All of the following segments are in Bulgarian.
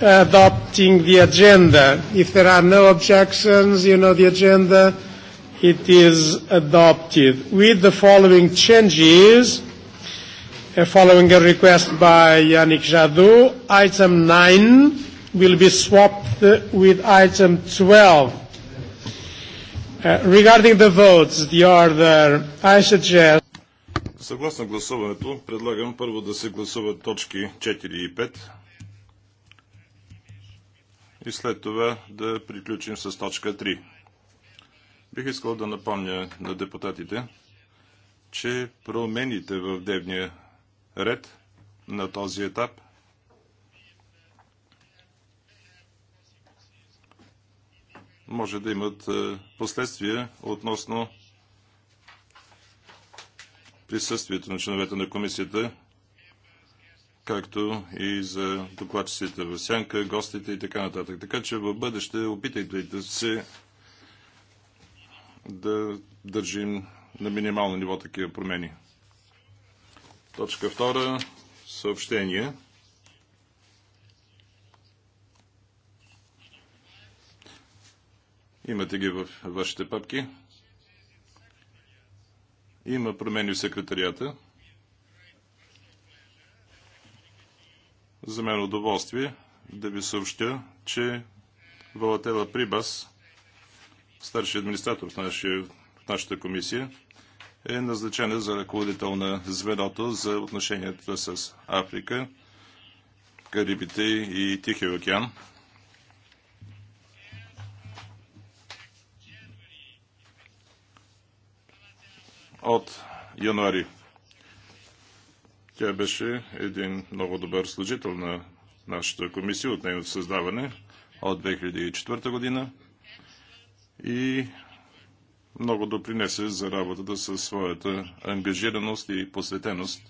adopting the agenda. If there are no objections, you know the agenda, it is adopted with the following changes. uh, Following a request by Yannick Jadot, item 9 will be swapped with item 12. Uh, Regarding the votes, the order, I suggest... Съгласно гласуването, предлагам първо да се гласуват точки 4 и 5 и след това да приключим с точка 3. Бих искал да напомня на депутатите, че промените в дневния ред на този етап може да имат е, последствия относно присъствието на членовете на комисията както и за докладчиците в сянка, гостите и така нататък. Така че в бъдеще опитайте да се да държим на минимално ниво такива промени. Точка втора съобщение. Имате ги в вашите папки. Има промени в секретарията. За мен удоволствие да ви съобщя, че Валатела Прибас, старши администратор в, нашия, в нашата комисия, е назначена за ръководител на звеното за отношенията с Африка, Карибите и Тихия океан. От януари тя беше един много добър служител на нашата комисия от нейното създаване от 2004 година и много допринесе за работата със своята ангажираност и посветеност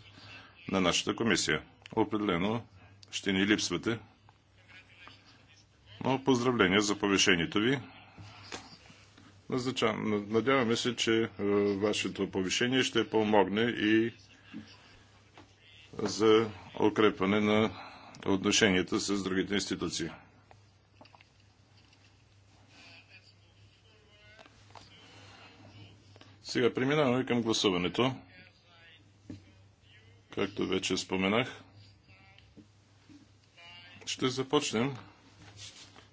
на нашата комисия. Определено ще ни липсвате, но поздравления за повишението ви. Надяваме се, че вашето повишение ще помогне и за укрепване на отношенията с другите институции. Сега преминаваме към гласуването. Както вече споменах, ще започнем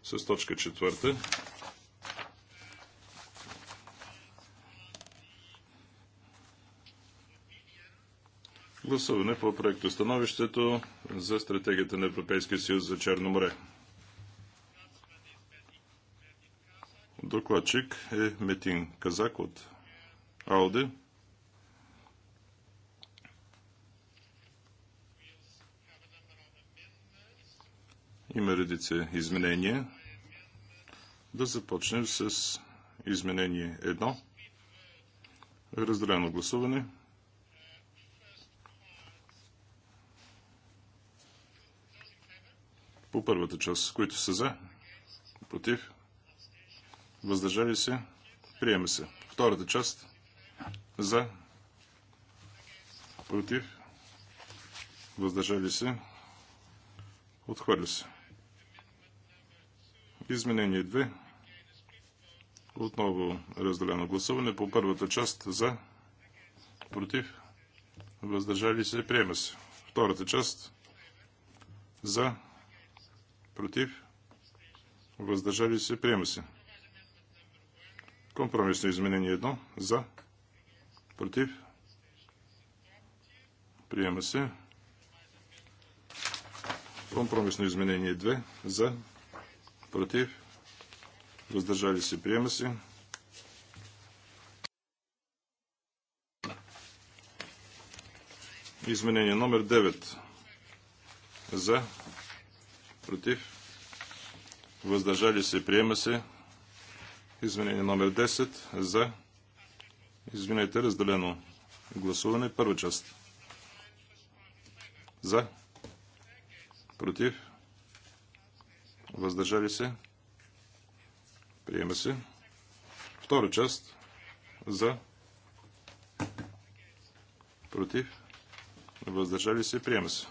с точка четвърта. Гласуване по проекто становището за стратегията на Европейския съюз за Черно море. Докладчик е Метин Казак от Ауде. Има редица изменения. Да започнем с изменение 1. Разделено гласуване. Гласуване. по първата част, които са за, против, въздържали се, приема се. Втората част за, против, въздържали се, отхвърля се. Изменение 2. Отново разделено гласуване по първата част за, против, въздържали се, приема се. Втората част за, против, въздържали се, приема се. Компромисно изменение едно. за, против, приема се. Компромисно изменение 2 за, против, въздържали се, приема се. Изменение номер 9 за, против, въздържали се, приема се. Изменение номер 10 за. Извинете, разделено гласуване. Първа част. За. Против. Въздържали се. Приема се. Втора част. За. Против. Въздържали се. Приема се.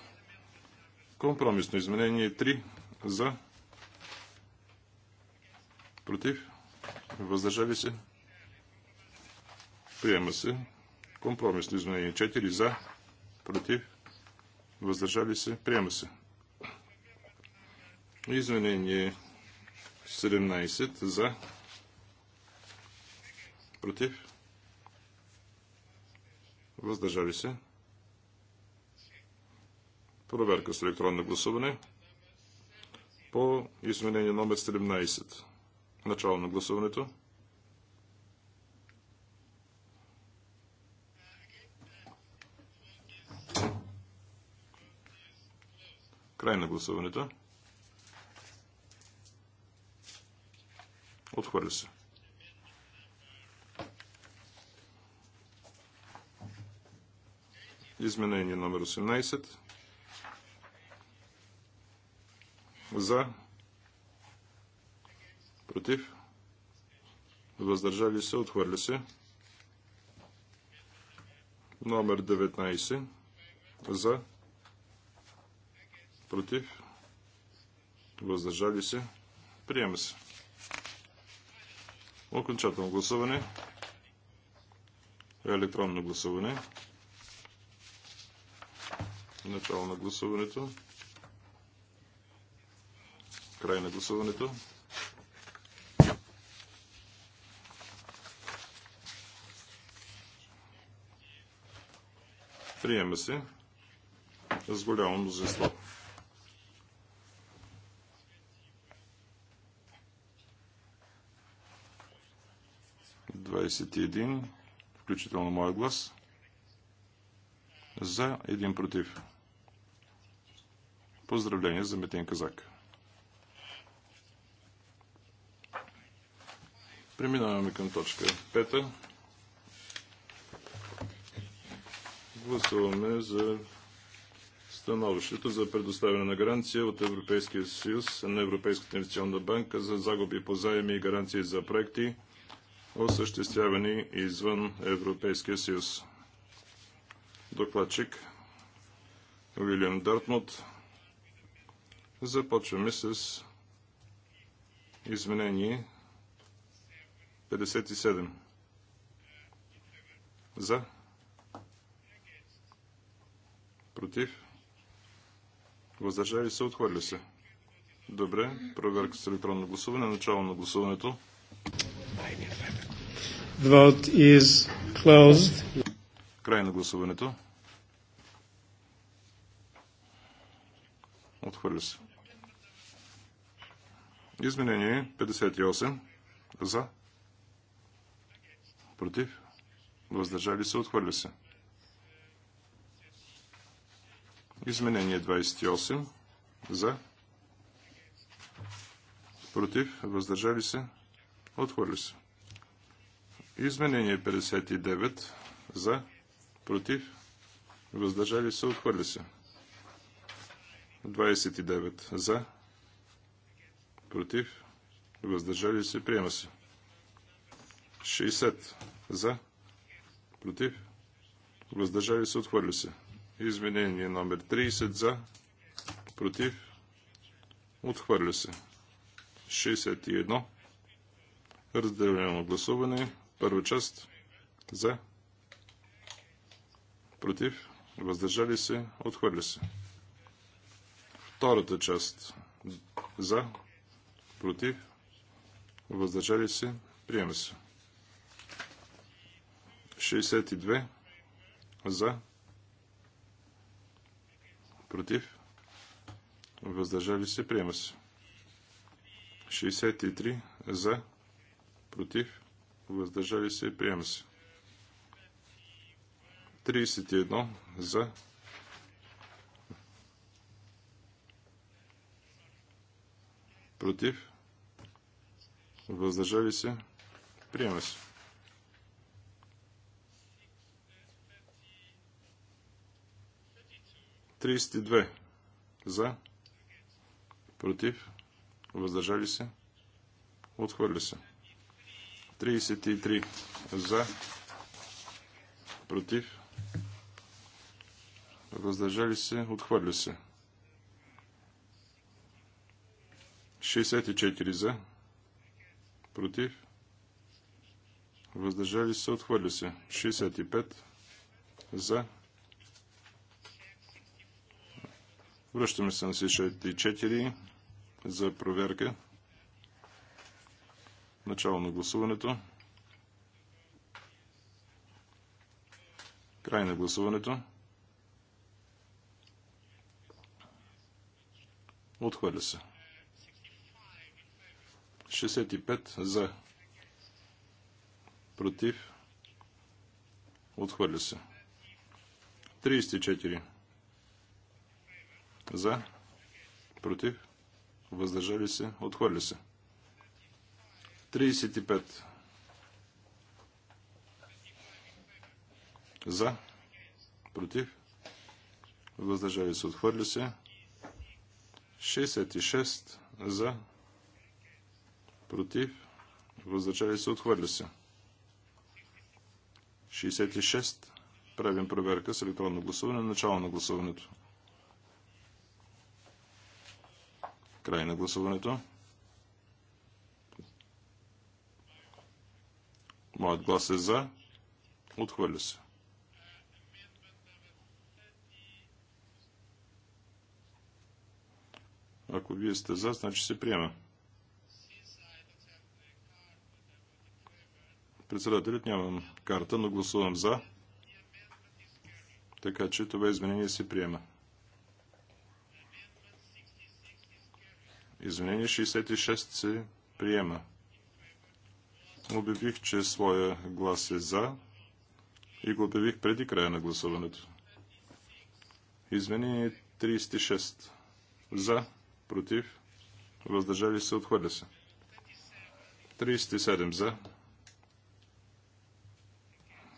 Компромисно изменение 3 за против, въздържали се, приема се. Компромисно изменение 4 за против, въздържали се, приема се. Изменение 17 за против, въздържали се, Проверка с електронно гласуване по изменение номер 17. Начало на гласуването. Край на гласуването. Отхвърля се. Изменение номер 18. за, против, въздържали се, отхвърля се. Номер 19 за, против, въздържали се, приема се. Окончателно гласуване. Електронно гласуване. Начало на гласуването. Край на гласуването. Приема се с голямо мнозинство. включително моя глас, за един против. Поздравление за Метин Казак. Преминаваме към точка 5. Гласуваме за становището за предоставяне на гаранция от Европейския съюз на Европейската инвестиционна банка за загуби по заеми и гаранции за проекти, осъществявани извън Европейския съюз. Докладчик Уилям Дартмут. Започваме с изменение 57. За. Против. Въздържали се, отхвърля се. Добре, проверка с електронно гласуване. Начало на гласуването. vote is closed. Край на гласуването. Отхвърля се. Изменение 58. За против, въздържали се, отхвърля се. Изменение 28 за, против, въздържали се, отхвърля се. Изменение 59 за, против, въздържали се, отхвърля се. 29 за, против, въздържали се, приема се. 60 за, против, въздържали се, отхвърля се. Изменение номер 30 за, против, отхвърля се. 61. Разделено гласуване. Първа част за, против, въздържали се, отхвърля се. Втората част за, против, въздържали се, приема се. 62 за, против, въздържали се, приема се. 63 за, против, въздържали се, приема се. 31 за, против, въздържали се, приема се. 32 за, против, въздържали се, отхвърля се. 33 за, против, въздържали се, отхвърля се. 64 за, против, въздържали се, отхвърля се. 65 за, против, Връщаме се на 64 за проверка. Начало на гласуването. Край на гласуването. Отхвърля се. 65 за. Против. Отхвърля се. 34 за. Против. Въздържали се. Отхвърли се. 35. За. Против. Въздържали се. Отхвърля се. 66. За. Против. Въздържали се. отхвърли се. 66. Правим проверка с електронно гласуване. Начало на гласуването. Край на гласуването. Моят глас е за. Отхвърля се. Ако вие сте за, значи се приема. Председателят нямам карта, но гласувам за. Така че това изменение се приема. Изменение 66 се приема. Обявих, че своя глас е за и го обявих преди края на гласуването. Изменение 36. За, против, въздържали се, отхвърля се. 37 за,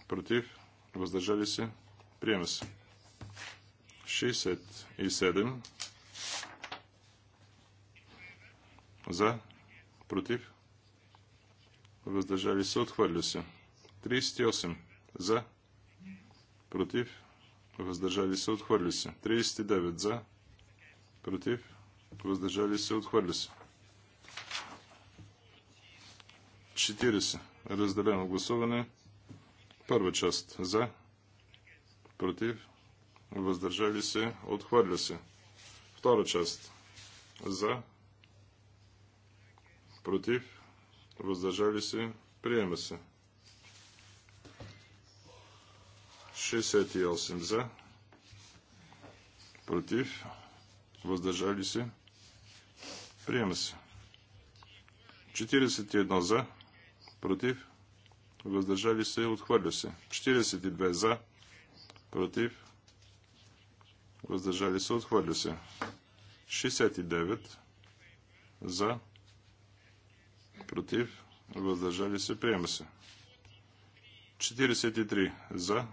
против, въздържали се, приема се. 67 За. Против. Въздържали се. Отхвърля се. 38. За. Против. Въздържали се. Отхвърля се. 39. За. Против. Въздържали се. Отхвърля се. 40. Разделено гласуване. Първа част. За. Против. Въздържали се. Отхвърля се. Втора част. За против, въздържали се, приема се. 68 за, против, въздържали се, приема се. 41 за, против, въздържали се, отхвърля се. 42 за, против, въздържали се, отхвърля се. 69 за, против, против, въздържали се, приема се. 43 за,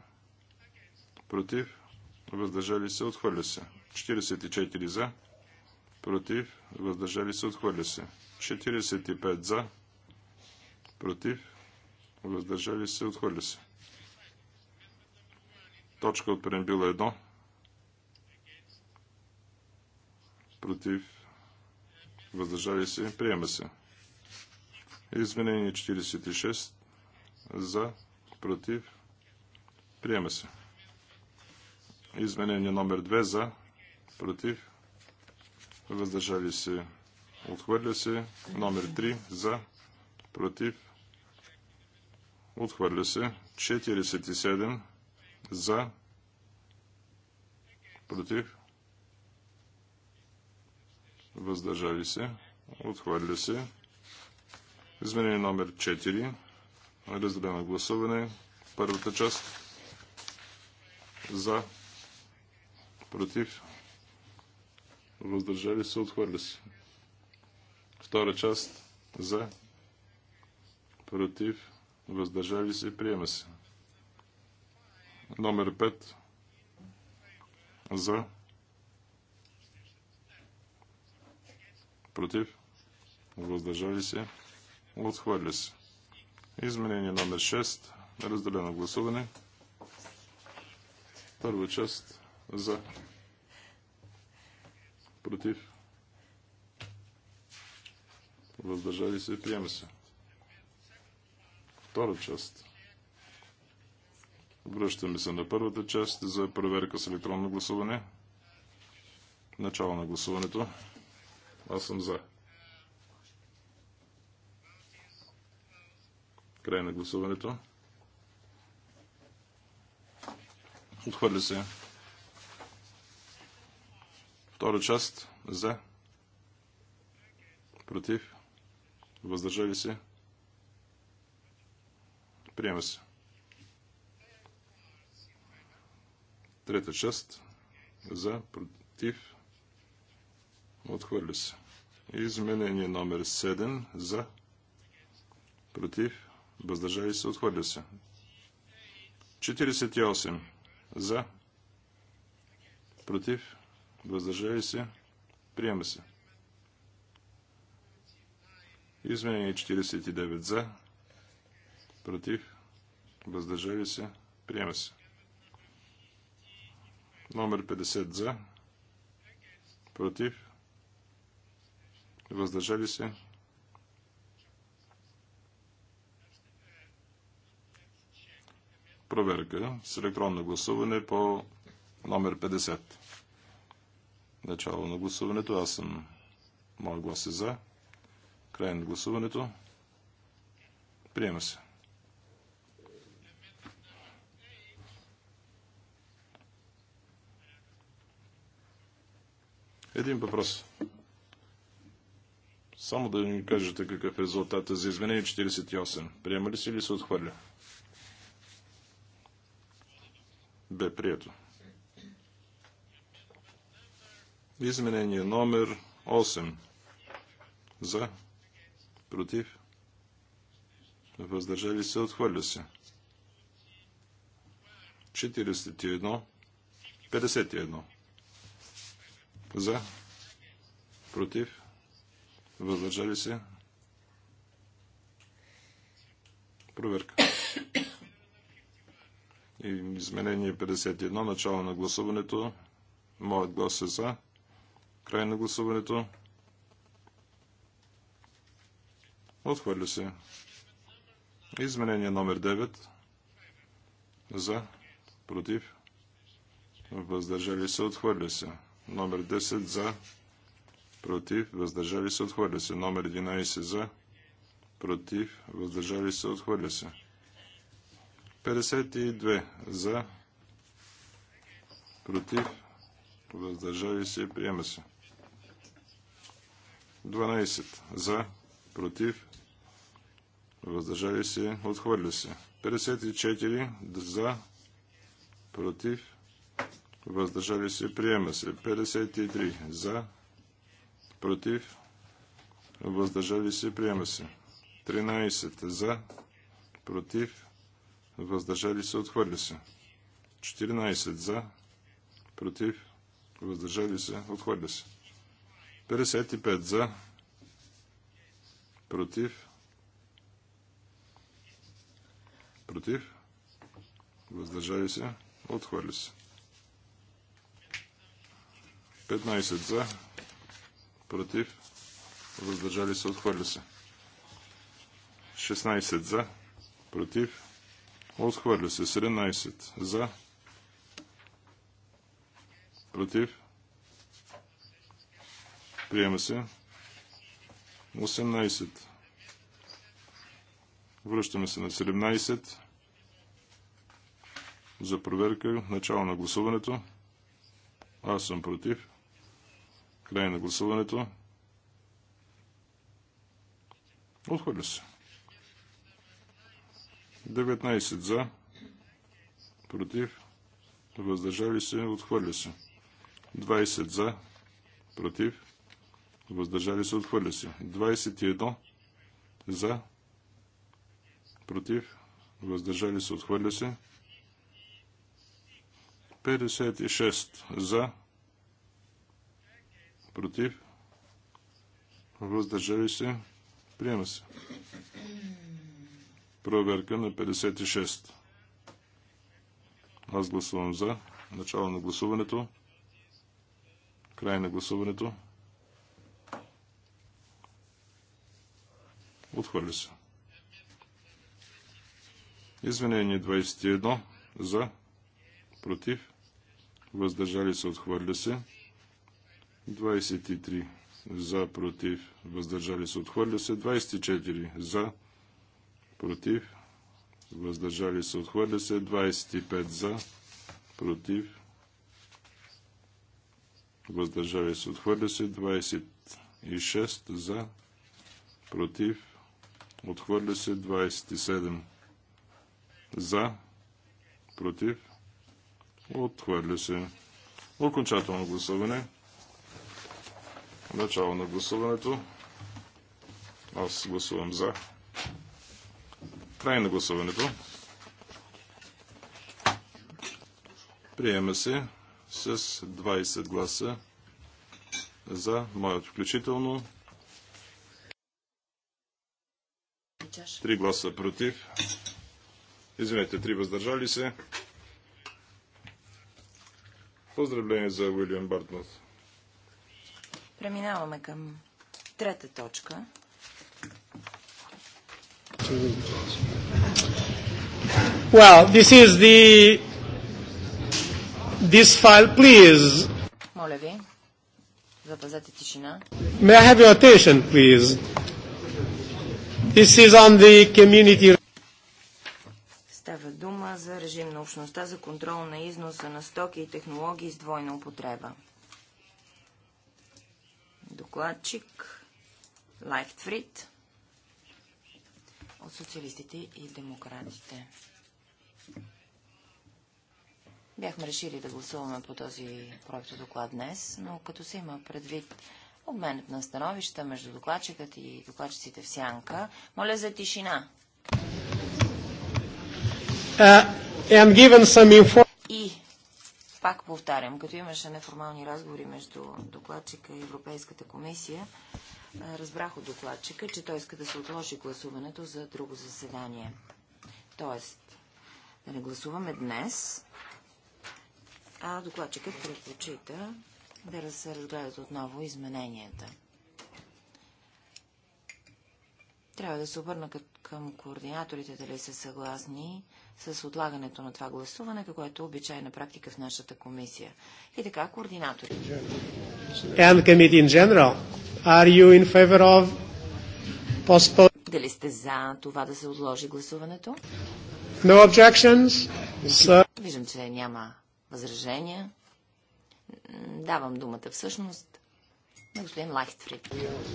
против, въздържали се, отхвърля се. 44 за, против, въздържали се, отхвърля се. 45 за, против, въздържали се, отхвърля се. Точка от преамбила 1, против, въздържали се, приема се. Изменение 46 за, против, приема се. Изменение номер 2 за, против, въздържали се, отхвърля се. Номер 3 за, против, отхвърля се. 47 за, против, въздържали се, отхвърля се. Изменение номер 4. на гласуване. Първата част. За. Против. Въздържали се. Отхвърля се. Втора част. За. Против. Въздържали се. Приема се. Номер 5. За. Против. Въздържали се. Отхвърля се. Изменение номер 6. Разделено гласуване. Първа част за. Против. Въздържали се. Приема се. Втора част. Връщаме се на първата част за проверка с електронно гласуване. Начало на гласуването. Аз съм за. Край на гласуването. Отхвърля се. Втора част за. Против. Въздържали се. Приема се. Трета част за. Против. Отхвърля се. Изменение номер 7 за. Против. Въздържали се. Отхвърля се. 48. За. Против. Въздържали се. Приема се. Изменение 49 за. Против. Въздържали се. Приема се. Номер 50 за. Против. Въздържали се. проверка с електронно гласуване по номер 50. Начало на гласуването. Аз съм. Моя глас е за. Край на гласуването. Приема се. Един въпрос. Само да ни кажете какъв е резултата за изменение 48. Приема ли се или се отхвърля? Бе прието. Изменение номер 8. За. Против. Въздържали се. Отхвърля се. 41. 51. За. Против. Въздържали се. Проверка. Изменение 51. Начало на гласуването. Моят глас е за. Край на гласуването. Отхвърля се. Изменение номер 9. За. Против. Въздържали се. Отхвърля се. Номер 10. За. Против. Въздържали се. Отхвърля се. Номер 11. За. Против. Въздържали се. Отхвърля се. 52 за, против, въздържали се, приема се. 12 за, против, въздържали се, отхвърля се. 54 за, против, въздържали се, приема се. 53 за, против, въздържали се, приема се. 13 за, против, въздържали се, отхвърля се. 14 за, против, въздържали се, отхвърля се. 55 за, против, против, въздържали се, отхвърли се. 15 за, против, въздържали се, отхвърли се. 16 за, против, Отхвърля се. 17 за. Против. Приема се. 18. Връщаме се на 17. За проверка. Начало на гласуването. Аз съм против. Край на гласуването. Отхвърля се. 19 за, против, въздържали се, отхвърля се. 20 за, против, въздържали се, отхвърля се. 21 за, против, въздържали се, отхвърля се. 56 за, против, въздържали се, приема се. Проверка на 56. Аз гласувам за. Начало на гласуването. Край на гласуването. Отхвърля се. Извинение 21. За. Против. Въздържали се. Отхвърля се. 23. За. Против. Въздържали се. Отхвърля се. 24. За против, въздържали се, отхвърля се, 25 за, против, въздържали се, отхвърля се, 26 за, против, отхвърля се, 27 за, против, отхвърля се. Окончателно гласуване. Начало на гласуването. Аз гласувам за. Край на гласуването. Приема се с 20 гласа за моят включително. 3 гласа против. Извинете, 3 въздържали се. Поздравление за Уилям Бартнот. Преминаваме към трета точка. Well, this is the this file, please. Моля ви, запазете тишина. May I have your attention, please? This is on the community. Става дума за режим на общността за контрол на износа на стоки и технологии с двойна употреба. Докладчик Лайхтфрид от социалистите и демократите. Бяхме решили да гласуваме по този проект доклад днес, но като се има предвид обменът на становища между докладчикът и докладчиците в сянка, моля за тишина. Uh, и пак повтарям, като имаше неформални разговори между докладчика и Европейската комисия, Разбрах от докладчика, че той иска да се отложи гласуването за друго заседание. Тоест, да не гласуваме днес, а докладчикът предпочита да се разгледат отново измененията. Трябва да се обърна към координаторите дали са съгласни с отлагането на това гласуване, което е обичайна практика в нашата комисия. И така, координаторите. Are you in favor of postpone? Дали сте за това да се отложи гласуването? No objections. So... Виждам, че няма възражения. Давам думата всъщност на господин Лайхтфрид.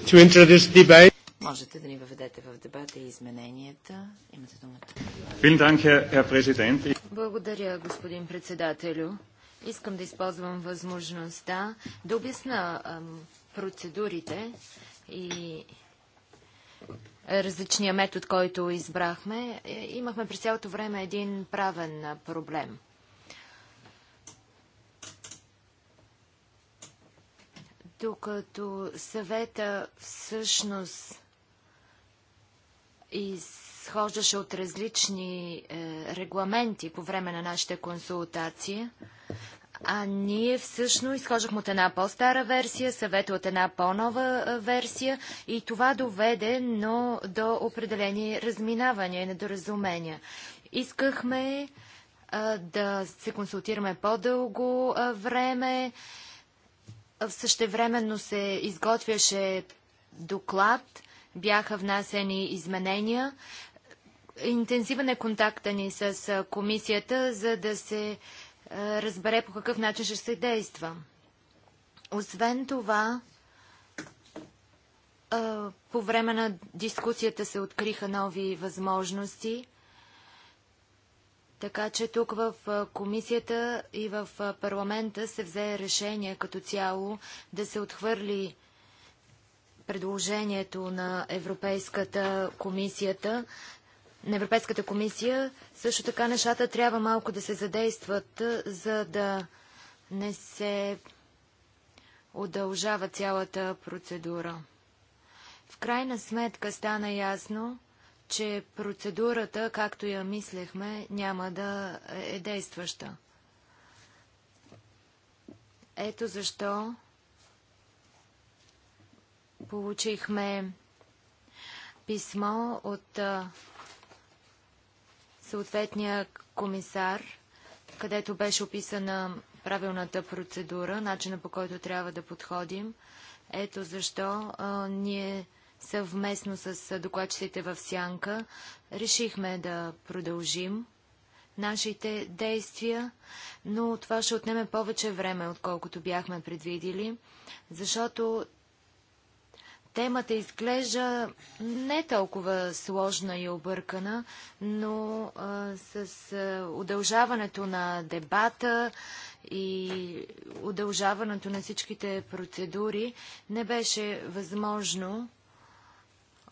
To introduce debate. Можете да ни въведете в дебата и измененията. Имате думата. Благодаря, господин председателю. Искам да използвам възможността да обясна ам, процедурите и различния метод, който избрахме, е, имахме през цялото време един правен проблем. Докато съвета всъщност изхождаше от различни е, регламенти по време на нашите консултации, а ние всъщност изхождахме от една по-стара версия, съвета от една по-нова версия и това доведе но до определени разминавания и недоразумения. Искахме а, да се консултираме по-дълго време. В същевременно се изготвяше доклад, бяха внасени изменения. Интензивен е контакта ни с комисията, за да се е, разбере по какъв начин ще се действа. Освен това, е, по време на дискусията се откриха нови възможности, така че тук в е, комисията и в парламента се взе решение като цяло да се отхвърли предложението на Европейската комисията на Европейската комисия, също така нещата трябва малко да се задействат, за да не се удължава цялата процедура. В крайна сметка стана ясно, че процедурата, както я мислехме, няма да е действаща. Ето защо получихме писмо от съответния комисар, където беше описана правилната процедура, начина по който трябва да подходим. Ето защо а, ние съвместно с докладчиците в Сянка решихме да продължим нашите действия, но това ще отнеме повече време, отколкото бяхме предвидили, защото Темата изглежда не толкова сложна и объркана, но а, с а, удължаването на дебата и удължаването на всичките процедури не беше възможно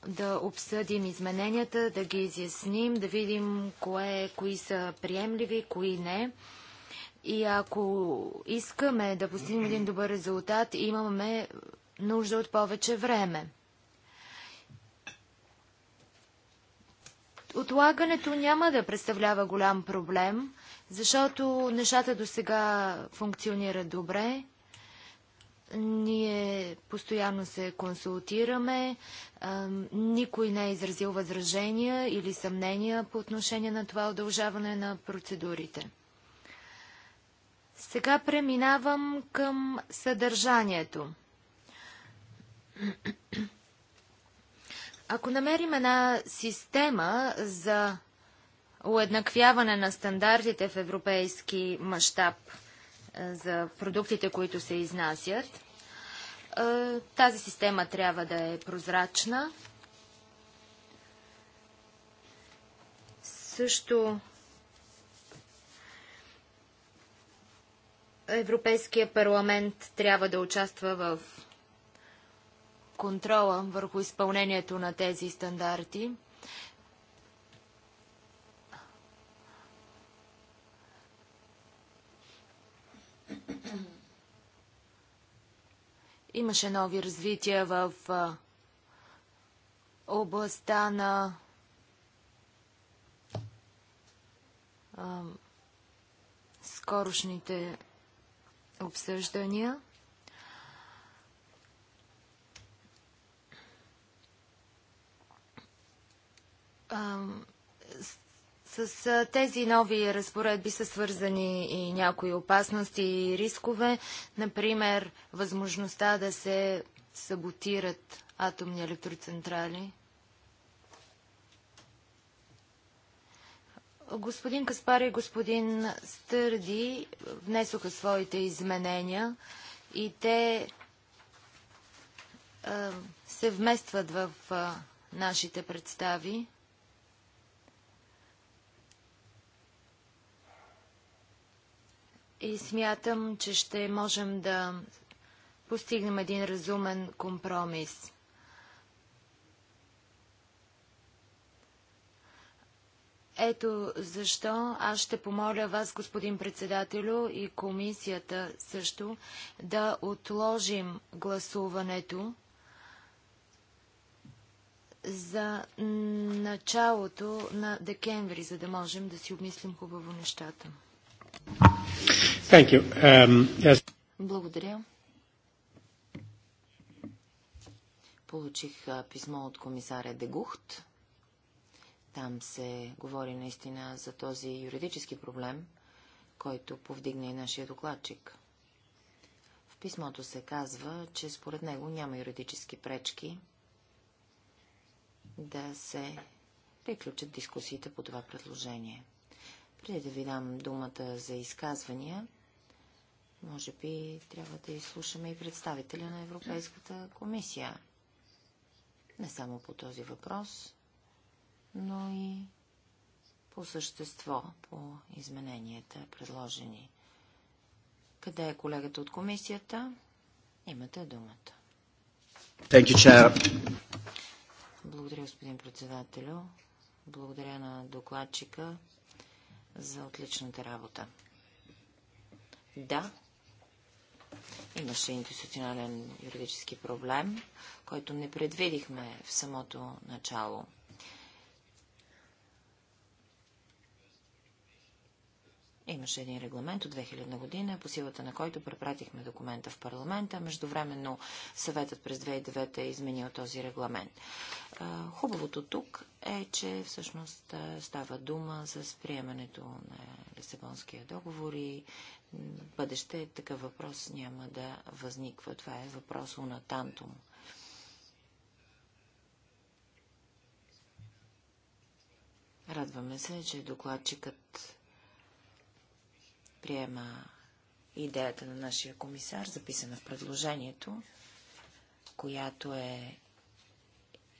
да обсъдим измененията, да ги изясним, да видим кое, кои са приемливи, кои не. И ако искаме да постигнем един добър резултат, имаме нужда от повече време. Отлагането няма да представлява голям проблем, защото нещата до сега функционират добре. Ние постоянно се консултираме, никой не е изразил възражения или съмнения по отношение на това удължаване на процедурите. Сега преминавам към съдържанието. Ако намерим една система за уеднаквяване на стандартите в европейски мащаб е, за продуктите, които се изнасят, е, тази система трябва да е прозрачна. Също Европейския парламент трябва да участва в контрола върху изпълнението на тези стандарти. Имаше нови развития в областта на скорошните обсъждания. С, с тези нови разпоредби са свързани и някои опасности и рискове, например възможността да се саботират атомни електроцентрали. Господин Каспар и господин Стърди внесоха своите изменения и те се вместват в нашите представи. и смятам, че ще можем да постигнем един разумен компромис. Ето защо аз ще помоля вас, господин председателю и комисията също, да отложим гласуването за началото на декември, за да можем да си обмислим хубаво нещата. Um, yes. Благодаря. Получих писмо от комисаря Дегухт. Там се говори наистина за този юридически проблем, който повдигна и нашия докладчик. В писмото се казва, че според него няма юридически пречки да се приключат дискусиите по това предложение. Преди да ви дам думата за изказвания, може би трябва да изслушаме и представителя на Европейската комисия. Не само по този въпрос, но и по същество, по измененията, предложени. Къде е колегата от комисията? Имате думата. Thank you, chair. Благодаря, господин председателю. Благодаря на докладчика за отличната работа. Да, имаше институционален юридически проблем, който не предвидихме в самото начало – Имаше един регламент от 2000 година, по силата на който препратихме документа в парламента. Междувременно съветът през 2009 е изменил този регламент. Хубавото тук е, че всъщност става дума за приемането на Лисабонския договор и бъдеще такъв въпрос няма да възниква. Това е въпрос тантум. Радваме се, че докладчикът приема идеята на нашия комисар, записана в предложението, която е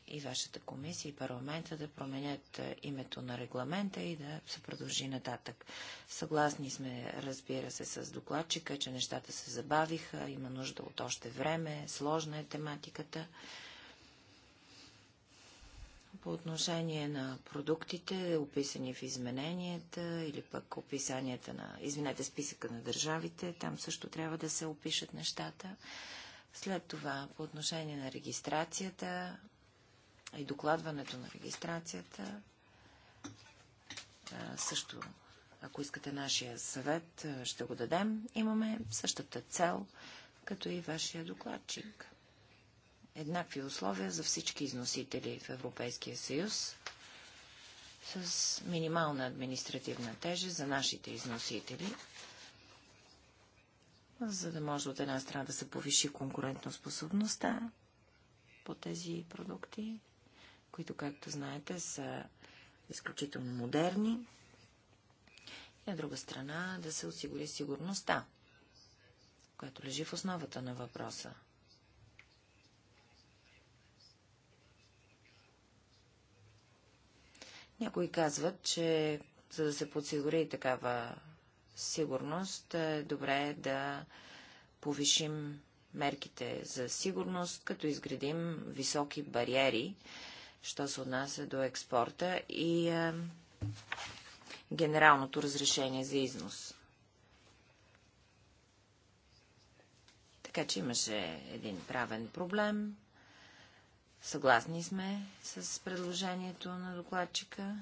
и вашата комисия, и парламента да променят е, името на регламента и да се продължи нататък. Съгласни сме, разбира се, с докладчика, че нещата се забавиха, има нужда от още време, сложна е тематиката. По отношение на продуктите, описани в измененията или пък описанията на, извинете, списъка на държавите, там също трябва да се опишат нещата. След това, по отношение на регистрацията и докладването на регистрацията, също, ако искате нашия съвет, ще го дадем. Имаме същата цел, като и вашия докладчик еднакви условия за всички износители в Европейския съюз с минимална административна тежест за нашите износители, за да може от една страна да се повиши конкурентоспособността по тези продукти, които, както знаете, са изключително модерни, и от друга страна да се осигури сигурността, която лежи в основата на въпроса. Някои казват, че за да се подсигури такава сигурност, е добре да повишим мерките за сигурност, като изградим високи бариери, що се отнася до експорта и е, генералното разрешение за износ. Така че имаше един правен проблем, Съгласни сме с предложението на докладчика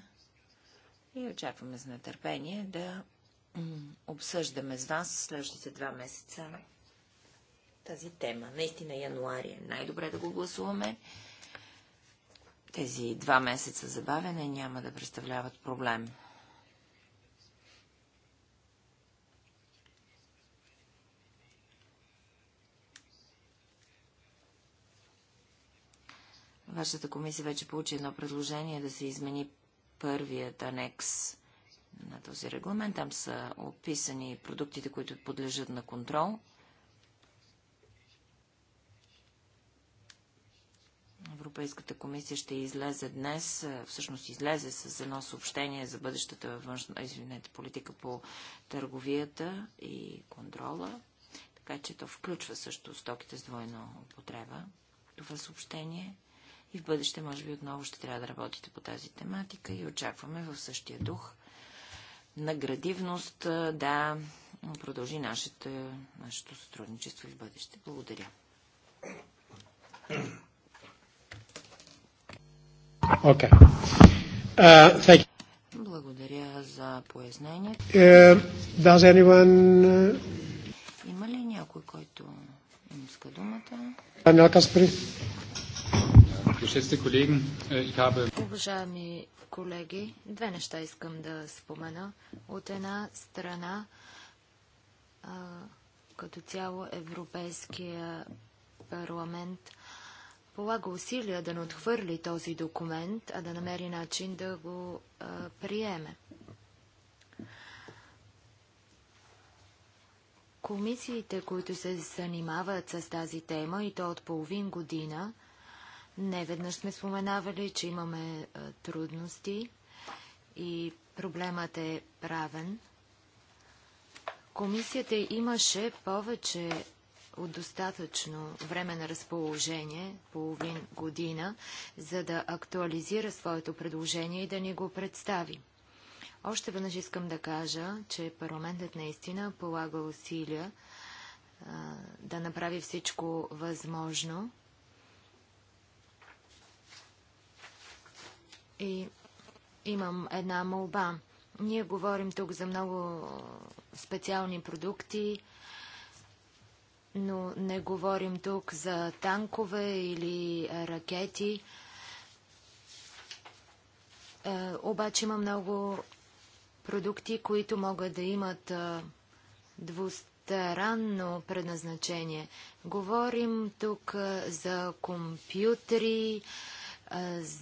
и очакваме с нетърпение да обсъждаме с вас следващите два месеца тази тема. Наистина януари е най-добре да го гласуваме. Тези два месеца забавяне няма да представляват проблем. Вашата комисия вече получи едно предложение да се измени първият анекс на този регламент. Там са описани продуктите, които подлежат на контрол. Европейската комисия ще излезе днес, всъщност излезе с едно съобщение за бъдещата външна, извинете, политика по търговията и контрола, така че то включва също стоките с двойна употреба. Това съобщение и в бъдеще, може би, отново ще трябва да работите по тази тематика и очакваме в същия дух на градивност да продължи нашето, нашето сътрудничество и в бъдеще. Благодаря. Okay. Uh, thank you. Благодаря за пояснението. Uh, does anyone... Uh, Има ли някой, който иска думата? Даниел Äh, Уважаеми колеги, две неща искам да спомена. От една страна, като цяло Европейския парламент полага усилия да не отхвърли този документ, а да намери начин да го приеме. Комисиите, които се занимават с тази тема и то от половин година, Неведнъж сме споменавали, че имаме трудности и проблемът е правен. Комисията имаше повече от достатъчно време на разположение, половин година, за да актуализира своето предложение и да ни го представи. Още веднъж искам да кажа, че парламентът наистина полага усилия а, да направи всичко възможно И имам една молба. Ние говорим тук за много специални продукти, но не говорим тук за танкове или ракети. Е, обаче има много продукти, които могат да имат е, двустранно предназначение. Говорим тук е, за компютри, компютри,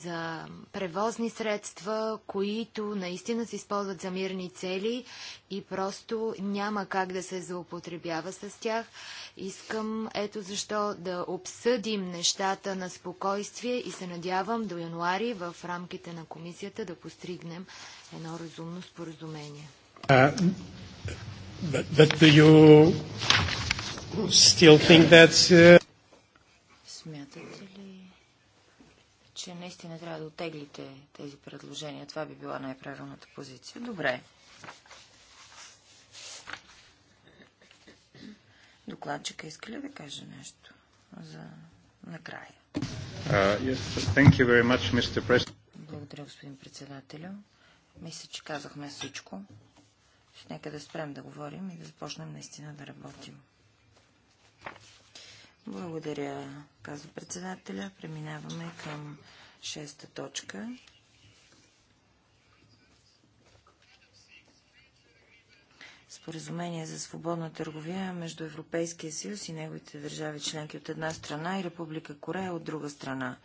за превозни средства, които наистина се използват за мирни цели и просто няма как да се злоупотребява с тях. Искам ето защо да обсъдим нещата на спокойствие и се надявам до януари в рамките на комисията да постригнем едно разумно споразумение. Uh, but, but do you still think uh... Смятате че наистина трябва да отеглите тези предложения. Това би била най-правилната позиция. Добре. Докладчика иска ли да каже нещо за накрая? Uh, yes, Благодаря, господин председателю. Мисля, че казахме всичко. нека да спрем да говорим и да започнем наистина да работим. Благодаря, казва председателя. Преминаваме към шеста точка. Споразумение за свободна търговия между Европейския съюз и неговите държави членки от една страна и Република Корея от друга страна.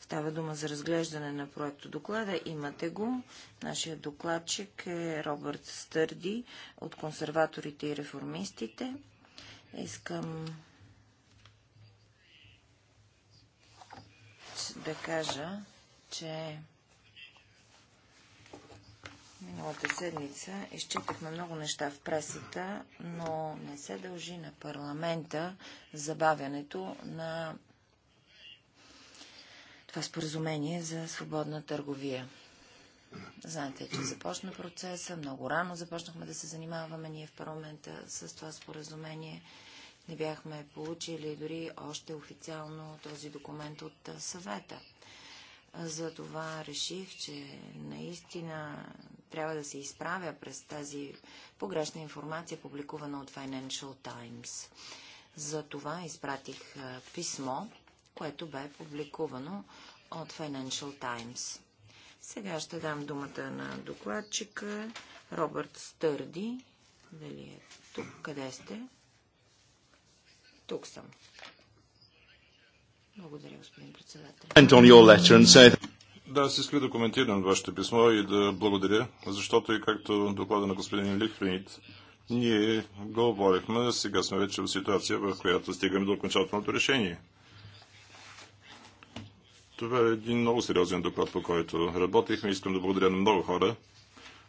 Става дума за разглеждане на проекто доклада. Имате го. Нашия докладчик е Робърт Стърди от консерваторите и реформистите. Искам да кажа, че миналата седмица изчитахме много неща в пресата, но не се дължи на парламента забавянето на това споразумение за свободна търговия. Знаете, че започна процеса, много рано започнахме да се занимаваме ние в парламента с това споразумение. Не бяхме получили дори още официално този документ от съвета. Затова реших, че наистина трябва да се изправя през тази погрешна информация, публикувана от Financial Times. Затова изпратих писмо, което бе публикувано от Financial Times. Сега ще дам думата на докладчика Робърт Стърди. Дали е тук? Къде сте? Тук съм. Благодаря, господин председател. Да, аз искам да коментирам вашето писмо и да благодаря, защото и както доклада на господин Лихвенит, ние го оборихме, сега сме вече в ситуация, в която стигаме до окончателното решение. Това е един много сериозен доклад, по който работихме. Искам да благодаря на много хора.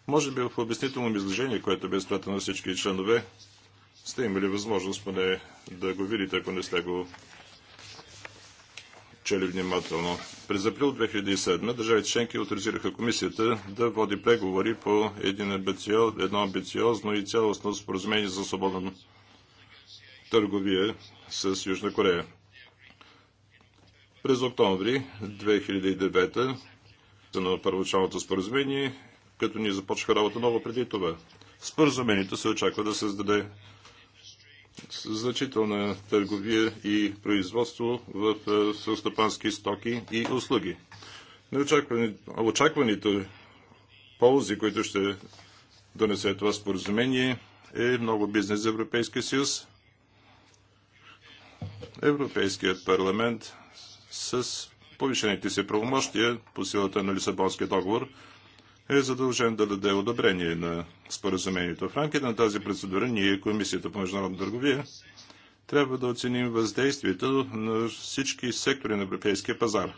Може би в обяснително изложение, което бе изпратено на всички членове, сте имали възможност поне да го видите, ако не сте го чели внимателно. През април 2007 държавите членки авторизираха комисията да води преговори по един амбициоз, едно амбициозно и цялостно споразумение за свободна търговия с Южна Корея. През октомври 2009 на първоначалното споразумение, като ние започнаха работа много преди това. Споразумението се очаква да създаде значителна е търговия и производство в е, съвстъпански стоки и услуги. Очакваните ползи, които ще донесе това споразумение, е много бизнес за Европейския съюз. Европейският парламент с повишените си правомощия по силата на Лисабонския договор – е задължен да даде одобрение на споразумението. В рамките на тази процедура ние, Комисията по международна търговия, трябва да оценим въздействието на всички сектори на европейския пазар.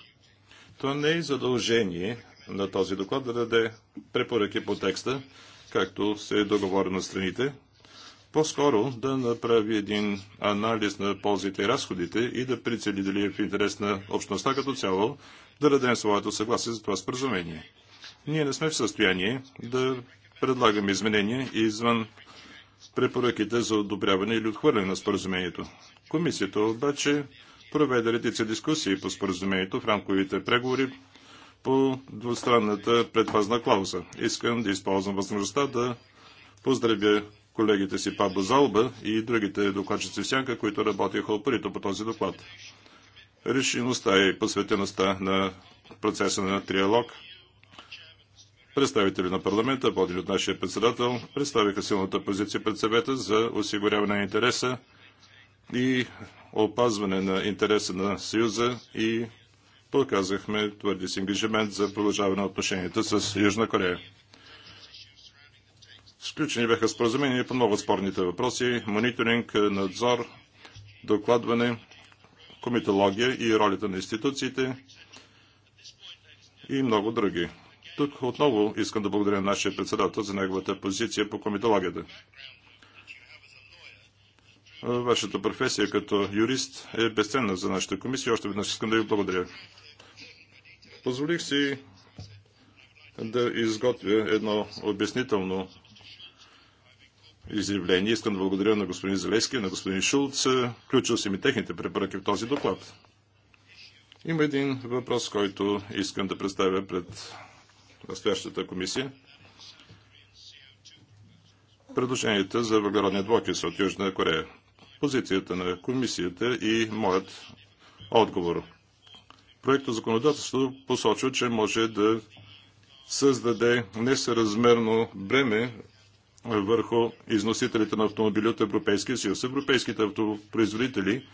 То не е задължение на този доклад да даде препоръки по текста, както се е договорено страните, по-скоро да направи един анализ на ползите и разходите и да прицели дали е в интерес на общността като цяло да дадем своето съгласие за това споразумение ние не сме в състояние да предлагаме изменения извън препоръките за одобряване или отхвърляне на споразумението. Комисията обаче проведе редица дискусии по споразумението в рамковите преговори по двустранната предпазна клауза. Искам да използвам възможността да поздравя колегите си Пабло Залба и другите докладчици в Сянка, които работиха опорито по този доклад. Решеността и посветеността на процеса на триалог – Представители на парламента, водени от нашия председател, представиха силната позиция пред съвета за осигуряване на интереса и опазване на интереса на Съюза и показахме твърди си ангажимент за продължаване на отношенията с Южна Корея. Сключени бяха споразумения по много спорните въпроси – мониторинг, надзор, докладване, комитология и ролята на институциите и много други. Тук отново искам да благодаря на нашия председател за неговата позиция по комитологията. Вашата професия като юрист е безценна за нашата комисия. Още веднъж искам да ви благодаря. Позволих си да изготвя едно обяснително изявление. Искам да благодаря на господин Зелески, на господин Шулц. Включил си ми техните препоръки в този доклад. Има един въпрос, който искам да представя пред настоящата комисия предложенията за въглеродния двокис от Южна Корея. Позицията на комисията и моят отговор. Проектът законодателство посочва, че може да създаде несъразмерно бреме върху износителите на автомобили от Европейския съюз. Европейските автопроизводители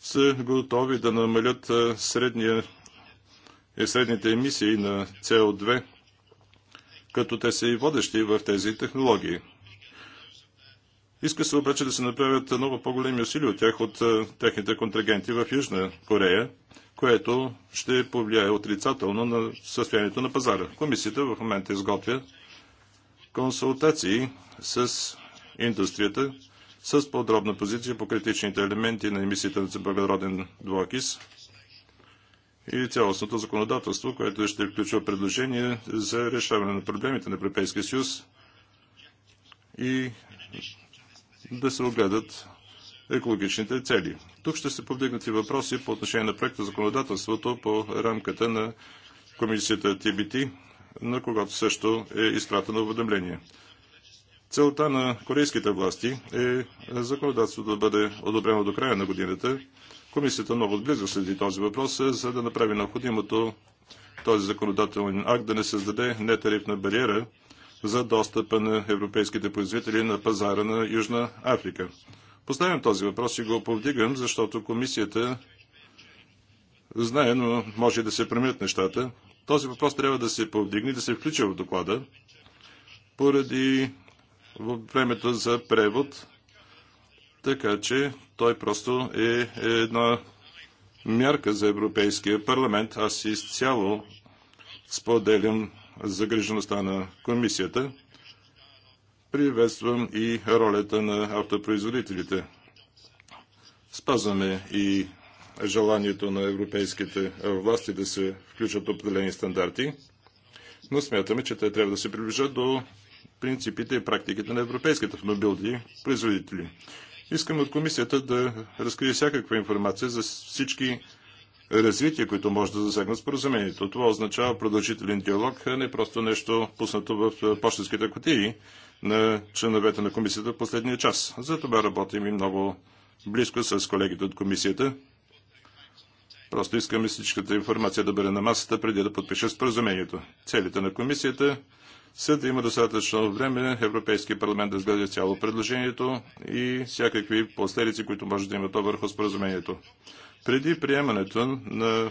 са готови да намалят средния, е, средните емисии на CO2 като те са и водещи в тези технологии. Иска се обаче да се направят много по-големи усилия от тях, от е, техните контрагенти в Южна Корея, което ще повлияе отрицателно на състоянието на пазара. Комисията в момента изготвя консултации с индустрията, с подробна позиция по критичните елементи на емисията на въглероден двуокис и цялостното законодателство, което ще включва предложение за решаване на проблемите на Европейския съюз и да се огледат екологичните цели. Тук ще се повдигнат и въпроси по отношение на проекта законодателството по рамката на комисията ТБТ, на когато също е изпратено уведомление. Целта на корейските власти е законодателството да бъде одобрено до края на годината Комисията много отблизо следи този въпрос, е, за да направи необходимото този законодателен акт да не създаде нетарифна бариера за достъпа на европейските производители на пазара на Южна Африка. Поставям този въпрос и го повдигам, защото комисията знае, но може да се променят нещата. Този въпрос трябва да се повдигне, да се включи в доклада, поради времето за превод така че той просто е, е една мярка за Европейския парламент. Аз изцяло споделям загрижеността на комисията. Приветствам и ролята на автопроизводителите. Спазваме и желанието на европейските власти да се включат определени стандарти, но смятаме, че те трябва да се приближат до принципите и практиките на европейските автомобилни производители. Искам от комисията да разкрие всякаква информация за всички развития, които може да засегнат споразумението. Това означава продължителен диалог, а не просто нещо пуснато в почтенските котии на членовете на комисията в последния час. За това работим и много близко с колегите от комисията. Просто искаме всичката информация да бъде на масата преди да подпише споразумението. Целите на комисията Съд да има достатъчно време Европейския парламент да изгледа цяло предложението и всякакви последици, които може да има то върху споразумението. Преди приемането на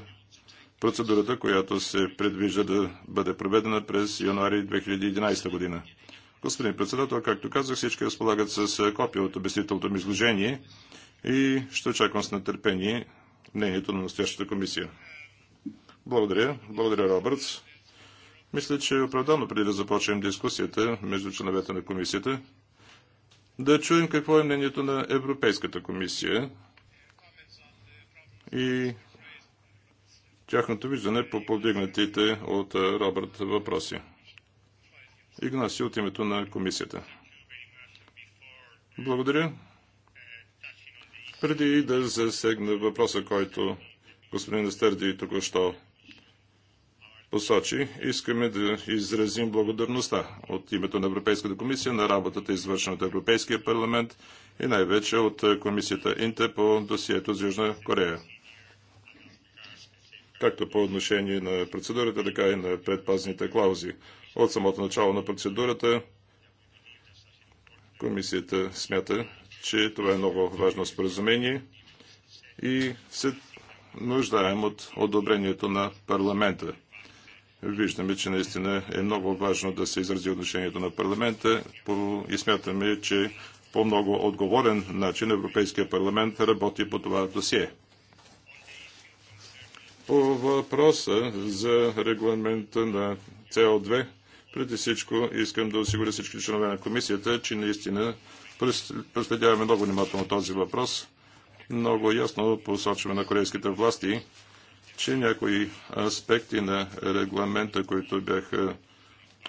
процедурата, която се предвижда да бъде проведена през януари 2011 година. Господин председател, както казах, всички разполагат с копия от обяснителното ми изложение и ще очаквам с нетърпение мнението на настоящата комисия. Благодаря. Благодаря, Робъртс. Мисля, че е оправдано преди да започнем дискусията между членовете на комисията, да чуем какво е мнението на Европейската комисия и тяхното виждане по повдигнатите от Робърт въпроси. Игнаси от името на комисията. Благодаря. Преди да засегна въпроса, който господин Стърди току-що посочи, искаме да изразим благодарността от името на Европейската комисия на работата, извършена от Европейския парламент и най-вече от комисията Инте по досието за Южна Корея. Както по отношение на процедурата, така и на предпазните клаузи. От самото начало на процедурата комисията смята, че това е много важно споразумение и се нуждаем от одобрението на парламента. Виждаме, че наистина е много важно да се изрази отношението на парламента и смятаме, че по много отговорен начин Европейския парламент работи по това досие. По въпроса за регламента на цо 2 преди всичко искам да осигуря всички членове на комисията, че наистина проследяваме много внимателно този въпрос. Много ясно посочваме на корейските власти, че някои аспекти на регламента, които бяха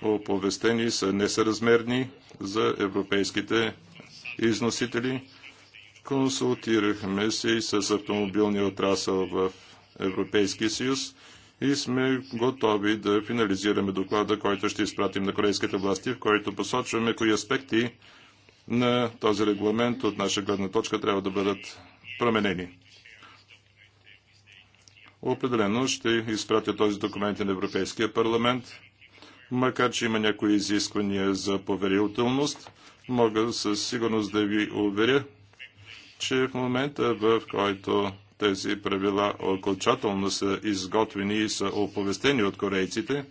оповестени, са несъразмерни за европейските износители. Консултирахме се и с автомобилния отрасъл в Европейския съюз и сме готови да финализираме доклада, който ще изпратим на корейските власти, в който посочваме кои аспекти на този регламент от наша гледна точка трябва да бъдат променени. Определено ще изпратя този документ на Европейския парламент. Макар, че има някои изисквания за поверителност, мога със сигурност да ви уверя, че в момента, в който тези правила окончателно са изготвени и са оповестени от корейците,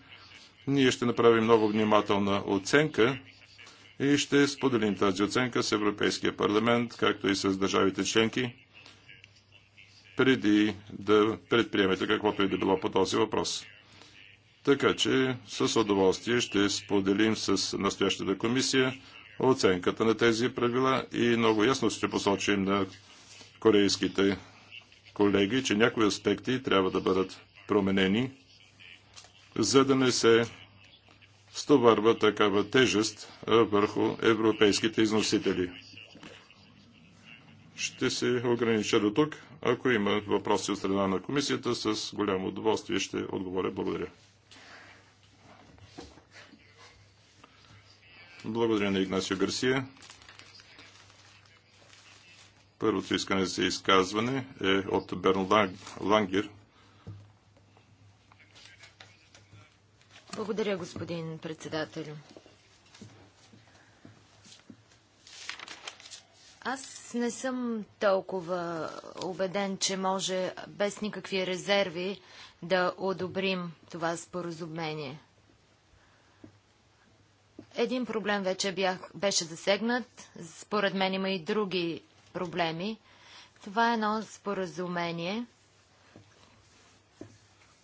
ние ще направим много внимателна оценка и ще споделим тази оценка с Европейския парламент, както и с държавите членки, преди да предприемете каквото и да било по този въпрос. Така че с удоволствие ще споделим с настоящата комисия оценката на тези правила и много ясно ще посочим на корейските колеги, че някои аспекти трябва да бъдат променени, за да не се стоварва такава тежест върху европейските износители. Ще се огранича до тук. Ако има въпроси от страна на комисията, с голямо удоволствие ще отговоря. Благодаря. Благодаря на Игнасио Гарсия. Първото искане за изказване е от Берн Лангер. Благодаря, господин председател. Аз не съм толкова убеден, че може без никакви резерви да одобрим това споразумение. Един проблем вече бях, беше засегнат. Според мен има и други проблеми. Това е едно споразумение,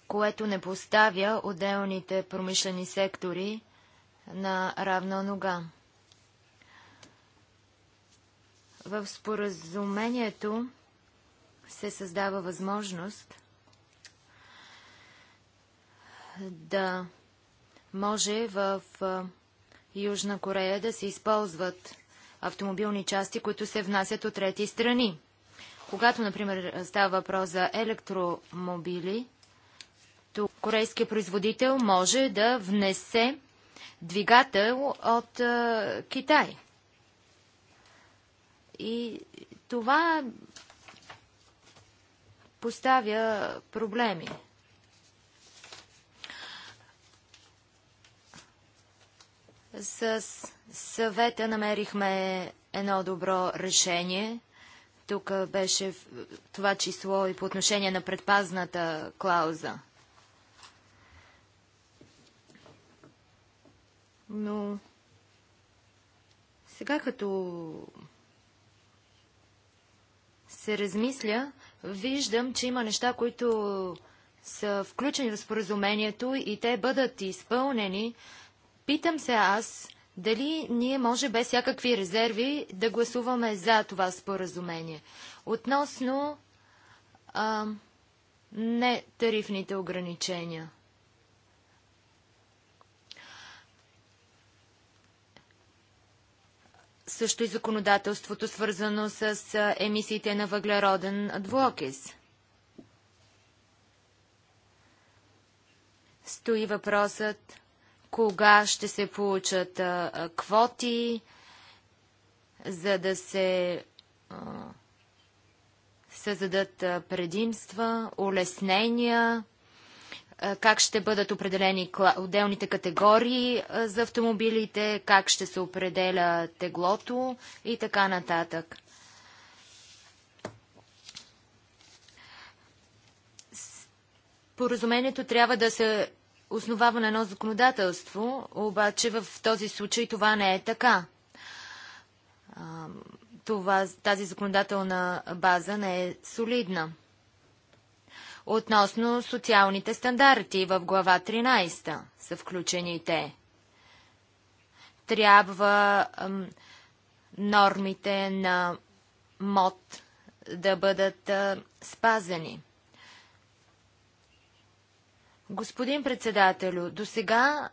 което не поставя отделните промишлени сектори на равна нога. В споразумението се създава възможност да може в Южна Корея да се използват автомобилни части, които се внасят от трети страни. Когато, например, става въпрос за електромобили, то корейският производител може да внесе двигател от Китай. И това поставя проблеми. С съвета намерихме едно добро решение. Тук беше това число и по отношение на предпазната клауза. Но сега като се размисля, виждам, че има неща, които са включени в споразумението и те бъдат изпълнени. Питам се аз, дали ние може без всякакви резерви да гласуваме за това споразумение. Относно а, тарифните ограничения. също и законодателството, свързано с емисиите на въглероден двуокис. Стои въпросът кога ще се получат квоти, за да се създадат предимства, улеснения как ще бъдат определени отделните категории за автомобилите, как ще се определя теглото и така нататък. Поразумението трябва да се основава на едно законодателство, обаче в този случай това не е така. Това, тази законодателна база не е солидна. Относно социалните стандарти в глава 13 са включени те. Трябва нормите на МОД да бъдат спазени. Господин председателю, до сега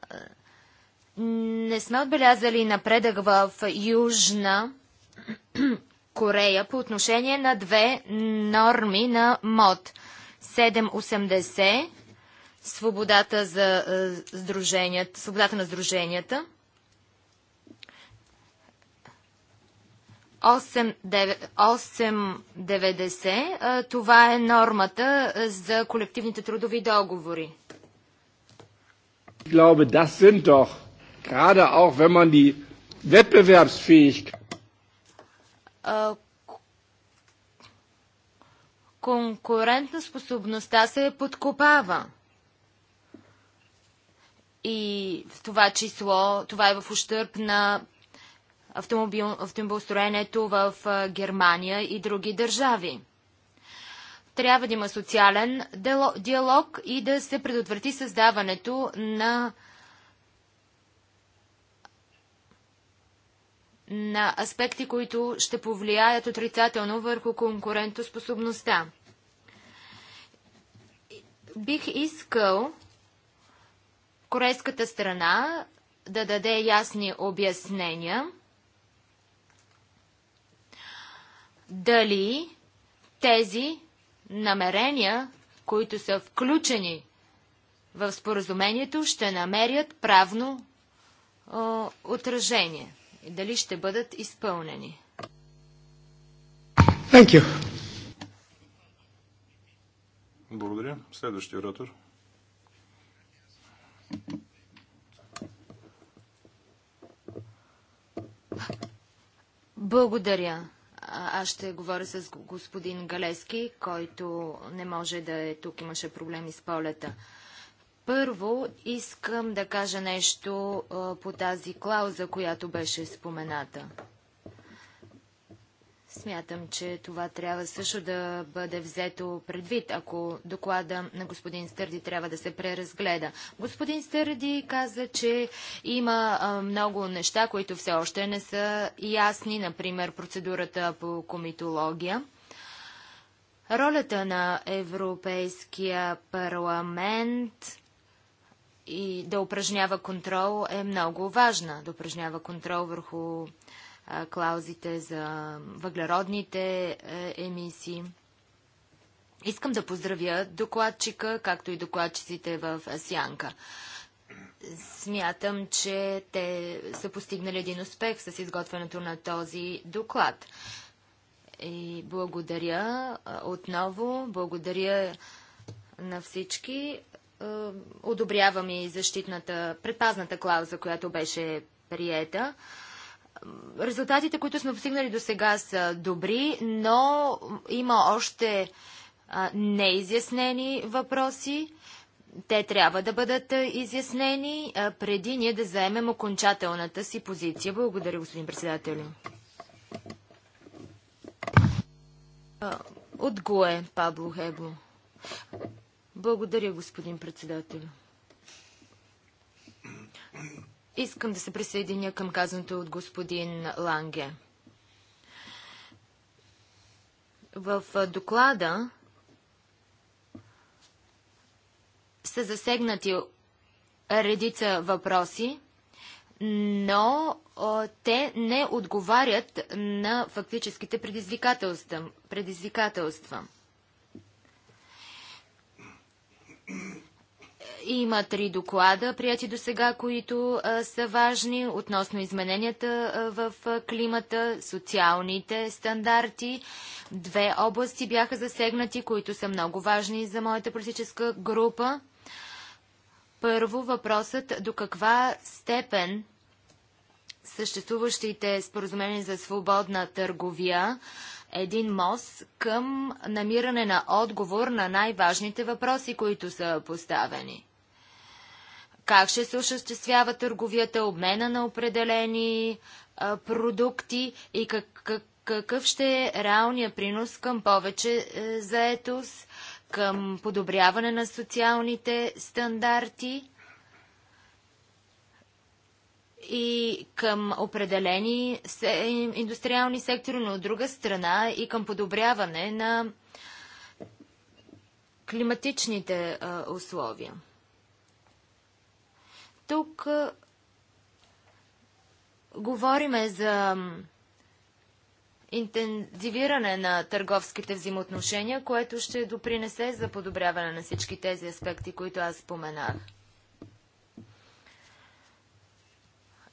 не сме отбелязали напредък в Южна Корея по отношение на две норми на МОД – 780 свободата за е, сдруженията, свободата на сдруженията. 8,90 е, това е нормата е, за колективните трудови договори. Ich glaube, das sind doch gerade auch, wenn man die Wettbewerbsfähigkeit е, конкурентна способността се подкопава. И в това число, това е в ущърп на автомобил, автомобилстроенето в Германия и други държави. Трябва да има социален диалог и да се предотврати създаването на на аспекти, които ще повлияят отрицателно върху конкурентоспособността. Бих искал корейската страна да даде ясни обяснения дали тези намерения, които са включени в споразумението, ще намерят правно отражение дали ще бъдат изпълнени. Thank you. Благодаря. Следващия оратор. Благодаря. Аз ще говоря с господин Галески, който не може да е тук, имаше проблеми с полета. Първо искам да кажа нещо по тази клауза, която беше спомената. Смятам, че това трябва също да бъде взето предвид, ако доклада на господин Стърди трябва да се преразгледа. Господин Стърди каза, че има много неща, които все още не са ясни, например процедурата по комитология. Ролята на Европейския парламент и да упражнява контрол е много важна. Да упражнява контрол върху клаузите за въглеродните емисии. Искам да поздравя докладчика, както и докладчиците в Сянка. Смятам, че те са постигнали един успех с изготвянето на този доклад. И благодаря отново, благодаря на всички е, одобрявам и защитната, предпазната клауза, която беше приета. Резултатите, които сме постигнали до сега са добри, но има още е, неизяснени въпроси. Те трябва да бъдат е, изяснени преди ние да заемем окончателната си позиция. Благодаря, господин председател. От ГУЕ, Пабло Хебло. Благодаря, господин председател. Искам да се присъединя към казаното от господин Ланге. В доклада са засегнати редица въпроси, но те не отговарят на фактическите предизвикателства. предизвикателства. Има три доклада, прияти до сега, които а, са важни относно измененията а, в климата, социалните стандарти. Две области бяха засегнати, които са много важни за моята политическа група. Първо въпросът до каква степен съществуващите споразумения за свободна търговия един мост към намиране на отговор на най-важните въпроси, които са поставени. Как ще се осъществява търговията, обмена на определени а, продукти и как, как, какъв ще е реалният принос към повече е, заетост, към подобряване на социалните стандарти и към определени индустриални сектори, но от друга страна и към подобряване на климатичните условия. Тук говориме за интензивиране на търговските взаимоотношения, което ще допринесе за подобряване на всички тези аспекти, които аз споменах.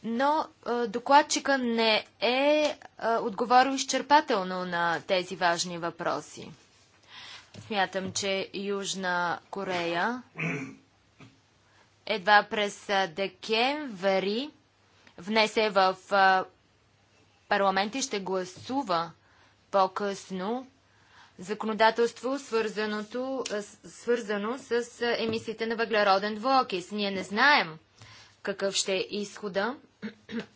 но докладчика не е отговорил изчерпателно на тези важни въпроси. Смятам, че Южна Корея едва през декември внесе в парламент и ще гласува по-късно законодателство, свързаното, свързано с емисиите на въглероден двуокис. Ние не знаем какъв ще е изхода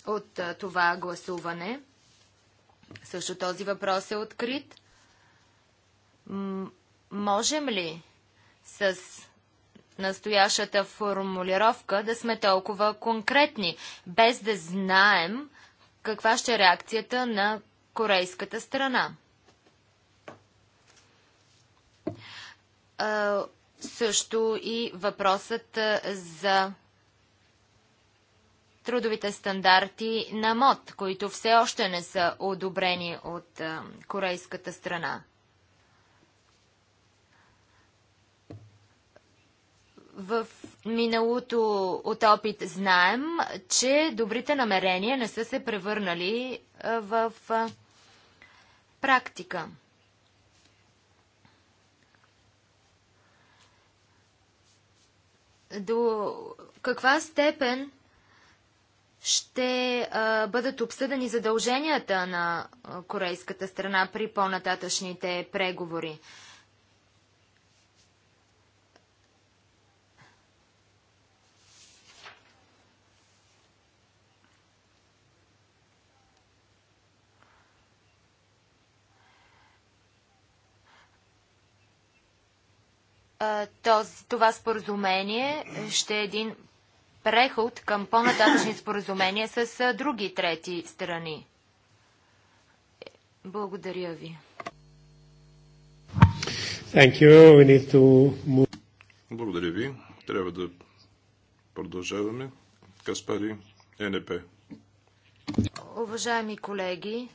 от това гласуване. Също този въпрос е открит. можем ли с настоящата формулировка да сме толкова конкретни, без да знаем каква ще е реакцията на корейската страна? също и въпросът за трудовите стандарти на МОД, които все още не са одобрени от корейската страна. В миналото от опит знаем, че добрите намерения не са се превърнали в практика. До каква степен ще а, бъдат обсъдени задълженията на корейската страна при по-нататъчните преговори. Този, това споразумение ще е един преход към по-нататъчни споразумения с други трети страни. Благодаря ви. Thank you. We need to move. Благодаря ви. Трябва да продължаваме. Каспари, е НП. Уважаеми колеги,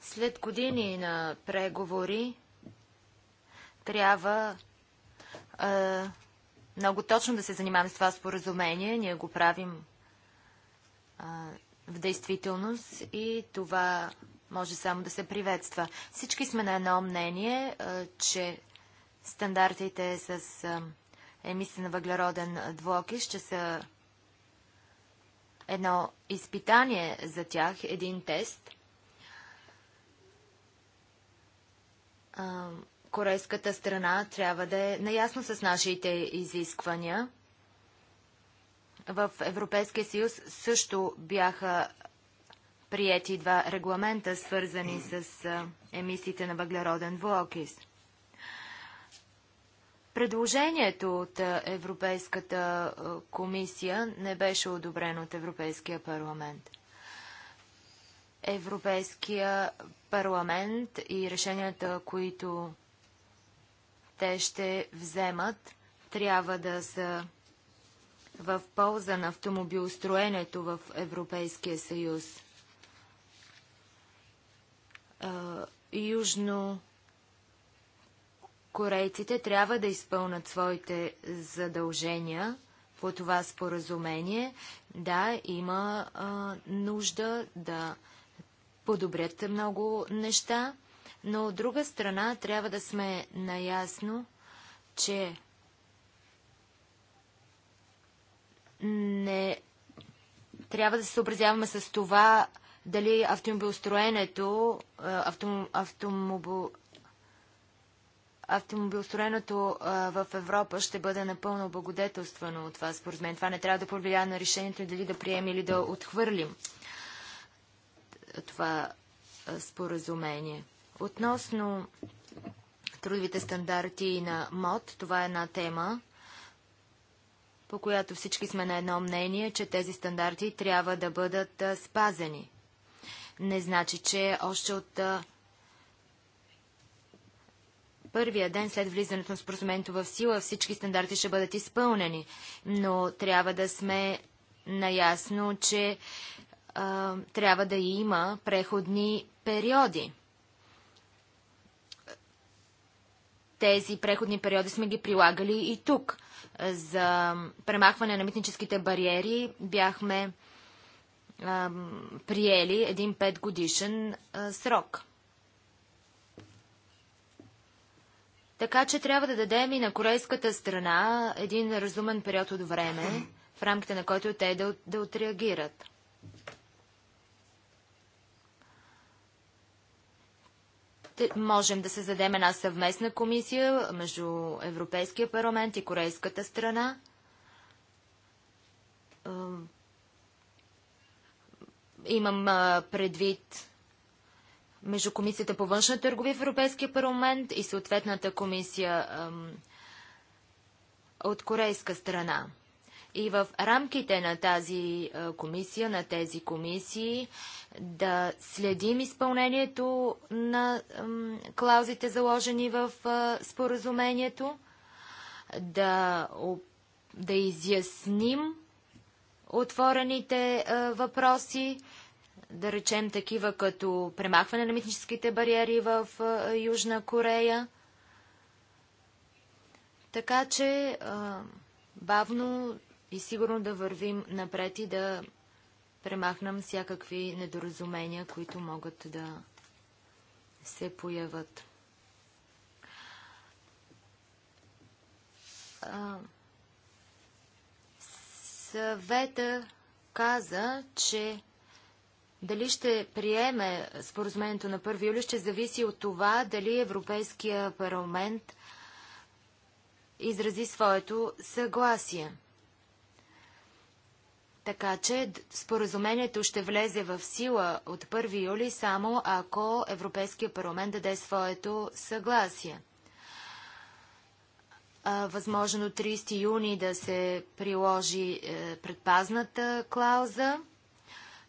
след години на преговори трябва много точно да се занимаваме с това споразумение. Ние го правим а, в действителност и това може само да се приветства. Всички сме на едно мнение, а, че стандартите с а, емисия на въглероден двуокис ще са едно изпитание за тях, един тест – корейската страна трябва да е наясно с нашите изисквания. В Европейския съюз също бяха приети два регламента, свързани с емисиите на въглероден двуокис. Предложението от Европейската комисия не беше одобрено от Европейския парламент. Европейския парламент и решенията, които те ще вземат, трябва да са в полза на автомобилостроенето в Европейския съюз. Южно корейците трябва да изпълнат своите задължения по това споразумение. Да, има нужда да подобрят много неща. Но от друга страна трябва да сме наясно, че не трябва да се съобразяваме с това дали автомобилостроенето, е, автом, автомобил, автомобилостроенето е, в Европа ще бъде напълно благодетелствано от това според мен. Това не трябва да повлияе на решението дали да приемем или да отхвърлим това е, споразумение. Относно трудовите стандарти на МОД, това е една тема, по която всички сме на едно мнение, че тези стандарти трябва да бъдат спазени. Не значи, че още от първия ден след влизането на споразумението в сила всички стандарти ще бъдат изпълнени, но трябва да сме наясно, че а, трябва да има преходни периоди. Тези преходни периоди сме ги прилагали и тук. Е, за премахване на митническите бариери бяхме а, приели един петгодишен е, срок. Така че трябва да дадем и на корейската страна един разумен период от време, в рамките на който те да, да отреагират. ще можем да се задем една съвместна комисия между Европейския парламент и корейската страна. Имам предвид между Комисията по външна търговия в Европейския парламент и съответната комисия от корейска страна и в рамките на тази комисия, на тези комисии, да следим изпълнението на клаузите заложени в споразумението, да, да изясним отворените въпроси, да речем такива като премахване на митническите бариери в Южна Корея. Така че бавно и сигурно да вървим напред и да премахнем всякакви недоразумения, които могат да се появят. Съвета каза, че дали ще приеме споразумението на 1 юли, ще зависи от това дали Европейския парламент изрази своето съгласие. Така че споразумението ще влезе в сила от 1 юли само ако Европейския парламент даде своето съгласие. възможно 30 юни да се приложи е, предпазната клауза.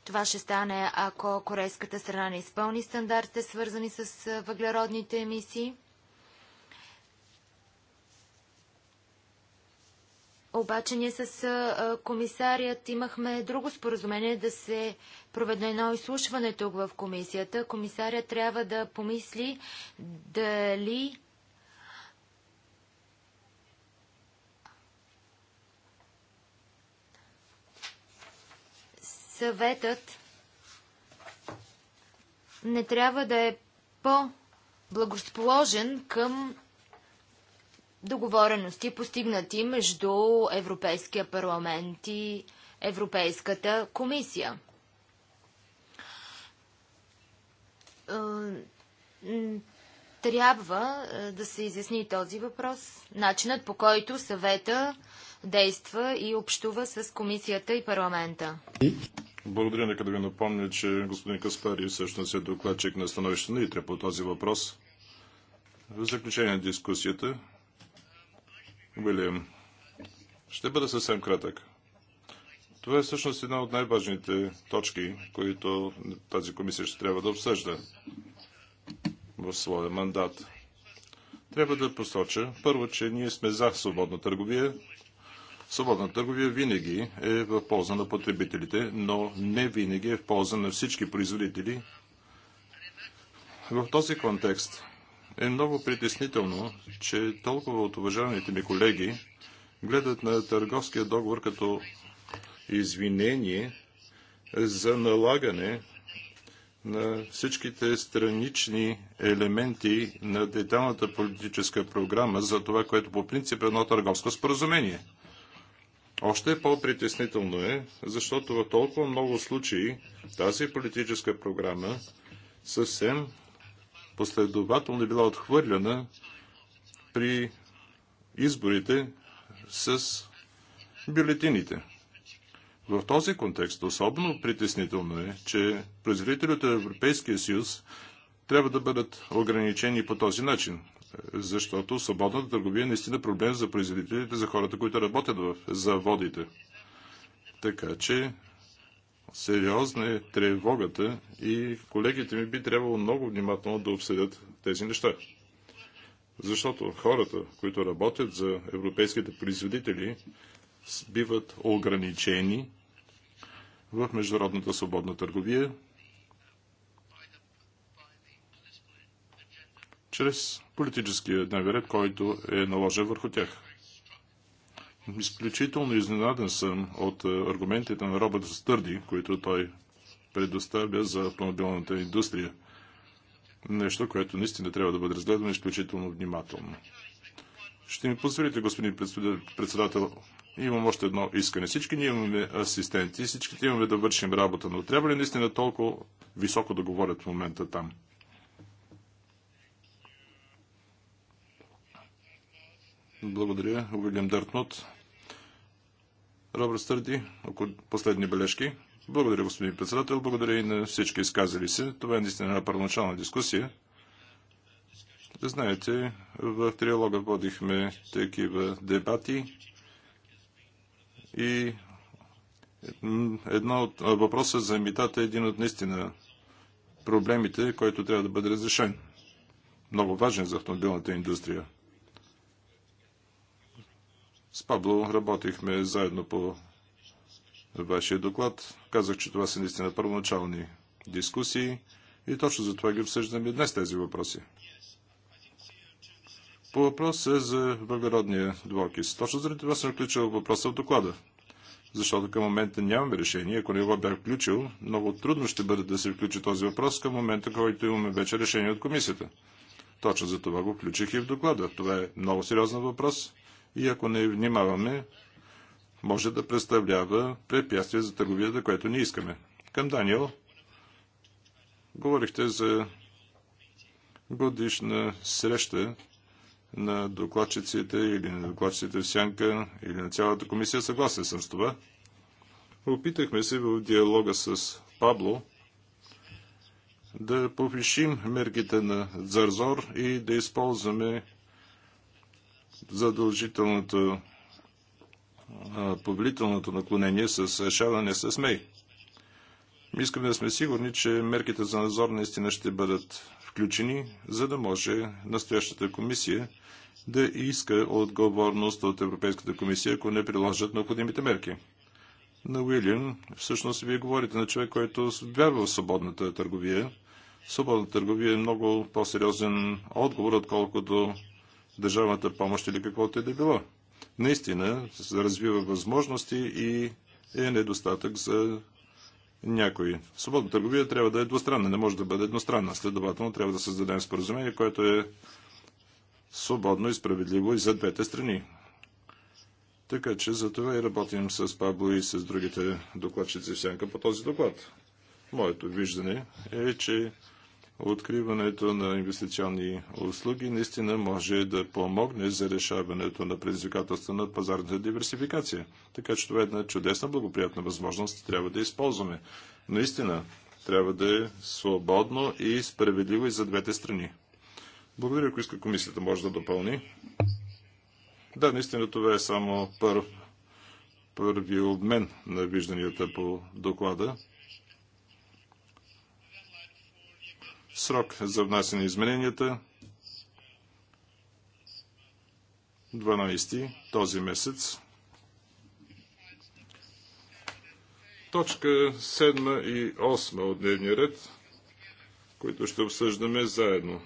Това ще стане ако корейската страна не изпълни стандартите, свързани с е, въглеродните емисии. Обаче ние с комисарият имахме друго споразумение да се проведе едно изслушване тук в комисията. Комисарият трябва да помисли дали съветът не трябва да е по-благосположен към договорености, постигнати между Европейския парламент и Европейската комисия. Е, трябва е, да се изясни този въпрос, начинът по който съвета действа и общува с комисията и парламента. Благодаря, нека да ви напомня, че господин Каспари всъщност е докладчик на становище на ИТРЕ по този въпрос. В заключение на дискусията Уилям. Ще бъда съвсем кратък. Това е всъщност една от най-важните точки, които тази комисия ще трябва да обсъжда в своя мандат. Трябва да посоча, първо, че ние сме за свободна търговия. Свободна търговия винаги е в полза на потребителите, но не винаги е в полза на всички производители. В този контекст е много притеснително, че толкова от уважаваните ми колеги гледат на търговския договор като извинение за налагане на всичките странични елементи на деталната политическа програма за това, което по принцип е едно търговско споразумение. Още по-притеснително е, защото в толкова много случаи тази политическа програма съвсем последователно е била отхвърляна при изборите с бюлетините. В този контекст особено притеснително е, че производителите на Европейския съюз трябва да бъдат ограничени по този начин, защото свободната търговия е наистина проблем за производителите, за хората, които работят в заводите. Така че сериозна е тревогата и колегите ми би трябвало много внимателно да обсъдят тези неща. Защото хората, които работят за европейските производители, биват ограничени в международната свободна търговия чрез политическия дневен ред, който е наложен върху тях. Изключително изненаден съм от е, аргументите на Робърт Стърди, които той предоставя за автомобилната индустрия. Нещо, което наистина трябва да бъде разгледано изключително внимателно. Ще ми позволите, господин председател, имам още едно искане. Всички ние имаме асистенти, всички имаме да вършим работа, но трябва ли наистина толкова високо да говорят в момента там? Благодаря. Уилям Дъртнот. Робърт Стърди, ако последни бележки. Благодаря, господин председател. Благодаря и на всички изказали се. Това е наистина една първоначална дискусия. Знаете, в триалога водихме такива дебати и едно от въпроса за имитата е един от наистина проблемите, който трябва да бъде разрешен. Много важен за автомобилната индустрия. С Пабло работихме заедно по вашия доклад. Казах, че това са наистина първоначални дискусии и точно за това ги обсъждаме днес тези въпроси. По въпроса за въглеродния двокис. Точно заради това съм включил въпроса в доклада. Защото към момента нямаме решение. Ако не го бях включил, много трудно ще бъде да се включи този въпрос към момента, който имаме вече решение от комисията. Точно за това го включих и в доклада. Това е много сериозен въпрос и ако не внимаваме, може да представлява препятствие за търговията, което не искаме. Към Даниел, говорихте за годишна среща на докладчиците или на докладчиците в Сянка или на цялата комисия. Съгласен съм с това. Опитахме се в диалога с Пабло да повишим мерките на Зарзор и да използваме задължителното повелителното наклонение с шаване с мей. Искаме да сме сигурни, че мерките за надзор наистина ще бъдат включени, за да може настоящата комисия да иска отговорност от Европейската комисия, ако не приложат необходимите мерки. На Уилям, всъщност, вие говорите на човек, който вярва в свободната търговия. Свободната търговия е много по-сериозен отговор, отколкото държавната помощ или каквото е да било. Наистина се развива възможности и е недостатък за някои. Свободна търговия трябва да е двустранна, не може да бъде едностранна. Следователно трябва да създадем споразумение, което е свободно и справедливо и за двете страни. Така че за това и работим с Пабло и с другите докладчици в сянка по този доклад. Моето виждане е, че откриването на инвестиционни услуги наистина може да помогне за решаването на предизвикателства на пазарната диверсификация. Така че това е една чудесна, благоприятна възможност, трябва да използваме. Наистина, трябва да е свободно и справедливо и за двете страни. Благодаря, ако иска комисията, може да допълни. Да, наистина това е само първи обмен на вижданията по доклада. Срок за внасяне измененията 12 този месец. Точка 7 и 8 от дневния ред, които ще обсъждаме заедно.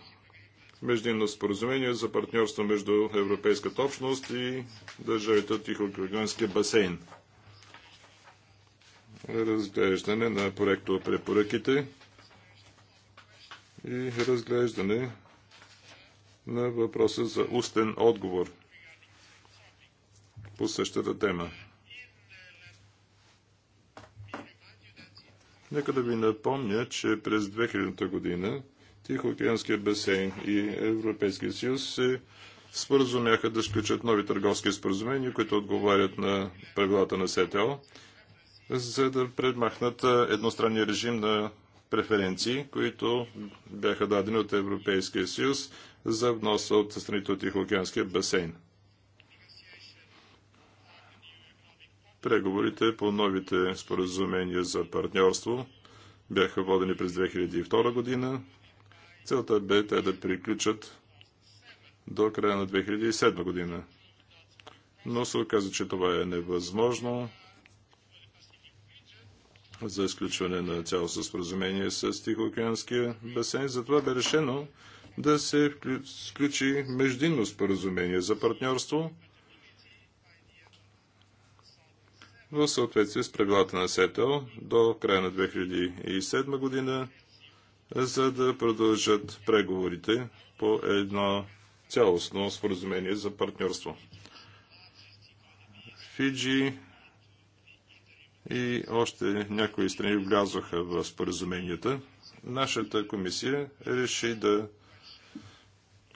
Междинно споразумение за партньорство между Европейската общност и държавите от Тихоокеанския басейн. Разглеждане на проекто препоръките и разглеждане на въпроса за устен отговор по същата тема. Нека да ви напомня, че през 2000 година Тихоокеанския басейн и Европейския съюз се споразумяха да сключат нови търговски споразумения, които отговарят на правилата на СТО, за да предмахнат едностранния режим на преференции, които бяха дадени от Европейския съюз за внос от страните от Тихоокеанския басейн. Преговорите по новите споразумения за партньорство бяха водени през 2002 година. Целта бе те да приключат до края на 2007 година. Но се оказа, че това е невъзможно за изключване на цялостно споразумение с Тихоокеанския басейн. Затова бе решено да се включи междинно споразумение за партньорство в съответствие с правилата на СЕТЕЛ до края на 2007 година, за да продължат преговорите по едно цялостно споразумение за партньорство. Фиджи и още някои страни влязоха в споразуменията, нашата комисия реши да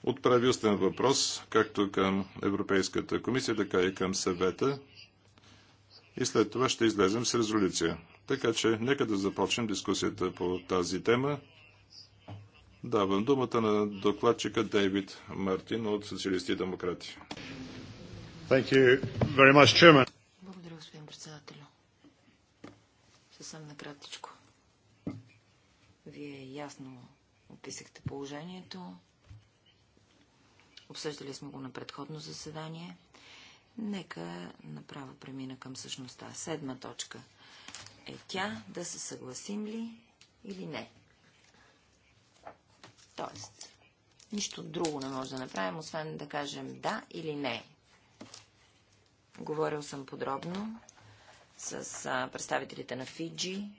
отправи устен въпрос, както към Европейската комисия, така и към съвета. И след това ще излезем с резолюция. Така че нека да започнем дискусията по тази тема. Давам думата на докладчика Дейвид Мартин от Социалисти и Демократи. Благодаря, господин председател съвсем накратичко. Вие ясно описахте положението. Обсъждали сме го на предходно заседание. Нека направо премина към същността. Седма точка е тя да се съгласим ли или не. Тоест, нищо друго не може да направим, освен да кажем да или не. Говорил съм подробно с представителите на Фиджи,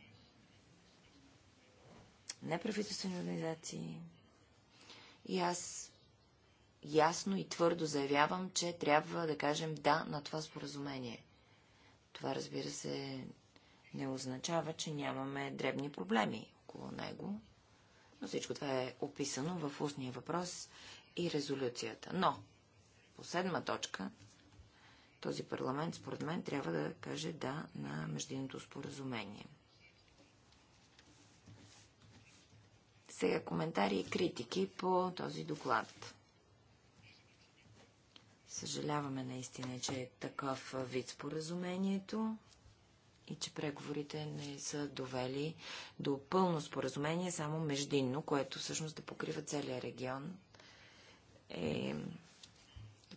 неправителствени организации. И аз ясно и твърдо заявявам, че трябва да кажем да на това споразумение. Това, разбира се, не означава, че нямаме дребни проблеми около него, но всичко това е описано в устния въпрос и резолюцията. Но, по седма точка, този парламент, според мен, трябва да каже да на междинното споразумение. Сега коментари и критики по този доклад. Съжаляваме наистина, че е такъв вид споразумението и че преговорите не са довели до пълно споразумение, само междинно, което всъщност да покрива целия регион. Е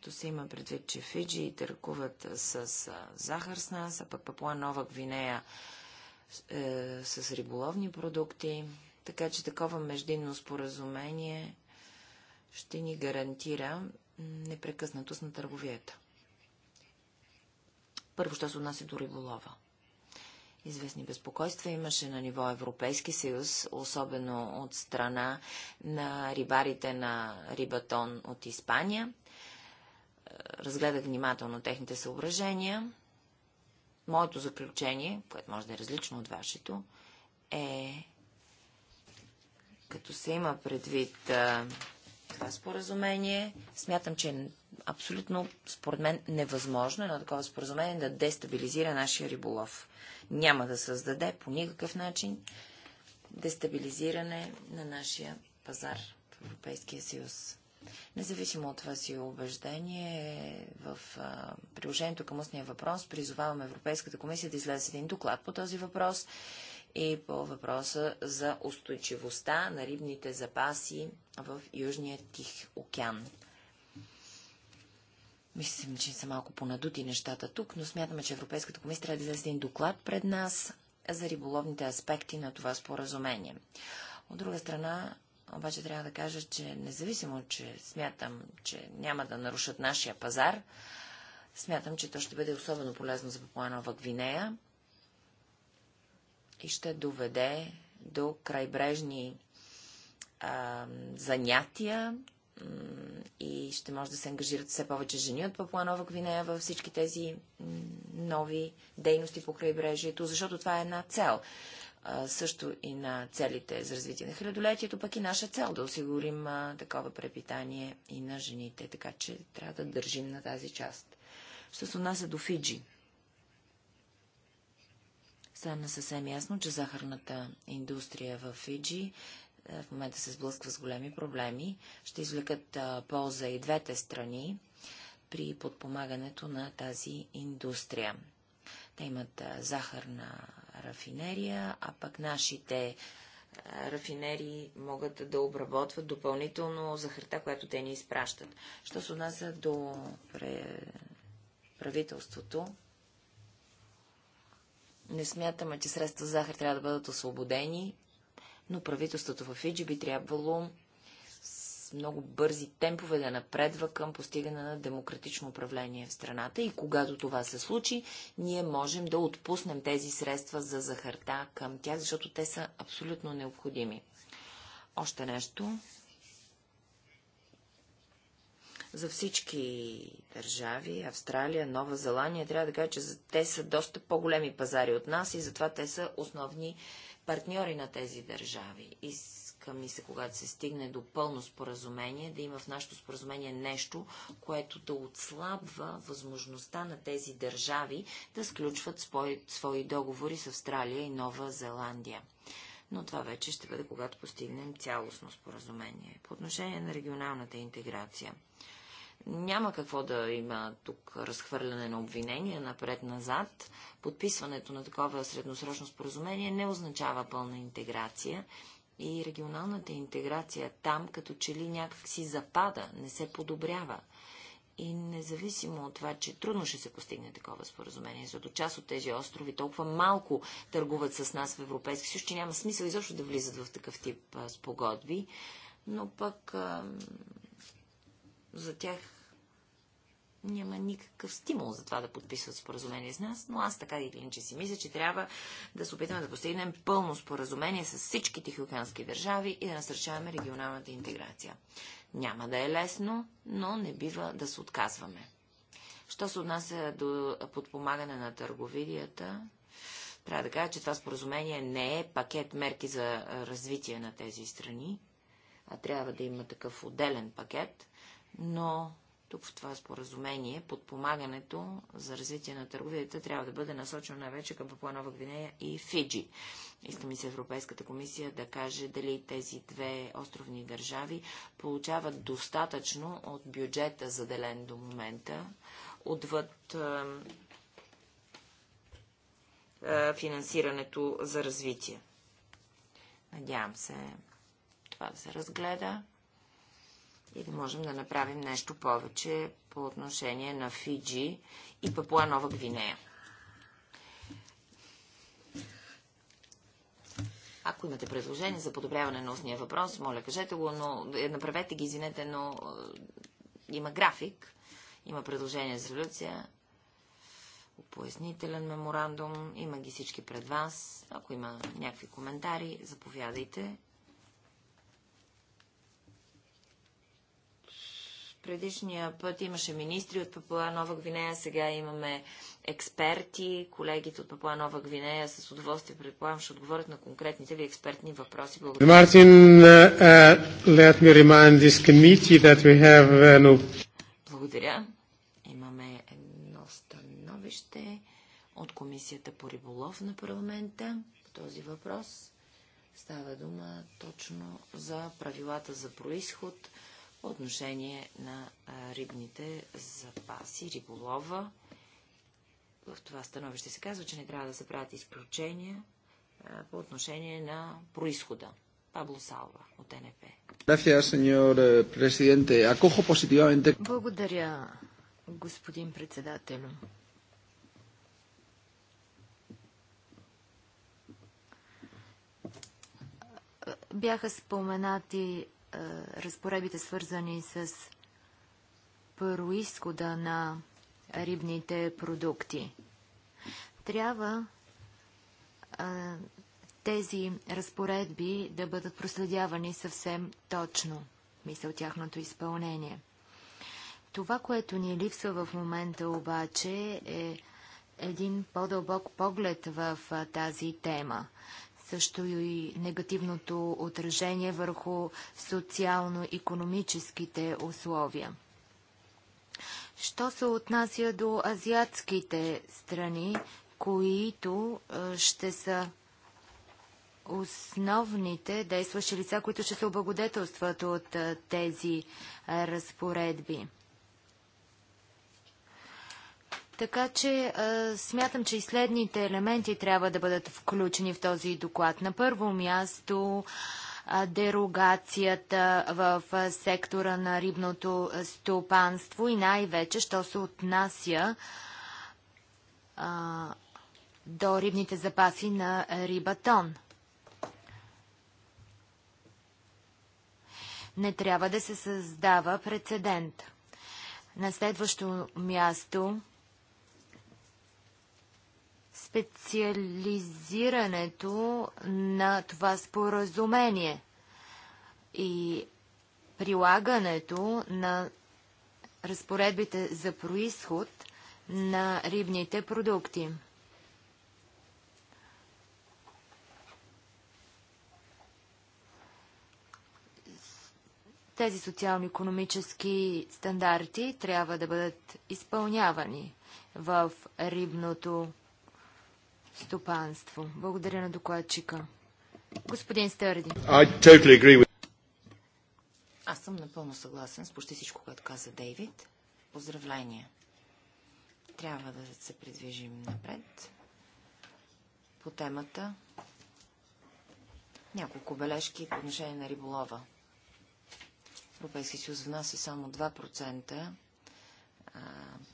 като се има предвид, че Фиджи търкуват с, с захар с нас, а пък Папуа Нова Гвинея е, с риболовни продукти. Така че такова междинно споразумение ще ни гарантира непрекъснатост на търговията. Първо, що се отнася до риболова. Известни безпокойства имаше на ниво Европейски съюз, особено от страна на рибарите на Рибатон от Испания разгледах внимателно техните съображения. Моето заключение, което може да е различно от вашето, е като се има предвид а, това споразумение, смятам, че е абсолютно, според мен, невъзможно едно такова споразумение да дестабилизира нашия риболов. Няма да създаде по никакъв начин дестабилизиране на нашия пазар в Европейския съюз. Независимо от това си убеждение, в приложението към устния въпрос призоваваме Европейската комисия да излезе един доклад по този въпрос и по въпроса за устойчивостта на рибните запаси в Южния Тих океан. Мислим, че са малко понадути нещата тук, но смятаме, че Европейската комисия трябва да излезе един доклад пред нас за риболовните аспекти на това споразумение. От друга страна, обаче трябва да кажа, че независимо, че смятам, че няма да нарушат нашия пазар, смятам, че то ще бъде особено полезно за Папуанова Гвинея и ще доведе до крайбрежни а, занятия и ще може да се ангажират все повече жени от Папуанова Гвинея във всички тези нови дейности по крайбрежието, защото това е една цел също и на целите за развитие на хилядолетието, пък и наша цел да осигурим такова препитание и на жените, така че трябва да държим на тази част. Що се отнася до Фиджи? Стана съвсем ясно, че захарната индустрия в Фиджи е, в момента се сблъсква с големи проблеми. Ще извлекат полза и двете страни при подпомагането на тази индустрия. Те имат захарна рафинерия, а пък нашите е, рафинери могат да обработват допълнително захарта, която те ни изпращат. Що се отнася до правителството, не смятаме, че средства за захар трябва да бъдат освободени, но правителството в Фиджи би трябвало много бързи темпове да напредва към постигане на демократично управление в страната и когато това се случи, ние можем да отпуснем тези средства за захарта към тях, защото те са абсолютно необходими. Още нещо. За всички държави, Австралия, Нова Зеландия, трябва да кажа, че те са доста по-големи пазари от нас и затова те са основни партньори на тези държави. И иска ми се, когато се стигне до пълно споразумение, да има в нашето споразумение нещо, което да отслабва възможността на тези държави да сключват свои, свои договори с Австралия и Нова Зеландия. Но това вече ще бъде, когато постигнем цялостно споразумение. По отношение на регионалната интеграция. Няма какво да има тук разхвърляне на обвинения напред-назад. Подписването на такова средносрочно споразумение не означава пълна интеграция и регионалната интеграция там като че ли някак си запада, не се подобрява. И независимо от това, че трудно ще се постигне такова споразумение, защото част от тези острови толкова малко търгуват с нас в Европейски съюз, че няма смисъл изобщо да влизат в такъв тип а, спогодби, но пък а, за тях няма никакъв стимул за това да подписват споразумение с нас, но аз така или иначе си мисля, че трябва да се опитаме да постигнем пълно споразумение с всички тихоокеански държави и да насърчаваме регионалната интеграция. Няма да е лесно, но не бива да се отказваме. Що се отнася до подпомагане на търговидията, трябва да кажа, че това споразумение не е пакет мерки за развитие на тези страни, а трябва да има такъв отделен пакет, но тук в това споразумение подпомагането за развитие на търговията трябва да бъде насочено най-вече към Папуа Нова Гвинея и Фиджи. Искам и се Европейската комисия да каже дали тези две островни държави получават достатъчно от бюджета заделен до момента, отвъд е, е, финансирането за развитие. Надявам се това да се разгледа. Или можем да направим нещо повече по отношение на Фиджи и Папуа Нова Гвинея. Ако имате предложение за подобряване на устния въпрос, моля, кажете го, но е, направете ги, извинете, но е, има график, има предложение за резолюция, пояснителен меморандум, има ги всички пред вас. Ако има някакви коментари, заповядайте. Предишния път имаше министри от Папуа Нова Гвинея, сега имаме експерти. Колегите от Папуа Нова Гвинея с удоволствие предполагам ще отговорят на конкретните ви експертни въпроси. Благодаря. Мартин, uh, uh let me remind this committee that we have an... Uh, Благодаря. Имаме едно становище от Комисията по риболов на парламента по този въпрос. Става дума точно за правилата за происход по отношение на рибните запаси, риболова. В това становище се казва, че не трябва да се правят изключения по отношение на происхода. Пабло Салва от НП. Eh, Благодаря, господин председател. Бяха споменати разпоредбите свързани с происхода на рибните продукти. Трябва тези разпоредби да бъдат проследявани съвсем точно, мисля, тяхното изпълнение. Това, което ни липсва в момента обаче е един по-дълбок поглед в тази тема също и негативното отражение върху социално-економическите условия. Що се отнася до азиатските страни, които ще са основните действащи лица, които ще се облагодетелстват от тези разпоредби? Така че а, смятам, че и следните елементи трябва да бъдат включени в този доклад. На първо място дерогацията в сектора на рибното стопанство и най-вече, що се отнася а, до рибните запаси на рибатон. Не трябва да се създава прецедент. На следващо място специализирането на това споразумение и прилагането на разпоредбите за происход на рибните продукти. Тези социално-економически стандарти трябва да бъдат изпълнявани в рибното стопанство. Благодаря на докладчика. Господин Стърди. Totally with... Аз съм напълно съгласен с почти всичко, което каза Дейвид. Поздравления. Трябва да се придвижим напред по темата. Няколко бележки по отношение на риболова. Европейски съюз внася само 2%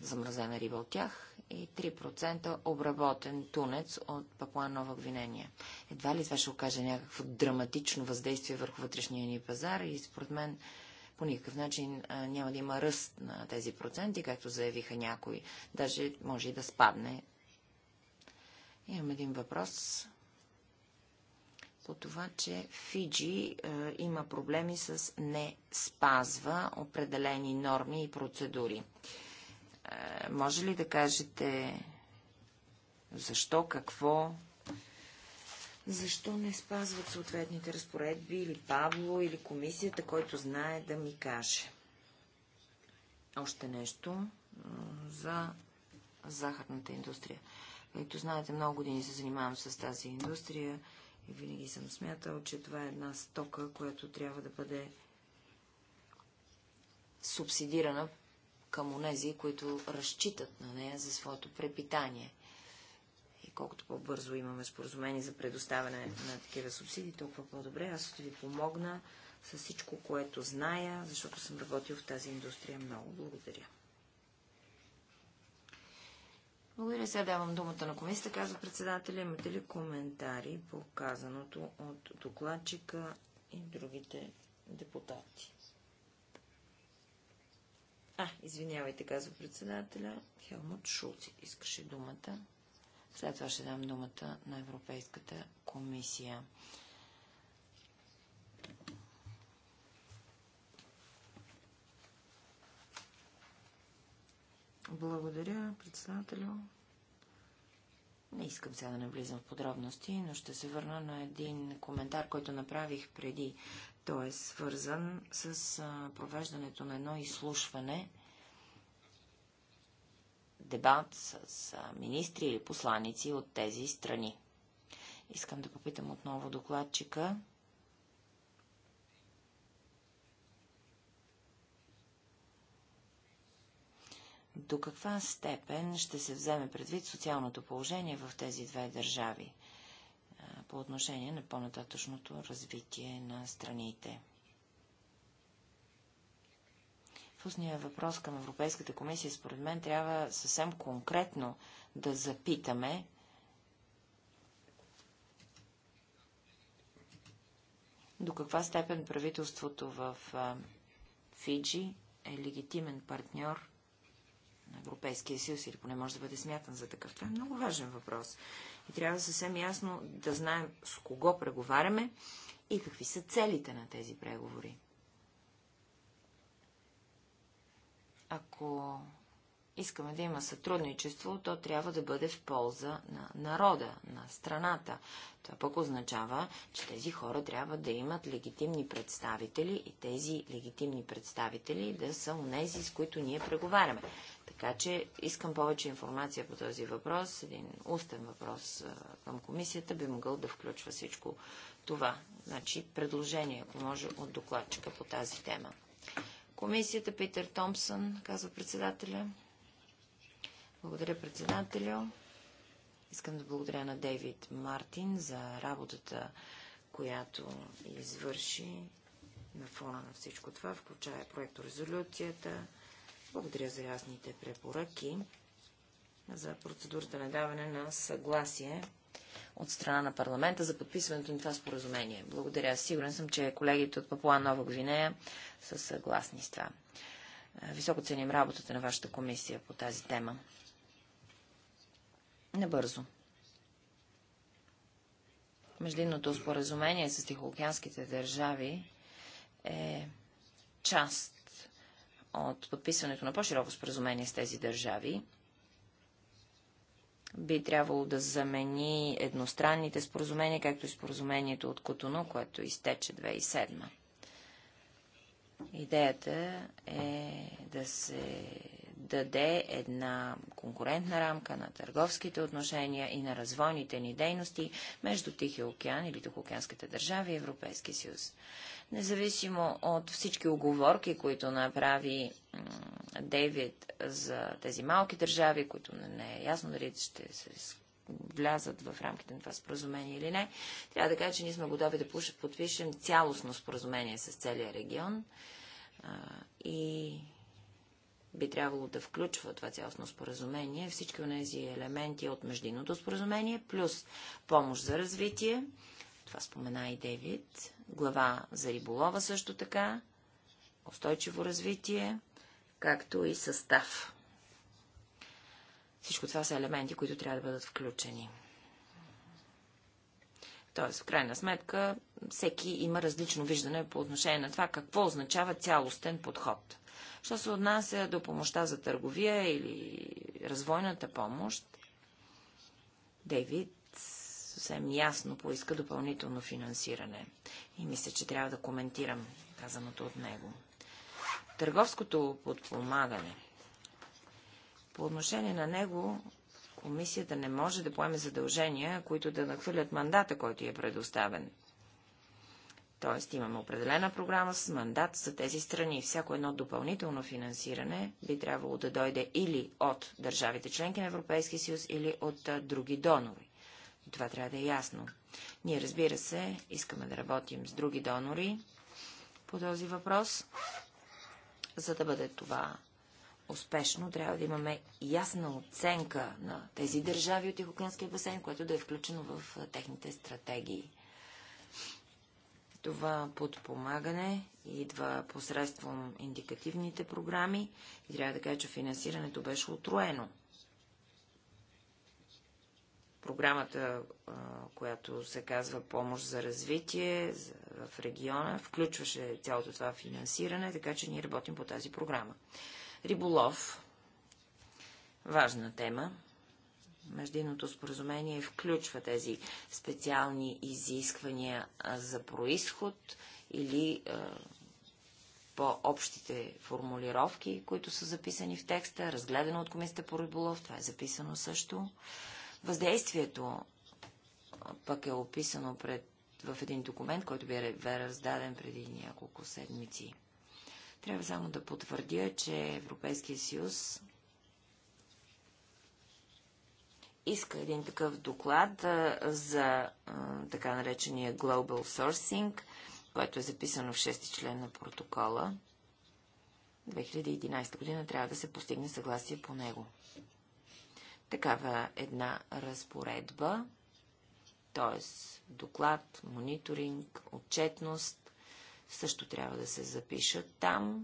замразена риба от тях и 3% обработен тунец от Папуа Нова Гвинения. Едва ли това ще окаже някакво драматично въздействие върху вътрешния ни пазар и според мен по никакъв начин а, няма да има ръст на тези проценти, както заявиха някои. Даже може и да спадне. Имам един въпрос по това, че Фиджи има проблеми с не спазва определени норми и процедури. Е, може ли да кажете защо, какво, защо не спазват съответните разпоредби или Павло, или комисията, който знае да ми каже? Още нещо за захарната индустрия. Както знаете, много години се занимавам с тази индустрия и винаги съм смятал, че това е една стока, която трябва да бъде субсидирана към онези, които разчитат на нея за своето препитание. И колкото по-бързо имаме споразумение за предоставяне на такива субсидии, толкова по-добре. Аз ще ви помогна с всичко, което зная, защото съм работил в тази индустрия много. Благодаря. Благодаря. Сега давам думата на комисията, казва председателя. Имате ли коментари по казаното от докладчика и другите депутати? А, извинявайте, казва председателя. Хелмут Шулц искаше думата. След това ще дам думата на Европейската комисия. Благодаря, председателю. Не искам сега да навлизам в подробности, но ще се върна на един коментар, който направих преди той е свързан с провеждането на едно изслушване, дебат с министри или посланици от тези страни. Искам да попитам отново докладчика. До каква степен ще се вземе предвид социалното положение в тези две държави? по отношение на по-нататъчното развитие на страните. В устния въпрос към Европейската комисия, според мен, трябва съвсем конкретно да запитаме до каква степен правителството в Фиджи е легитимен партньор на Европейския съюз или поне може да бъде смятан за такъв. Това е много важен въпрос. И трябва съвсем ясно да знаем с кого преговаряме и какви са целите на тези преговори. Ако искаме да има сътрудничество, то трябва да бъде в полза на народа, на страната. Това пък означава, че тези хора трябва да имат легитимни представители и тези легитимни представители да са унези, с които ние преговаряме. Така че искам повече информация по този въпрос. Един устен въпрос към комисията би могъл да включва всичко това. Значи предложение, ако може, от докладчика по тази тема. Комисията Питер Томпсън, казва председателя. Благодаря, председателю. Искам да благодаря на Дейвид Мартин за работата, която извърши на фона на всичко това, включая проекторезолюцията, резолюцията благодаря за ясните препоръки за процедурата на даване на съгласие от страна на парламента за подписването на това споразумение. Благодаря. Сигурен съм, че колегите от Папуа Нова Гвинея са съгласни с това. Е, високо ценим работата на вашата комисия по тази тема. Небързо. Междинното споразумение с тихоокеанските държави е част от подписването на по-широко споразумение с тези държави, би трябвало да замени едностранните споразумения, както и споразумението от Котоно, което изтече 2007. Идеята е да се даде една конкурентна рамка на търговските отношения и на развойните ни дейности между Тихия океан или Тихоокеанската държава и Европейския съюз. Независимо от всички оговорки, които направи Дейвид за тези малки държави, които не е ясно дали ще се влязат в рамките на това споразумение или не, трябва да кажа, че ние сме готови да подпишем цялостно споразумение с целия регион. И би трябвало да включва това цялостно споразумение, всички от тези елементи от междинното споразумение, плюс помощ за развитие, това спомена и Девид, глава за риболова също така, устойчиво развитие, както и състав. Всичко това са елементи, които трябва да бъдат включени. Тоест, в крайна сметка, всеки има различно виждане по отношение на това, какво означава цялостен подход. Що се отнася до помощта за търговия или развойната помощ, Дейвид съвсем ясно поиска допълнително финансиране. И мисля, че трябва да коментирам казаното от него. Търговското подпомагане. По отношение на него, комисията не може да поеме задължения, които да нахвърлят мандата, който е предоставен. Тоест имаме определена програма с мандат за тези страни. Всяко едно допълнително финансиране би трябвало да дойде или от държавите членки на Европейския съюз, или от други донори. Това трябва да е ясно. Ние, разбира се, искаме да работим с други донори по този въпрос. За да бъде това успешно, трябва да имаме ясна оценка на тези държави от Тихоокеанския басейн, което да е включено в техните стратегии. Това подпомагане идва посредством индикативните програми и трябва да кажа, че финансирането беше отроено. Програмата, която се казва Помощ за развитие в региона, включваше цялото това финансиране, така че ние работим по тази програма. Риболов. Важна тема. Междинното споразумение включва тези специални изисквания за происход или е, по-общите формулировки, които са записани в текста, разгледано от Комисията по риболов, това е записано също. Въздействието пък е описано пред, в един документ, който бе раздаден преди няколко седмици. Трябва само да потвърдя, че Европейския съюз иска един такъв доклад а, за а, така наречения Global Sourcing, което е записано в 6 член на протокола. 2011 година трябва да се постигне съгласие по него. Такава една разпоредба, т.е. доклад, мониторинг, отчетност, също трябва да се запишат там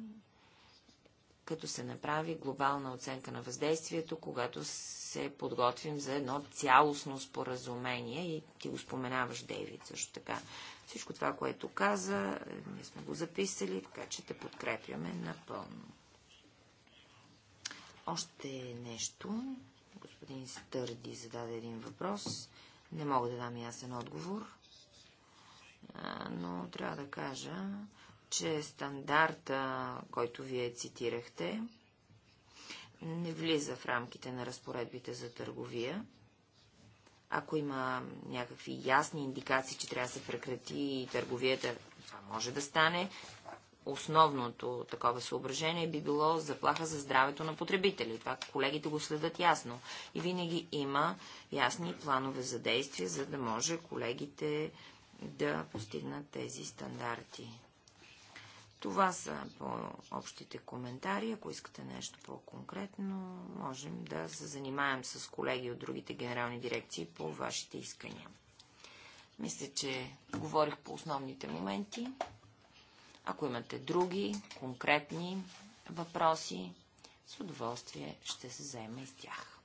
като се направи глобална оценка на въздействието, когато се подготвим за едно цялостно споразумение и ти го споменаваш, Дейвид, също така. Всичко това, което каза, е, ние сме го записали, така че те подкрепяме напълно. Още нещо. Господин Стърди зададе един въпрос. Не мога да дам ясен отговор, но трябва да кажа, че стандарта, който вие цитирахте, не влиза в рамките на разпоредбите за търговия. Ако има някакви ясни индикации, че трябва да се прекрати търговията, това може да стане. Основното такова съображение би било заплаха за здравето на потребители. Това колегите го следят ясно. И винаги има ясни планове за действие, за да може колегите да постигнат тези стандарти. Това са по-общите коментари. Ако искате нещо по-конкретно, можем да се занимаем с колеги от другите генерални дирекции по вашите искания. Мисля, че говорих по основните моменти. Ако имате други конкретни въпроси, с удоволствие ще се заема и с тях.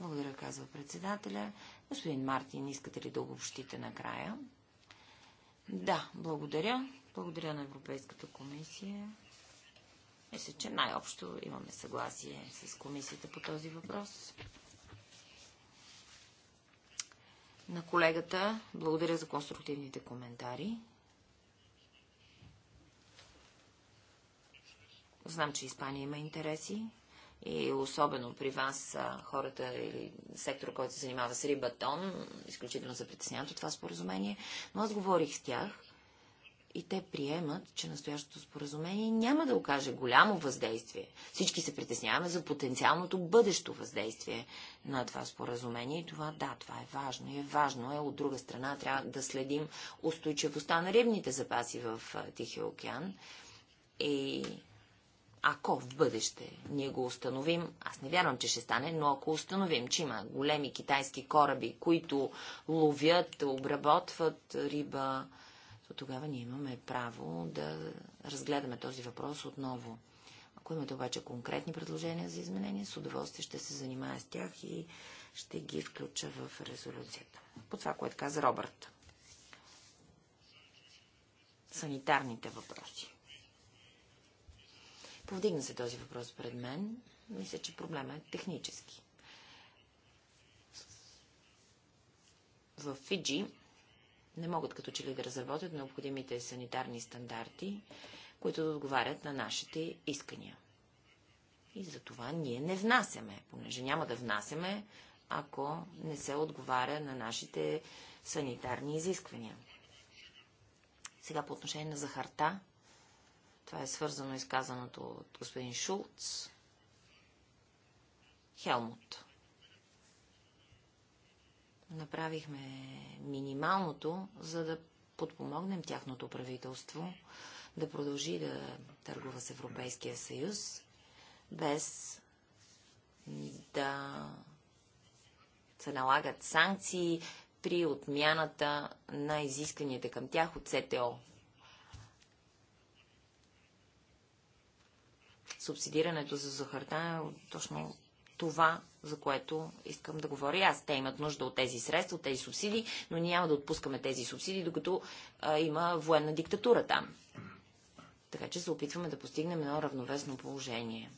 Благодаря, казва председателя. Господин Мартин, искате ли да обобщите накрая? Да, благодаря. Благодаря на Европейската комисия. Мисля, че най-общо имаме съгласие с комисията по този въпрос. На колегата благодаря за конструктивните коментари. Знам, че Испания има интереси и особено при вас хората или сектора, който се занимава с рибатон, изключително се притесняват от това споразумение. Но аз говорих с тях и те приемат, че настоящото споразумение няма да окаже голямо въздействие. Всички се притесняваме за потенциалното бъдещо въздействие на това споразумение и това, да, това е важно. И е важно е, от друга страна, трябва да следим устойчивостта на рибните запаси в Тихия океан. И ако в бъдеще ние го установим, аз не вярвам, че ще стане, но ако установим, че има големи китайски кораби, които ловят, обработват риба, тогава ние имаме право да разгледаме този въпрос отново. Ако имате обаче конкретни предложения за изменения, с удоволствие ще се занимая с тях и ще ги включа в резолюцията. По това, което каза Робърт. Санитарните въпроси. Повдигна се този въпрос пред мен. Мисля, че проблема е технически. В Фиджи не могат като че ли да разработят необходимите санитарни стандарти, които да отговарят на нашите искания. И за това ние не внасяме, понеже няма да внасяме, ако не се отговаря на нашите санитарни изисквания. Сега по отношение на захарта, това е свързано изказаното от господин Шулц. Хелмут направихме минималното, за да подпомогнем тяхното правителство да продължи да търгува с Европейския съюз, без да се налагат санкции при отмяната на изискванията към тях от СТО. Субсидирането за захарта е точно това, за което искам да говоря аз. Те имат нужда от тези средства, от тези субсидии, но ние няма да отпускаме тези субсидии, докато а, има военна диктатура там. Така че се опитваме да постигнем едно равновесно положение.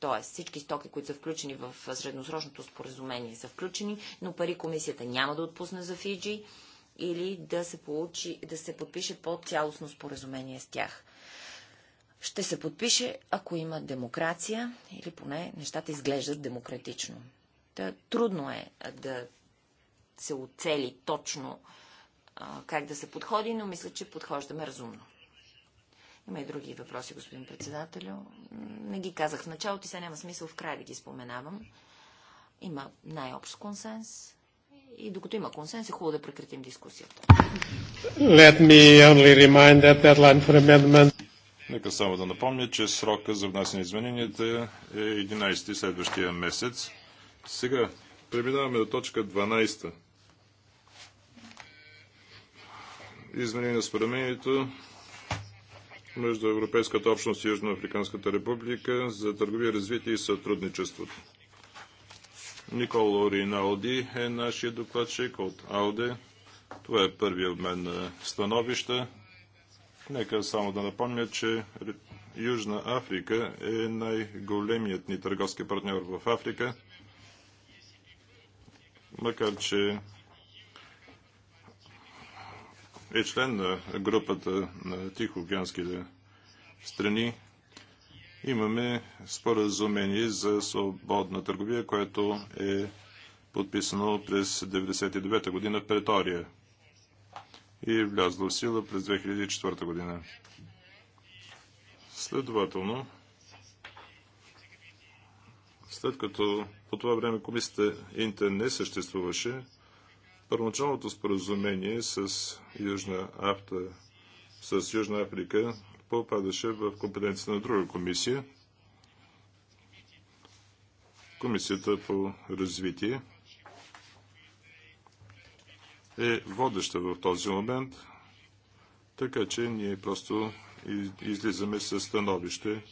Тоест, всички стоки, които са включени в средносрочното споразумение, са включени, но пари комисията няма да отпусне за Фиджи или да се, получи, да се подпише по-цялостно споразумение с тях ще се подпише, ако има демокрация или поне нещата изглеждат демократично. Та, трудно е да се оцели точно а, как да се подходи, но мисля, че подхождаме разумно. Има и други въпроси, господин председателю. Не ги казах в началото и сега няма смисъл в края да ги споменавам. Има най-общ консенс и докато има консенс е хубаво да прекратим дискусията. Let me only remind that deadline for amendment Нека само да напомня, че срока за внасяне измененията е 11 следващия месец. Сега преминаваме до точка 12. Изменение на споразумението между Европейската общност и Южноафриканската република за търговия, развитие и сътрудничеството. Никола Риналди е нашия докладчик от АУДЕ. Това е първият обмен на становища. Нека само да напомня, че Южна Африка е най-големият ни търговски партньор в Африка, макар че е член на групата на Тихоокеанските страни. Имаме споразумение за свободна търговия, което е подписано през 1999 година в Претория и е влязла в сила през 2004 година. Следователно, след като по това време комисията Инте не съществуваше, първоначалното споразумение с Южна, Афта, с Южна Африка попадаше в компетенция на друга комисия, Комисията по развитие е водеща в този момент, така че ние просто излизаме с становище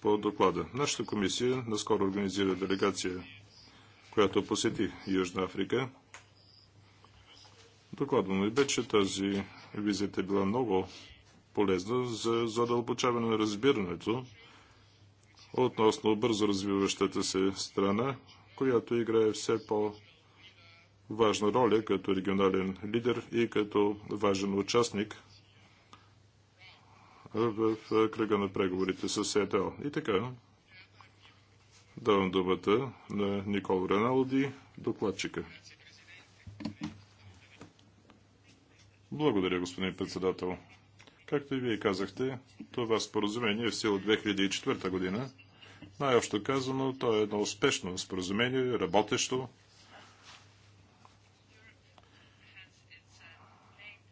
по доклада. Нашата комисия наскоро организира делегация, която посети Южна Африка. Докладвано е бе, че тази визита е била много полезна за задълбочаване на разбирането относно бързо развиващата се страна, която играе все по добре важна роля като регионален лидер и като важен участник в кръга на преговорите с СЕТЛ. И така, давам думата на Никол Реналди, докладчика. Благодаря, господин председател. Както и вие казахте, това споразумение е в сила 2004 година. Най-общо казано, то е едно успешно споразумение, работещо,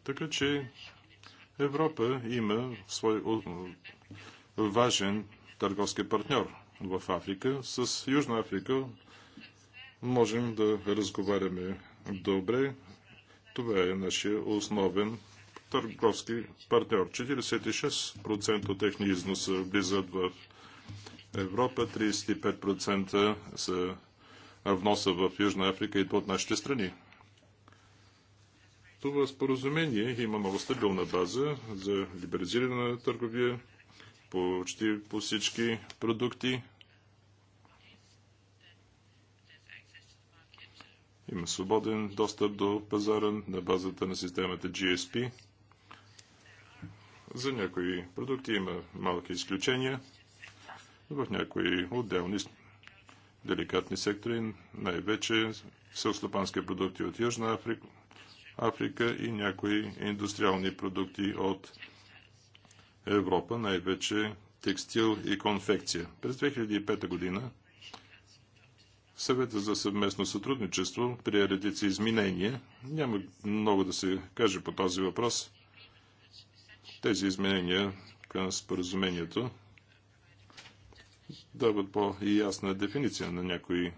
Така че Европа има свой важен търговски партньор в Африка. С Южна Африка можем да разговаряме добре. Това е нашия основен търговски партньор. 46% от техния износ влизат в Европа, 35% са вноса в Южна Африка и от нашите страни. Това споразумение, има много стабилна база за на търговия почти по всички продукти. Има свободен достъп до пазара на базата на системата GSP. За някои продукти има малки изключения. В някои отделни деликатни сектори, най-вече селстопански продукти от Южна Африка, Африка и някои индустриални продукти от Европа, най-вече текстил и конфекция. През 2005 година Съвета за съвместно сътрудничество прие редица изменения. Няма много да се каже по този въпрос. Тези изменения към споразумението дават по-ясна дефиниция на някои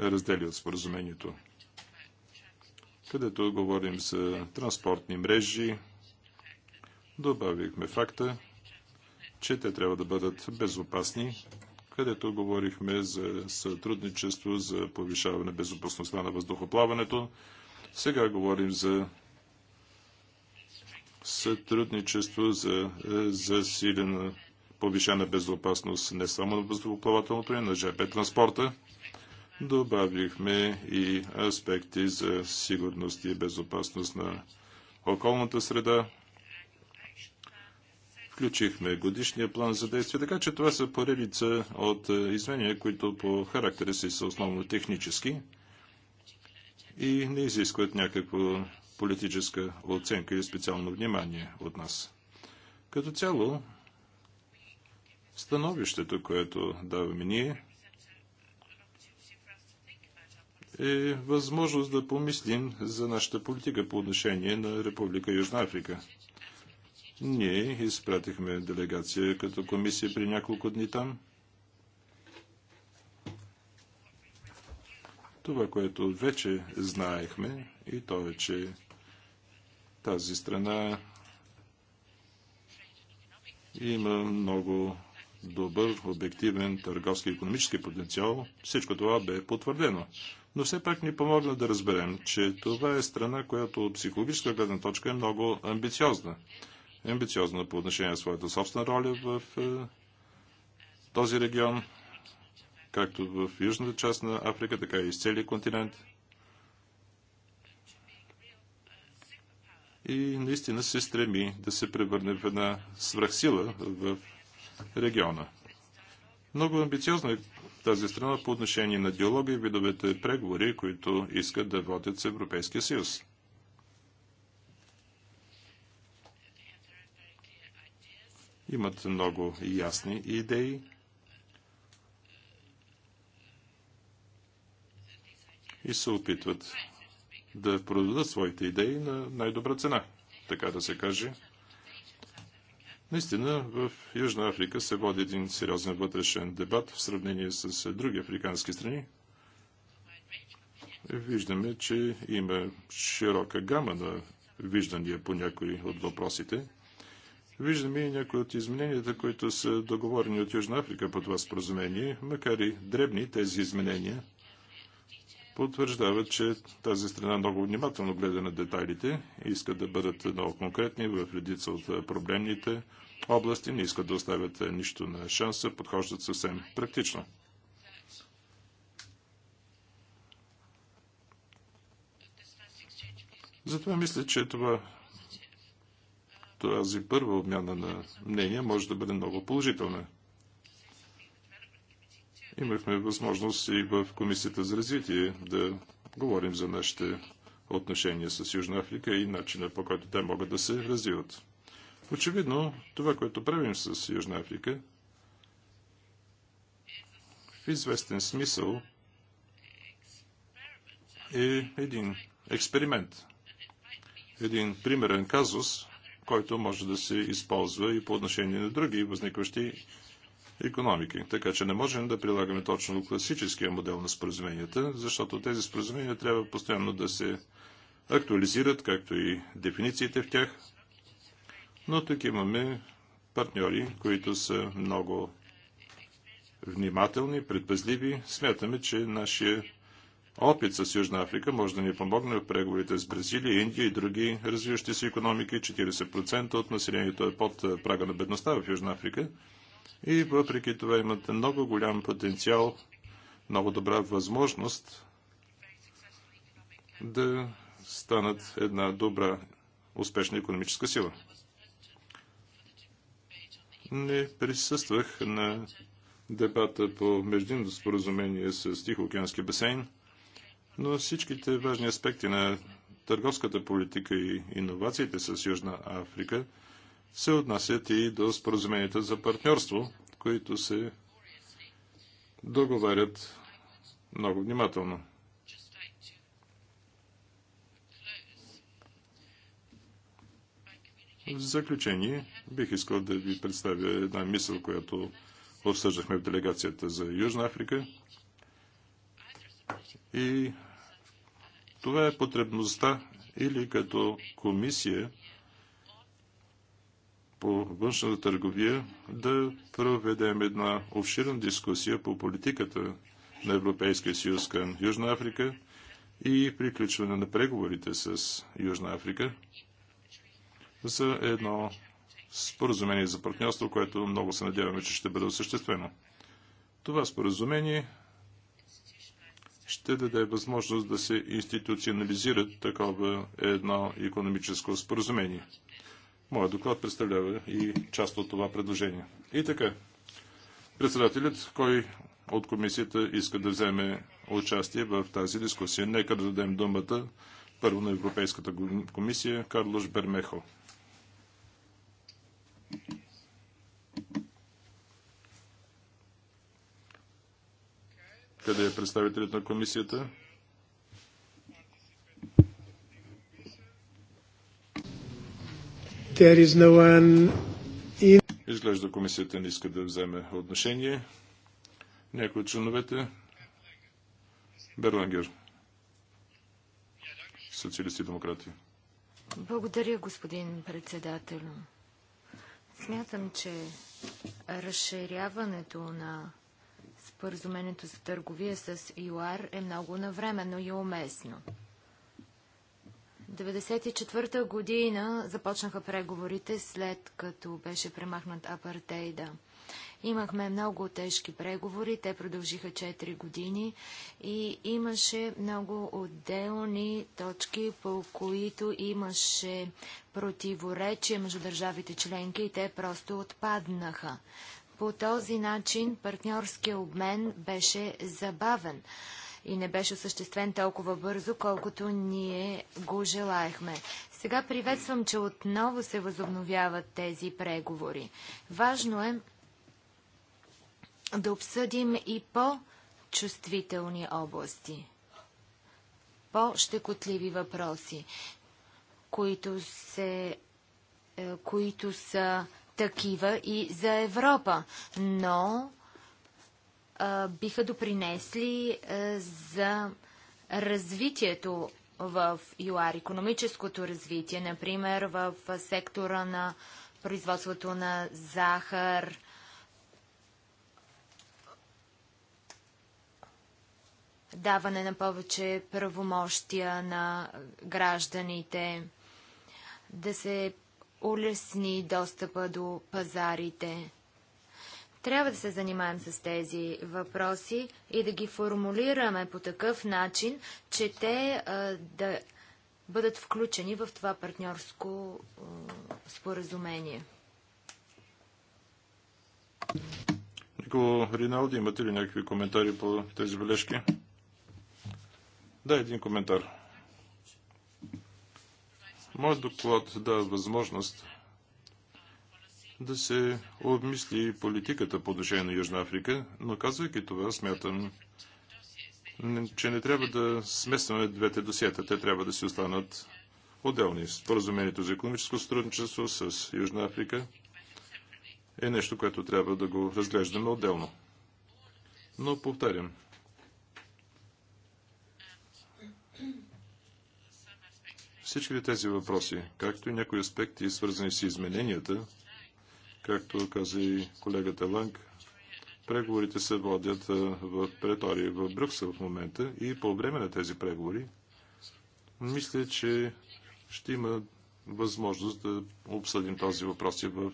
раздели от споразумението където говорим за транспортни мрежи, добавихме факта, че те трябва да бъдат безопасни, където говорихме за сътрудничество за повишаване безопасността на въздухоплаването. Сега говорим за сътрудничество за засилена повишена безопасност не само на въздухоплавателното и на ЖП транспорта добавихме и аспекти за сигурност и безопасност на околната среда. Включихме годишния план за действие, така че това са поредица от е, изменения, които по характера си са основно технически и не изискват някаква политическа оценка или специално внимание от нас. Като цяло, становището, което даваме ние, е възможност да помислим за нашата политика по отношение на Република Южна Африка. Ние изпратихме делегация като комисия при няколко дни там. Това, което вече знаехме, и то е, че тази страна има много добър, обективен търговски и економически потенциал. Всичко това бе потвърдено но все пак ни помогна да разберем, че това е страна, която от психологическа гледна точка е много амбициозна. Амбициозна по отношение на своята собствена роля в е, този регион, както в южната част на Африка, така и из целия континент. И наистина се стреми да се превърне в една свръхсила в региона. Много амбициозно е тази страна по отношение на диалога и видовете преговори, които искат да водят с Европейския съюз. Имат много ясни идеи. И се опитват да продадат своите идеи на най-добра цена, така да се каже, Наистина в Южна Африка се води един сериозен вътрешен дебат в сравнение с други африкански страни. Виждаме, че има широка гама на виждания по някои от въпросите. Виждаме и някои от измененията, които са договорени от Южна Африка по това споразумение, макар и дребни тези изменения – потвърждава, че тази страна много внимателно гледа на детайлите и иска да бъдат много конкретни в редица от проблемните области, не искат да оставят нищо на шанса, подхождат съвсем практично. Затова мисля, че това, тази първа обмяна на мнения може да бъде много положителна. Имахме възможност и в Комисията за развитие да говорим за нашите отношения с Южна Африка и начина по който те могат да се развиват. Очевидно, това, което правим с Южна Африка, в известен смисъл е един експеримент, един примерен казус, който може да се използва и по отношение на други възникващи економики. Така че не можем да прилагаме точно класическия модел на споразуменията, защото тези споразумения трябва постоянно да се актуализират, както и дефинициите в тях. Но тук имаме партньори, които са много внимателни, предпазливи. Смятаме, че нашия опит с Южна Африка може да ни помогне в преговорите с Бразилия, Индия и други развиващи се економики. 40% от населението е под прага на бедността в Южна Африка. И въпреки това имат много голям потенциал, много добра възможност да станат една добра, успешна економическа сила. Не присъствах на дебата по междинното споразумение с Тихоокеански басейн, но всичките важни аспекти на търговската политика и иновациите с Южна Африка – се отнасят и до споразуменията за партньорство, които се договарят много внимателно. В заключение бих искал да ви представя една мисъл, която обсъждахме в делегацията за Южна Африка. И това е потребността или като комисия по външната търговия да проведем една обширна дискусия по политиката на Европейския съюз към Южна Африка и приключване на преговорите с Южна Африка за едно споразумение за партньорство, което много се надяваме, че ще бъде осъществено. Това споразумение ще даде възможност да се институционализират такова едно економическо споразумение. Моят доклад представлява и част от това предложение. И така, председателят, кой от комисията иска да вземе участие в тази дискусия. Нека да дадем думата първо на Европейската комисия Карлош Бермехо. Къде е представителят на комисията? Изглежда комисията не иска да вземе отношение. Някои от членовете. Берлангер. Социалисти и демократи. Благодаря, господин председател. Смятам, че разширяването на споразумението за търговия с ЮАР е много навременно и уместно. 1994 година започнаха преговорите след като беше премахнат апартейда. Имахме много тежки преговори, те продължиха 4 години и имаше много отделни точки, по които имаше противоречие между държавите членки и те просто отпаднаха. По този начин партньорския обмен беше забавен и не беше осъществен толкова бързо, колкото ние го желаехме. Сега приветствам, че отново се възобновяват тези преговори. Важно е да обсъдим и по-чувствителни области, по-щекотливи въпроси, които, се, е, които са такива и за Европа. Но биха допринесли за развитието в ЮАР, економическото развитие, например в сектора на производството на захар, даване на повече правомощия на гражданите, да се улесни достъпа до пазарите. Трябва да се занимаем с тези въпроси и да ги формулираме по такъв начин, че те а, да бъдат включени в това партньорско а, споразумение. Никола Риналди, имате ли някакви коментари по тези бележки? Да, един коментар. Моят доклад дава възможност да се обмисли политиката по отношение на Южна Африка, но казвайки това, смятам, че не трябва да смесваме двете досиета. Те трябва да си останат отделни. Споразумението за економическо сътрудничество с Южна Африка е нещо, което трябва да го разглеждаме отделно. Но повтарям, Всички тези въпроси, както и някои аспекти, свързани с измененията, Както каза и колегата Ланг, преговорите се водят в претория в Брюксел в момента и по време на тези преговори мисля, че ще има възможност да обсъдим този въпрос и в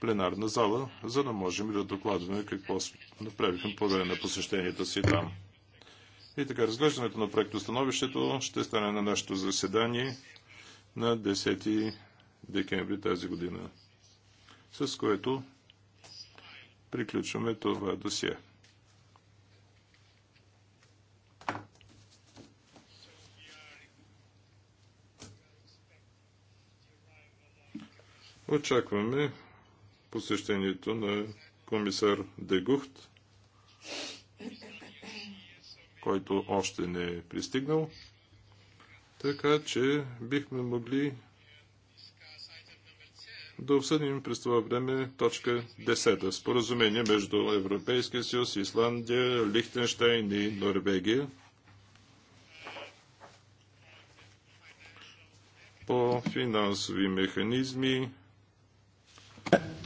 пленарна зала, за да можем да докладваме какво направихме по време на посещението си там. И така, разглеждането на проектостановището ще стане на нашето заседание на 10 декември тази година с което приключваме това досие. Очакваме посещението на комисар Дегухт, който още не е пристигнал. Така че бихме могли да обсъдим през това време точка 10. Споразумение между Европейския съюз, Исландия, Лихтенштайн и Норвегия по финансови механизми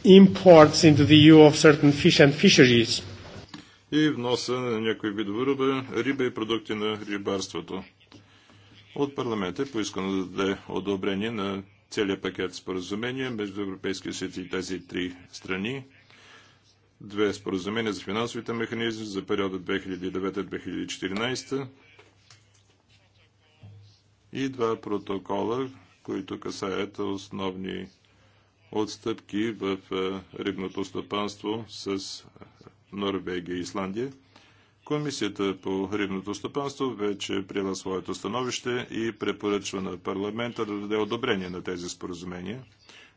imports into the EU of certain fish and fisheries. И вноса на някои видове риба, риба и продукти на рибарството. От парламента е поискано да даде одобрение на целият пакет споразумения между Европейския съюз и тези три страни. Две споразумения за финансовите механизми за периода 2009-2014 и два протокола, които касаят основни отстъпки в рибното стопанство с Норвегия и Исландия. Комисията по рибното стопанство вече е приела своето становище и препоръчва на парламента да даде одобрение на тези споразумения.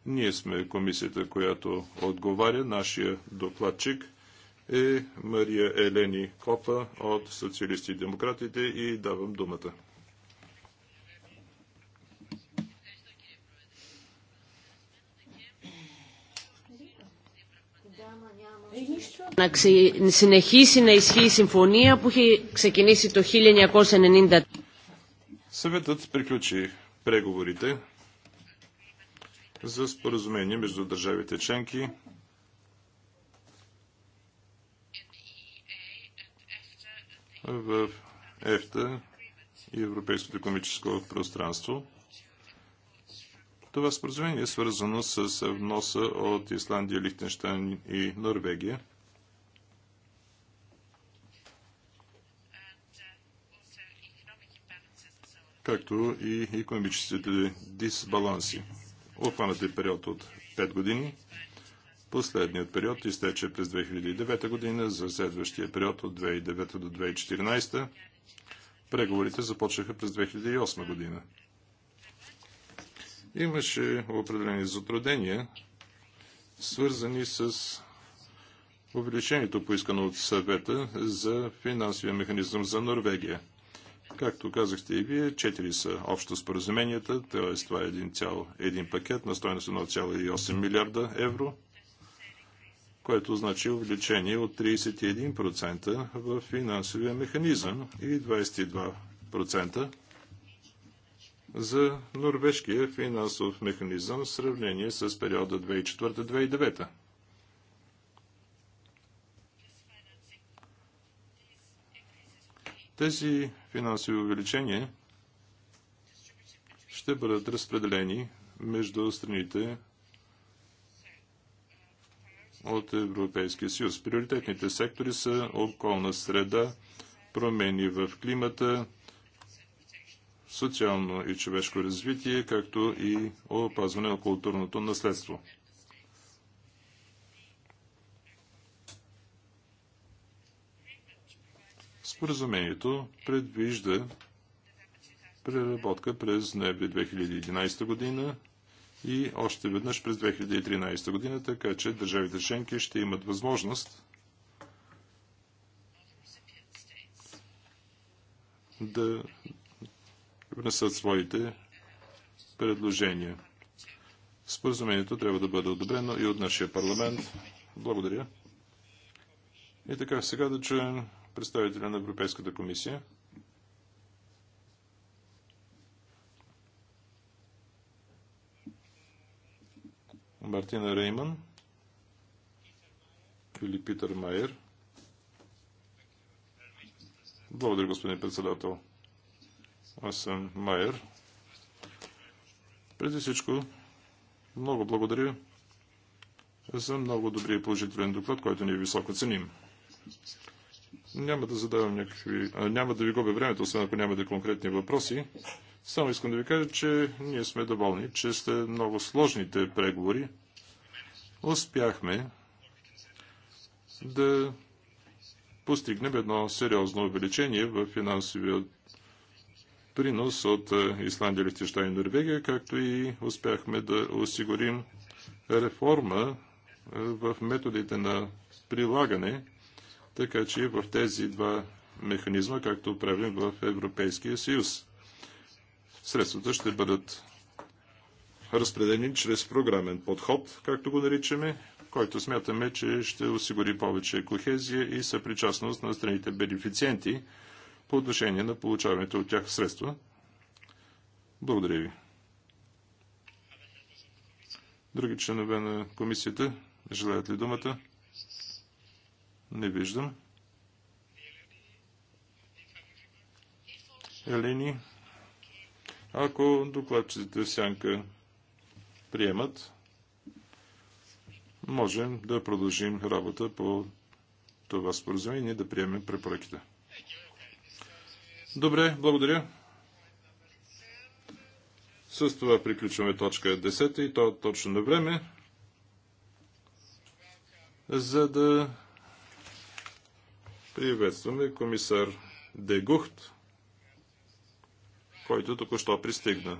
Ние сме комисията, която отговаря. Нашия докладчик е Мария Елени Копа от Социалисти и демократите и давам думата. να συνεχίσει να ισχύει η συμφωνία που είχε ξεκινήσει το 1990. Съветът приключи преговорите за споразумение между държавите членки в ЕФТА и Европейското економическо пространство. Това споразумение е свързано с вноса от Исландия, Лихтенштайн и Норвегия – както и економическите дисбаланси. Обхванат е период от 5 години. Последният период изтече през 2009 година за следващия период от 2009 до 2014. Преговорите започнаха през 2008 година. Имаше определени затруднения, свързани с увеличението поискано от съвета за финансовия механизъм за Норвегия – Както казахте и вие, 4 са общо споразуменията, т.е. това е един, цял, един пакет на стоеност 1,8 милиарда евро, което значи увеличение от 31% в финансовия механизъм и 22% за норвежкия финансов механизъм в сравнение с периода 2004-2009. Тези финансови увеличения ще бъдат разпределени между страните от Европейския съюз. Приоритетните сектори са околна среда, промени в климата, социално и човешко развитие, както и опазване на културното наследство. Споразумението предвижда преработка през ноември 2011 година и още веднъж през 2013 година, така че държавите членки ще имат възможност да внесат своите предложения. Споразумението трябва да бъде одобрено и от нашия парламент. Благодаря. И така, сега да чуем представителя на Европейската комисия. Мартина Рейман или Питър Майер. Благодаря, господин председател. Аз съм Майер. Преди всичко, много благодаря за много добрия и положителен доклад, който ние високо ценим. Няма да задавам някакви... А, няма да ви губя времето, освен ако нямате конкретни въпроси. Само искам да ви кажа, че ние сме доволни, че сте много сложните преговори. Успяхме да постигнем едно сериозно увеличение в финансовия принос от Исландия, Лихтища и Норвегия, както и успяхме да осигурим реформа в методите на прилагане така че в тези два механизма, както правим в Европейския съюз. Средствата ще бъдат разпределени чрез програмен подход, както го наричаме, който смятаме, че ще осигури повече кохезия и съпричастност на страните бенефициенти по отношение на получаването от тях средства. Благодаря ви. Други членове на комисията желаят ли думата? Не виждам. Елени, ако докладчите в сянка приемат, можем да продължим работа по това споразумение и да приемем препоръките. Добре, благодаря. С това приключваме точка 10 и то точно на време, за да Приветстваме комисар Дегухт, който току-що пристигна.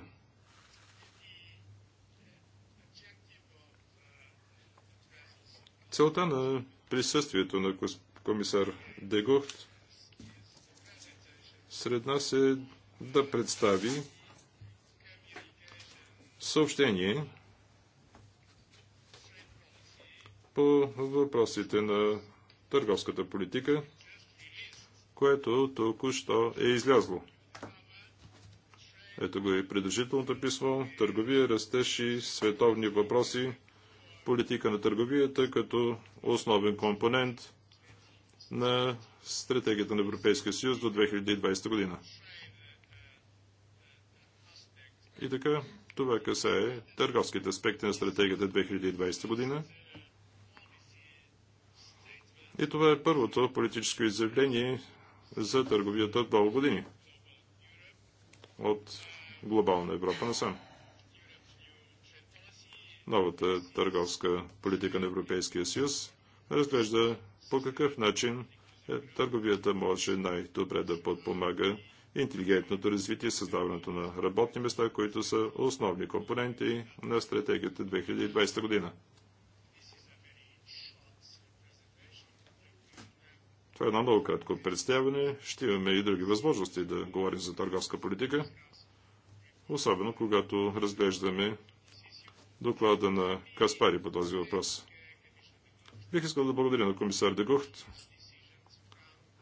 Целта на присъствието на комисар Дегухт сред нас е да представи съобщение по въпросите на търговската политика което току-що е излязло. Ето го и предъжителното писмо Търговия, растеж и световни въпроси, политика на търговията като основен компонент на стратегията на Европейския съюз до 2020 година. И така, това касае търговските аспекти на стратегията 2020 година. И това е първото политическо изявление за търговията от долу години. От глобална Европа насам. Новата търговска политика на Европейския съюз разглежда по какъв начин е търговията може най-добре да подпомага интелигентното развитие, създаването на работни места, които са основни компоненти на стратегията 2020 година. Това е едно много кратко представяне. Ще имаме и други възможности да говорим за търговска политика, особено когато разглеждаме доклада на Каспари по този въпрос. Бих искал да благодаря на комисар Дегухт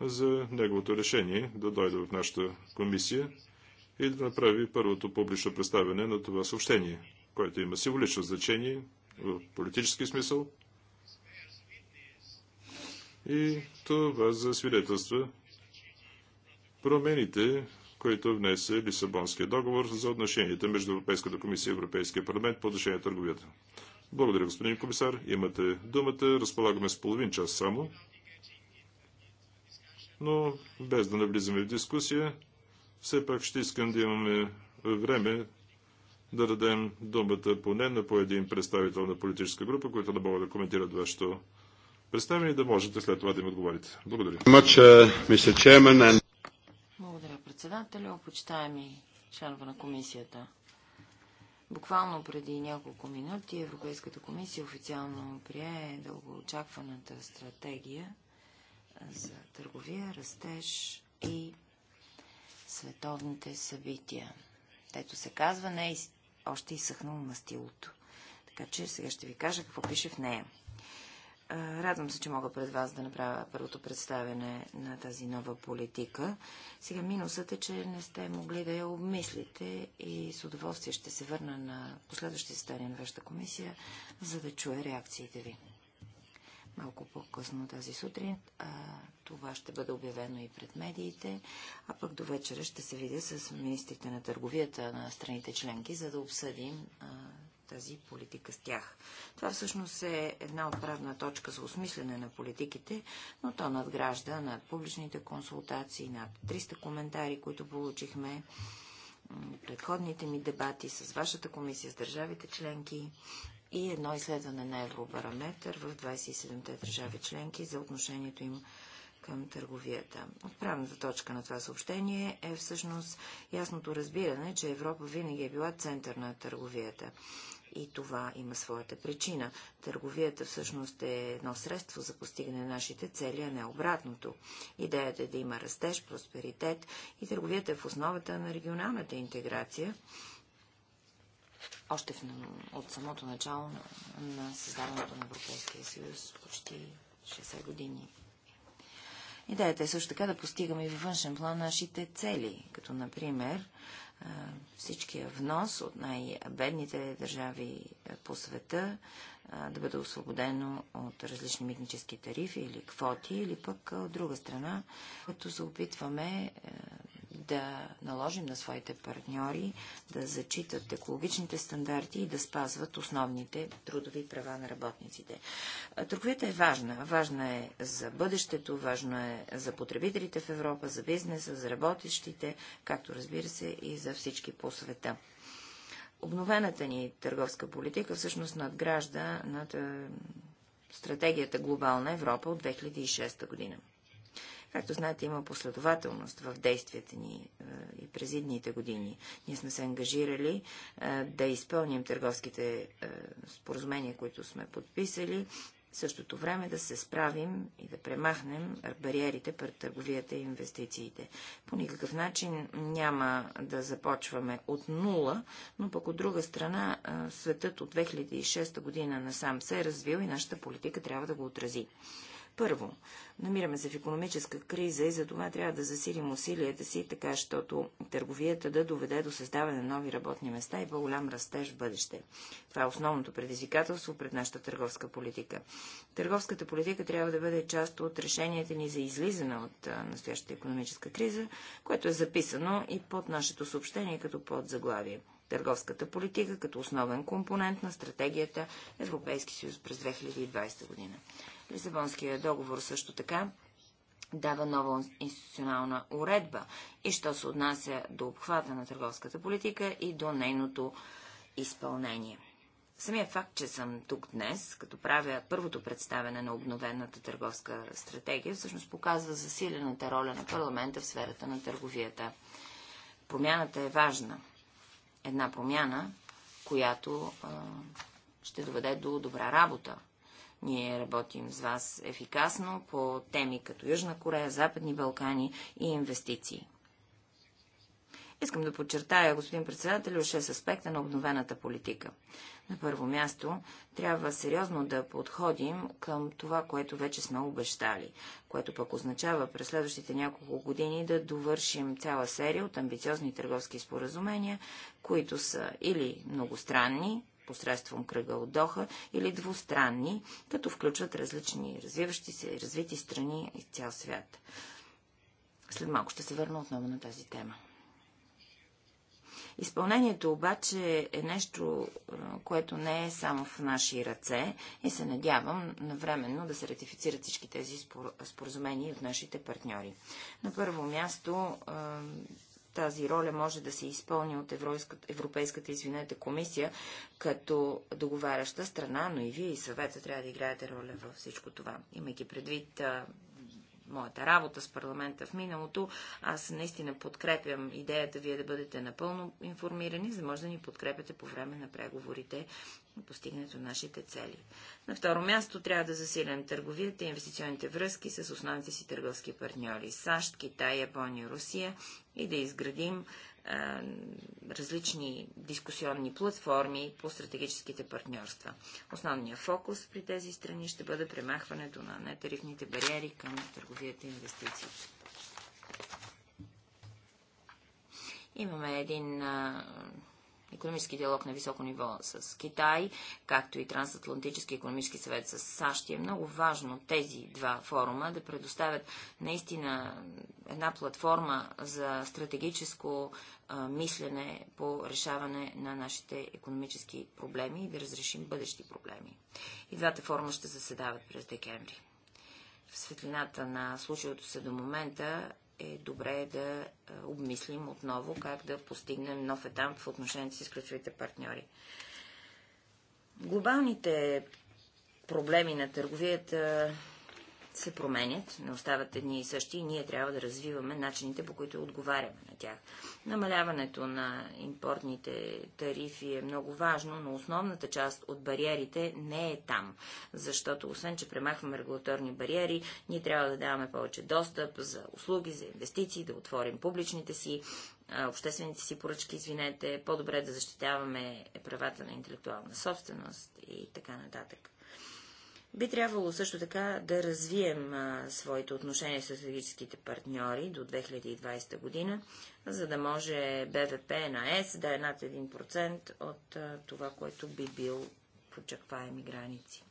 за неговото решение да дойде в нашата комисия и да направи първото публично представяне на това съобщение, което има символично значение в политически смисъл – и това за свидетелства, промените, които внесе Лисабонския договор за отношенията между Европейската комисия и Европейския парламент по отношение на търговията. Благодаря, господин комисар. Имате думата. Разполагаме с половин час само. Но без да навлизаме в дискусия, все пак ще искам да имаме време да дадем думата поне на по един представител на политическа група, които да могат да коментират вашето представя ми да можете след това да им отговорите. Благодаря. Uh, Благодаря, председателя, опочитаеми членове на комисията. Буквално преди няколко минути Европейската комисия официално прие дългоочакваната стратегия за търговия, растеж и световните събития. Тето се казва, не е още изсъхнало мастилото. Така че сега ще ви кажа какво пише в нея. Радвам се, че мога пред вас да направя първото представяне на тази нова политика. Сега минусът е, че не сте могли да я обмислите и с удоволствие ще се върна на последващите стания на вашата комисия, за да чуя реакциите ви. Малко по-късно тази сутрин а, това ще бъде обявено и пред медиите, а пък до вечера ще се видя с министрите на търговията на страните членки, за да обсъдим а, тази политика с тях. Това всъщност е една отправна точка за осмислене на политиките, но то надгражда над публичните консултации, над 300 коментари, които получихме, предходните ми дебати с вашата комисия, с държавите членки и едно изследване на Евробарометър в 27-те държави членки за отношението им към търговията. Отправната точка на това съобщение е всъщност ясното разбиране, че Европа винаги е била център на търговията. И това има своята причина. Търговията всъщност е едно средство за постигане на нашите цели, а не обратното. Идеята е да има растеж, просперитет и търговията е в основата на регионалната интеграция. Още в, от самото начало на, на създаването на Европейския съюз, почти 60 години Идеята е също така да постигаме и във външен план нашите цели, като например всичкия внос от най-бедните държави по света да бъде освободено от различни митнически тарифи или квоти, или пък от друга страна, като се опитваме да наложим на своите партньори да зачитат екологичните стандарти и да спазват основните трудови права на работниците. Търговията е важна. Важна е за бъдещето, важно е за потребителите в Европа, за бизнеса, за работещите, както разбира се и за всички по света. Обновената ни търговска политика всъщност надгражда над е, стратегията Глобална Европа от 2006 година. Както знаете, има последователност в действията ни е, и през идните години. Ние сме се ангажирали е, да изпълним търговските е, споразумения, които сме подписали, в същото време да се справим и да премахнем бариерите пред търговията и инвестициите. По никакъв начин няма да започваме от нула, но пък от друга страна светът от 2006 година насам се е развил и нашата политика трябва да го отрази. Първо, намираме се в економическа криза и за това трябва да засилим усилията си, така щото търговията да доведе до създаване на нови работни места и по-голям растеж в бъдеще. Това е основното предизвикателство пред нашата търговска политика. Търговската политика трябва да бъде част от решенията ни за излизане от настоящата економическа криза, което е записано и под нашето съобщение като подзаглавие търговската политика като основен компонент на стратегията Европейски съюз през 2020 година. Лисабонския договор също така дава нова институционална уредба и що се отнася до обхвата на търговската политика и до нейното изпълнение. Самия факт, че съм тук днес, като правя първото представяне на обновената търговска стратегия, всъщност показва засилената роля на парламента в сферата на търговията. Промяната е важна. Една промяна, която а, ще доведе до добра работа ние работим с вас ефикасно по теми като Южна Корея, Западни Балкани и инвестиции. Искам да подчертая, господин председател, 6 аспекта на обновената политика. На първо място, трябва сериозно да подходим към това, което вече сме обещали, което пък означава през следващите няколко години да довършим цяла серия от амбициозни търговски споразумения, които са или многостранни, посредством кръга от Доха или двустранни, като включват различни развиващи се и развити страни и цял свят. След малко ще се върна отново на тази тема. Изпълнението обаче е нещо, което не е само в наши ръце и се надявам навременно да се ратифицират всички тези споразумения от нашите партньори. На първо място тази роля може да се изпълни от Европейската извинете, комисия като договаряща страна, но и вие и съвета трябва да играете роля във всичко това. Имайки предвид а, моята работа с парламента в миналото, аз наистина подкрепям идеята вие да бъдете напълно информирани, за да може да ни подкрепяте по време на преговорите на постигането на нашите цели. На второ място трябва да засилим търговията и инвестиционните връзки с основните си търговски партньори САЩ, Китай, Япония, Русия и да изградим различни дискусионни платформи по стратегическите партньорства. Основният фокус при тези страни ще бъде премахването на нетарифните бариери към търговията и инвестициите. Имаме един економически диалог на високо ниво с Китай, както и Трансатлантически економически съвет с САЩ. И е много важно тези два форума да предоставят наистина една платформа за стратегическо мислене по решаване на нашите економически проблеми и да разрешим бъдещи проблеми. И двата форума ще заседават през декември. В светлината на случилото се до момента е добре да е, обмислим отново как да постигнем нов етап в отношението си с ключовите партньори. Глобалните проблеми на търговията се променят, не остават едни и същи и ние трябва да развиваме начините, по които отговаряме на тях. Намаляването на импортните тарифи е много важно, но основната част от бариерите не е там, защото освен, че премахваме регулаторни бариери, ние трябва да даваме повече достъп за услуги, за инвестиции, да отворим публичните си обществените си поръчки, извинете, по-добре да защитаваме правата на интелектуална собственост и така нататък. Би трябвало също така да развием а, своите отношения с стратегическите партньори до 2020 година, за да може БВП на ЕС да е над 1% от а, това, което би бил очакваеми граници.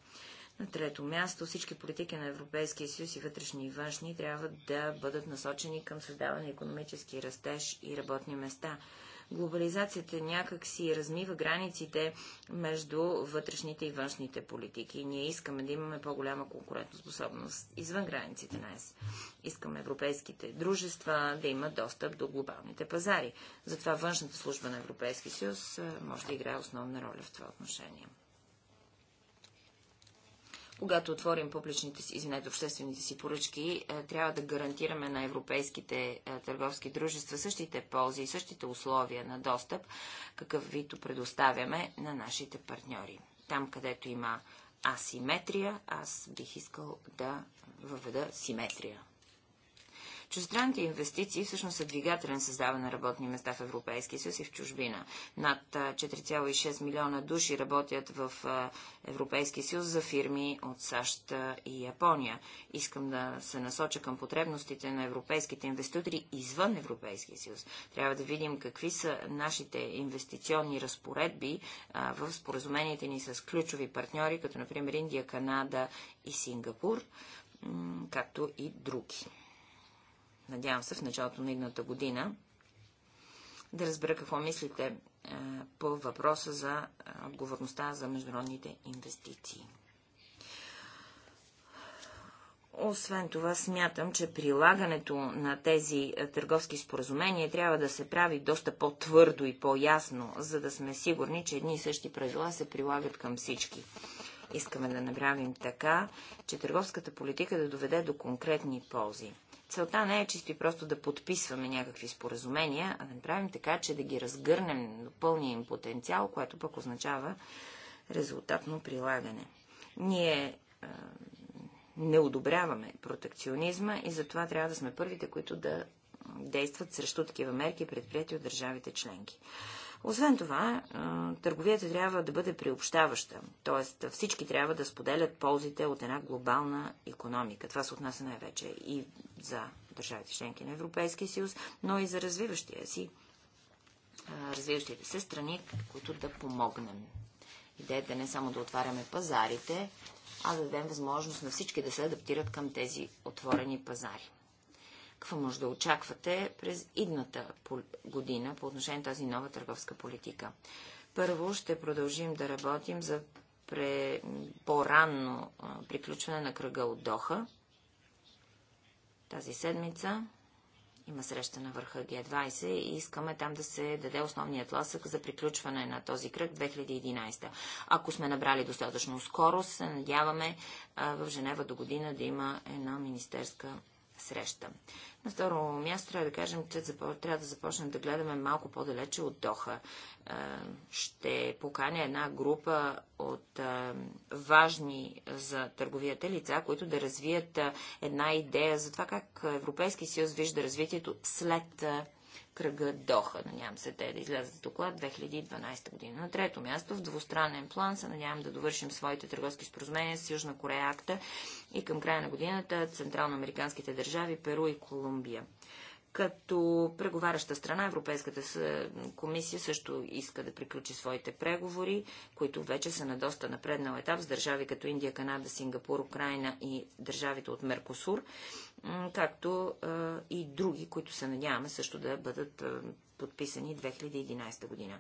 На трето място всички политики на Европейския съюз и вътрешни и външни трябва да бъдат насочени към създаване на економически растеж и работни места – глобализацията някак си размива границите между вътрешните и външните политики. Ние искаме да имаме по-голяма конкурентоспособност извън границите на ЕС. Искаме европейските дружества да имат достъп до глобалните пазари. Затова външната служба на Европейския съюз може да играе основна роля в това отношение когато отворим публичните си, извинете, обществените си поръчки, е, трябва да гарантираме на европейските е, търговски дружества същите ползи и същите условия на достъп, какъв вито предоставяме на нашите партньори. Там, където има асиметрия, аз бих искал да въведа симетрия. Чуждестранните инвестиции всъщност са двигателен на създаване на работни места в Европейския съюз и в чужбина. Над 4,6 милиона души работят в Европейския съюз за фирми от САЩ и Япония. Искам да се насоча към потребностите на европейските инвеститори извън Европейския съюз. Трябва да видим какви са нашите инвестиционни разпоредби в споразуменията ни с ключови партньори, като например Индия, Канада и Сингапур, както и други надявам се, в началото на едната година, да разбера какво мислите е, по въпроса за е, отговорността за международните инвестиции. Освен това, смятам, че прилагането на тези е, търговски споразумения трябва да се прави доста по-твърдо и по-ясно, за да сме сигурни, че едни и същи правила се прилагат към всички. Искаме да направим така, че търговската политика да доведе до конкретни ползи. Целта не е чисто и просто да подписваме някакви споразумения, а да направим така, че да ги разгърнем до пълния им потенциал, което пък означава резултатно прилагане. Ние а, не одобряваме протекционизма и затова трябва да сме първите, които да действат срещу такива мерки, предприяти от държавите членки. Освен това, търговията трябва да бъде приобщаваща, т.е. всички трябва да споделят ползите от една глобална економика. Това се отнася най-вече и за държавите членки на Европейския съюз, но и за развиващия си, развиващите се страни, които да помогнем. Идеята е не само да отваряме пазарите, а да дадем възможност на всички да се адаптират към тези отворени пазари какво може да очаквате през идната година по отношение на тази нова търговска политика. Първо ще продължим да работим за пре... по-ранно приключване на кръга от Доха. Тази седмица има среща на върха Г20 и искаме там да се даде основният ласък за приключване на този кръг 2011. Ако сме набрали достатъчно скорост, се надяваме в Женева до година да има една министерска среща. На второ място трябва да кажем, че трябва да започнем да гледаме малко по-далече от Доха. Е, ще поканя една група от е, важни за търговията лица, които да развият е, една идея за това как Европейски съюз вижда развитието след кръга Доха. Надявам се те да излязат за доклад 2012 година. На трето място, в двустранен план, се надявам да довършим своите търговски споразумения с Южна Корея Акта и към края на годината Централноамериканските държави Перу и Колумбия. Като преговаряща страна Европейската комисия също иска да приключи своите преговори, които вече са на доста напреднал етап с държави като Индия, Канада, Сингапур, Украина и държавите от Меркосур, както и други, които се надяваме също да бъдат подписани 2011 година.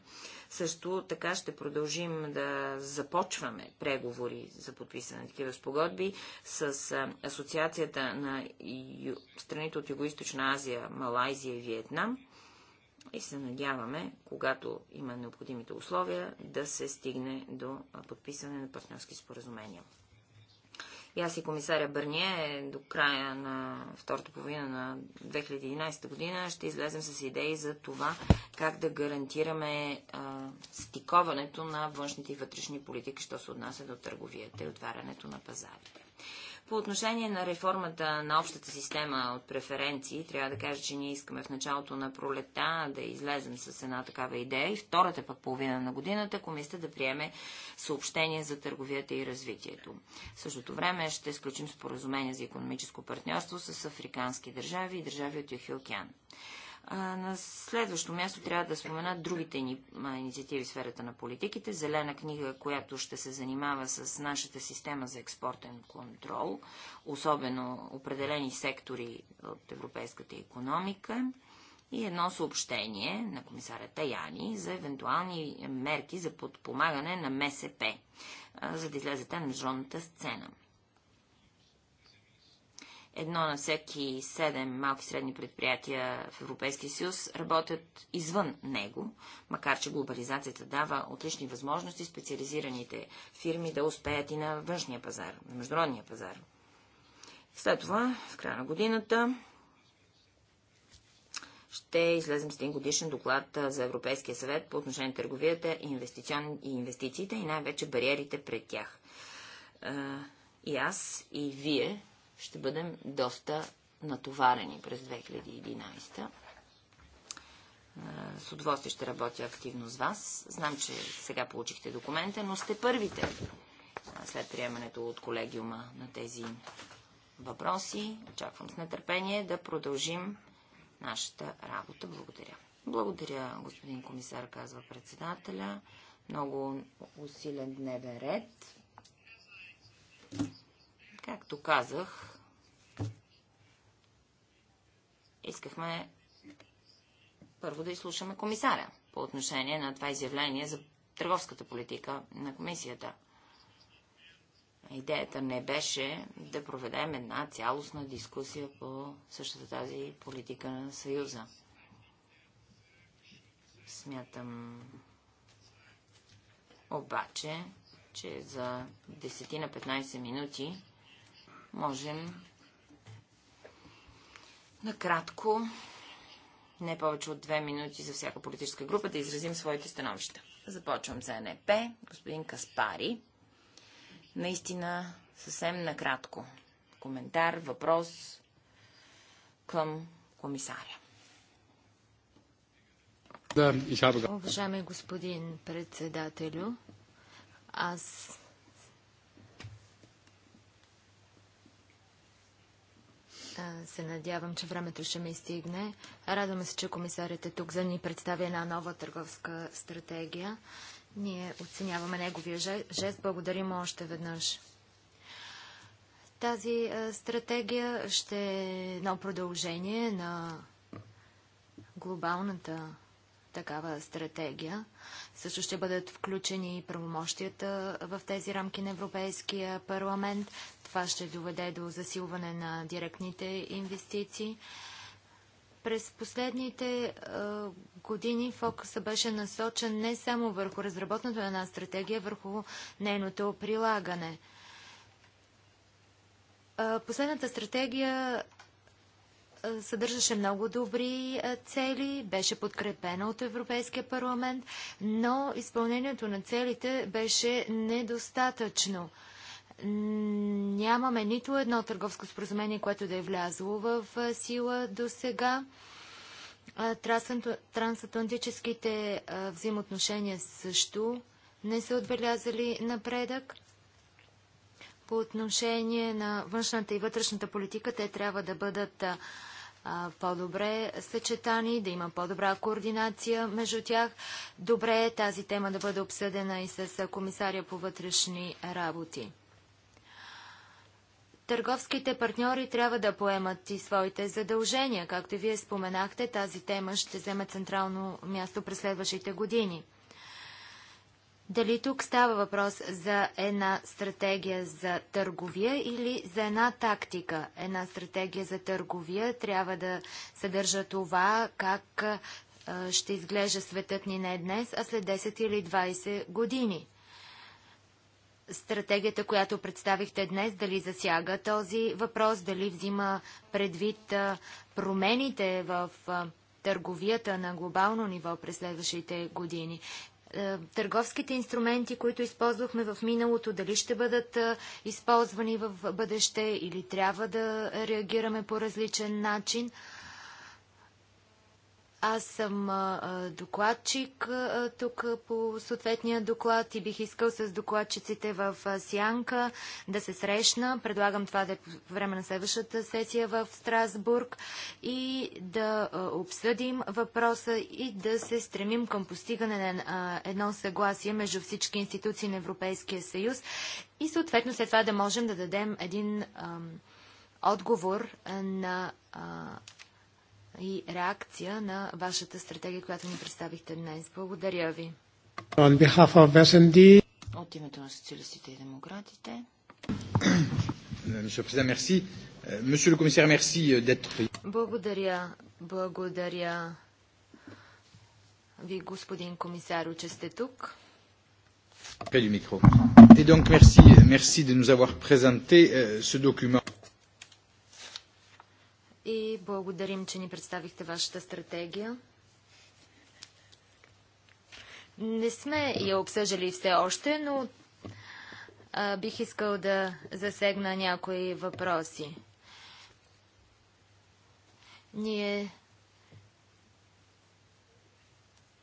Също така ще продължим да започваме преговори за подписане на такива спогодби с Асоциацията на страните от Юго-Источна Азия, Малайзия и Виетнам и се надяваме, когато има необходимите условия, да се стигне до подписане на партньорски споразумения. И аз и комисаря Бърние до края на втората половина на 2011 година ще излезем с идеи за това как да гарантираме а, стиковането на външните и вътрешни политики, що се отнася до търговията и отварянето на пазарите. По отношение на реформата на общата система от преференции, трябва да кажа, че ние искаме в началото на пролета да излезем с една такава идея и втората пък половина на годината комисията да приеме съобщение за търговията и развитието. В същото време ще сключим споразумение за економическо партньорство с африкански държави и държави от Юхилкян. На следващо място трябва да спомена другите ни инициативи в сферата на политиките. Зелена книга, която ще се занимава с нашата система за експортен контрол, особено определени сектори от европейската економика и едно съобщение на комисаря Таяни за евентуални мерки за подпомагане на МСП, за да излезете на международната сцена едно на всеки седем малки и средни предприятия в Европейския съюз работят извън него, макар че глобализацията дава отлични възможности специализираните фирми да успеят и на външния пазар, на международния пазар. След това, в края на годината, ще излезем с един годишен доклад за Европейския съвет по отношение на търговията и, инвестицион... и инвестициите и най-вече бариерите пред тях. И аз, и вие ще бъдем доста натоварени през 2011. С удоволствие ще работя активно с вас. Знам, че сега получихте документа, но сте първите след приемането от колегиума на тези въпроси. Очаквам с нетърпение да продължим нашата работа. Благодаря. Благодаря, господин комисар, казва председателя. Много усилен дневен ред. Както казах, искахме първо да изслушаме комисаря по отношение на това изявление за търговската политика на комисията. Идеята не беше да проведем една цялостна дискусия по същата тази политика на Съюза. Смятам обаче, че за 10 на 15 минути можем накратко, не повече от две минути за всяка политическа група, да изразим своите становища. Започвам за НП, господин Каспари. Наистина, съвсем накратко. Коментар, въпрос към комисаря. Уважаеми господин председателю, аз се надявам, че времето ще ми стигне. Радваме се, че комисарят е тук за да ни представи една нова търговска стратегия. Ние оценяваме неговия жест. Благодарим още веднъж. Тази а, стратегия ще е едно продължение на глобалната такава стратегия. Също ще бъдат включени и правомощията в тези рамки на Европейския парламент. Това ще доведе до засилване на директните инвестиции. През последните е, години фокуса беше насочен не само върху разработването на една стратегия, върху нейното прилагане. Е, последната стратегия е, съдържаше много добри е, цели, беше подкрепена от Европейския парламент, но изпълнението на целите беше недостатъчно. Нямаме нито едно търговско споразумение, което да е влязло в сила до сега. Трансатлантическите взаимоотношения също не са отбелязали напредък. По отношение на външната и вътрешната политика, те трябва да бъдат по-добре съчетани, да има по-добра координация между тях. Добре е тази тема да бъде обсъдена и с комисаря по вътрешни работи. Търговските партньори трябва да поемат и своите задължения. Както и вие споменахте, тази тема ще вземе централно място през следващите години. Дали тук става въпрос за една стратегия за търговия или за една тактика? Една стратегия за търговия трябва да съдържа това как ще изглежда светът ни не днес, а след 10 или 20 години стратегията, която представихте днес, дали засяга този въпрос, дали взима предвид промените в търговията на глобално ниво през следващите години. Търговските инструменти, които използвахме в миналото, дали ще бъдат използвани в бъдеще или трябва да реагираме по различен начин – аз съм докладчик тук по съответния доклад и бих искал с докладчиците в Сянка да се срещна. Предлагам това да е по време на следващата сесия в Страсбург и да обсъдим въпроса и да се стремим към постигане на едно съгласие между всички институции на Европейския съюз и съответно след това да можем да дадем един отговор на и реакция на вашата стратегия, която ни представихте днес. Благодаря ви. От името на социалистите и демократите. Euh, euh, благодаря, благодаря ви, господин комисар, че сте тук. Et donc merci, merci de nous avoir présenté euh, ce document и благодарим, че ни представихте вашата стратегия. Не сме я обсъждали все още, но а, бих искал да засегна някои въпроси. Ние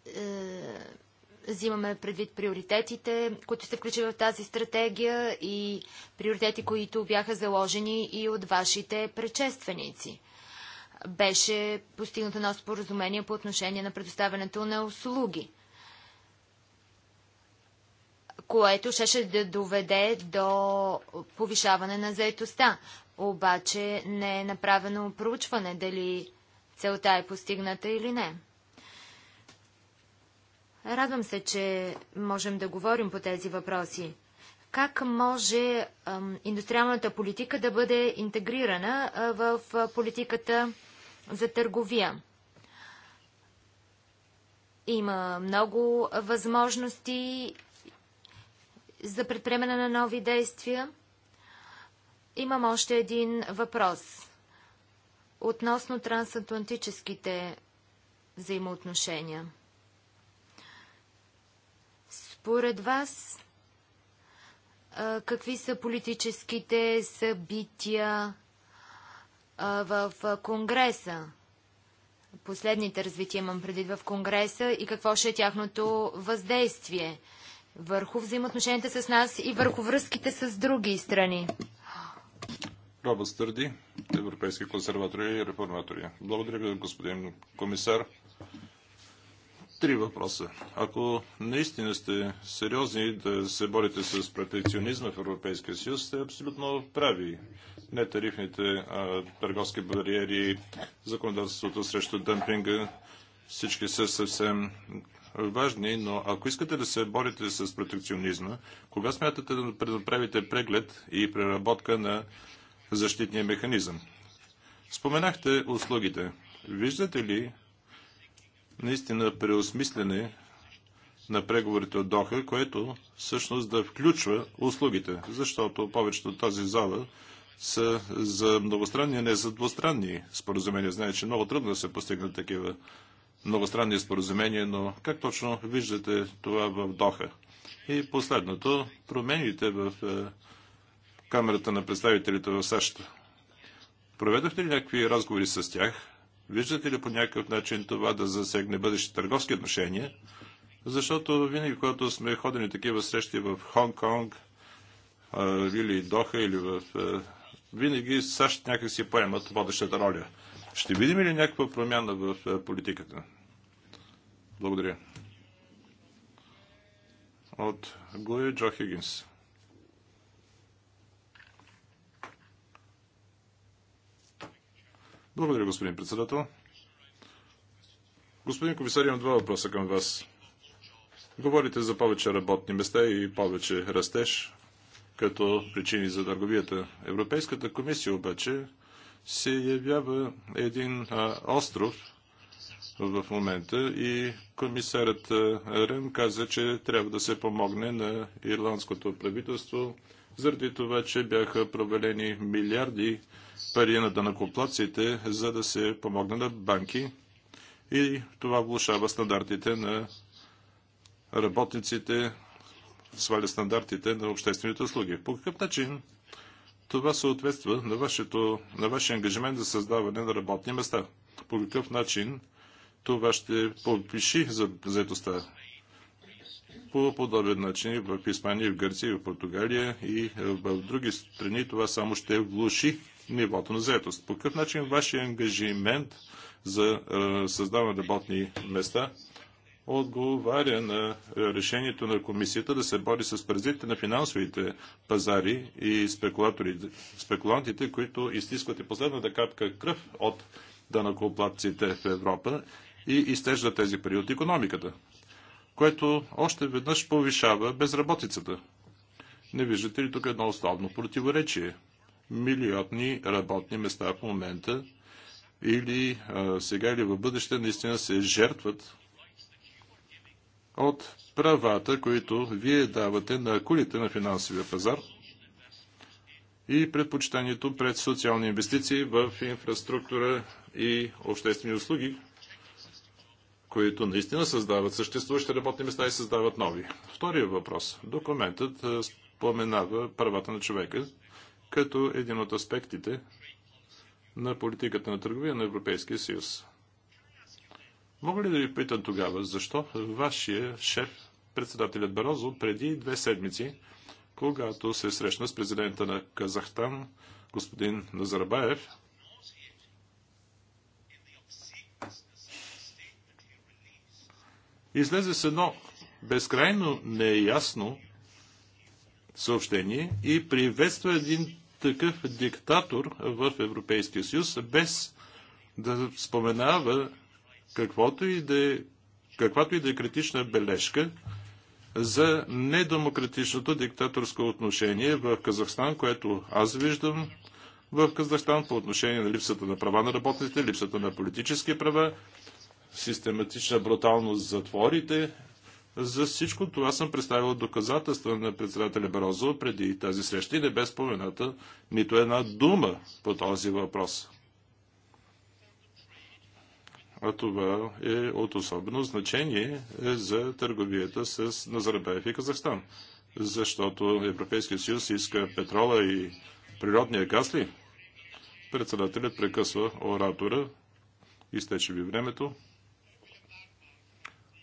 е, взимаме предвид приоритетите, които се включват в тази стратегия и приоритети, които бяха заложени и от вашите предшественици – беше постигнато едно споразумение по отношение на предоставянето на услуги, което щеше да доведе до повишаване на заетостта. Обаче не е направено проучване дали целта е постигната или не. Радвам се, че можем да говорим по тези въпроси. Как може ам, индустриалната политика да бъде интегрирана а, в а, политиката за търговия. Има много възможности за предприемане на нови действия. Имам още един въпрос относно трансатлантическите взаимоотношения. Според вас, какви са политическите събития, в Конгреса. Последните развития имам предвид в Конгреса и какво ще е тяхното въздействие върху взаимоотношенията с нас и върху връзките с други страни. Робът Стърди, европейски консерватори и реформатори. Благодаря ви, господин комисар три въпроса. Ако наистина сте сериозни да се борите с протекционизма в Европейския съюз, сте абсолютно прави. не а, търговски бариери, законодателството срещу дъмпинга, всички са съвсем важни, но ако искате да се борите с протекционизма, кога смятате да предоправите преглед и преработка на защитния механизъм? Споменахте услугите. Виждате ли наистина преосмислене на преговорите от Доха, което всъщност да включва услугите, защото повечето от тази зала са за многостранни, не за двустранни споразумения. Знае, че много трудно да се постигнат такива многостранни споразумения, но как точно виждате това в Доха? И последното, промените в е, Камерата на представителите в САЩ. Проведохте ли някакви разговори с тях? Виждате ли по някакъв начин това да засегне бъдещи търговски отношения? Защото винаги, когато сме ходили такива срещи в Хонг-Конг или Доха или в... Винаги САЩ някак си поемат водещата роля. Ще видим ли някаква промяна в политиката? Благодаря. От Гуи Джо Хигинс. Благодаря, господин председател. Господин комисар, имам два въпроса към вас. Говорите за повече работни места и повече растеж като причини за търговията. Европейската комисия обаче се явява един а, остров в момента и комисарът Рен каза, че трябва да се помогне на ирландското правителство заради това, че бяха провалени милиарди пари на данъкоплаците, за да се помогне на банки и това влушава стандартите на работниците, сваля стандартите на обществените услуги. По какъв начин това съответства на, вашето, на вашия ангажимент за създаване на работни места? По какъв начин това ще подпиши за заедостта? По подобен начин в Испания, в Гърция, в Португалия и в други страни това само ще влуши нивото на заетост. По какъв начин вашия ангажимент за е, създаване на работни места отговаря на решението на комисията да се бори с паразитите на финансовите пазари и спекулантите, които изтискват и последната капка кръв от данакоплатците в Европа и изтежда тези пари от економиката, което още веднъж повишава безработицата. Не виждате ли тук едно основно противоречие? милиотни работни места в момента или а, сега или в бъдеще наистина се жертват от правата, които вие давате на акулите на финансовия пазар и предпочитанието пред социални инвестиции в инфраструктура и обществени услуги, които наистина създават съществуващи работни места и създават нови. Втория въпрос. Документът споменава правата на човека като един от аспектите на политиката на търговия на Европейския съюз. Мога ли да ви питам тогава, защо вашия шеф, председателят Барозо, преди две седмици, когато се срещна с президента на Казахстан, господин Назарбаев, излезе с едно безкрайно неясно съобщение и приветства един такъв диктатор в Европейския съюз, без да споменава каквото и да е, каквато и да е критична бележка за недемократичното диктаторско отношение в Казахстан, което аз виждам в Казахстан по отношение на липсата на права на работниците, липсата на политически права, систематична бруталност затворите, за всичко това съм представил доказателства на председателя Барозо преди тази среща и не бе спомената нито една дума по този въпрос. А това е от особено значение за търговията с Назарбаев и Казахстан. Защото Европейския съюз иска петрола и природния газ ли? Председателят прекъсва оратора. Изтече ви времето.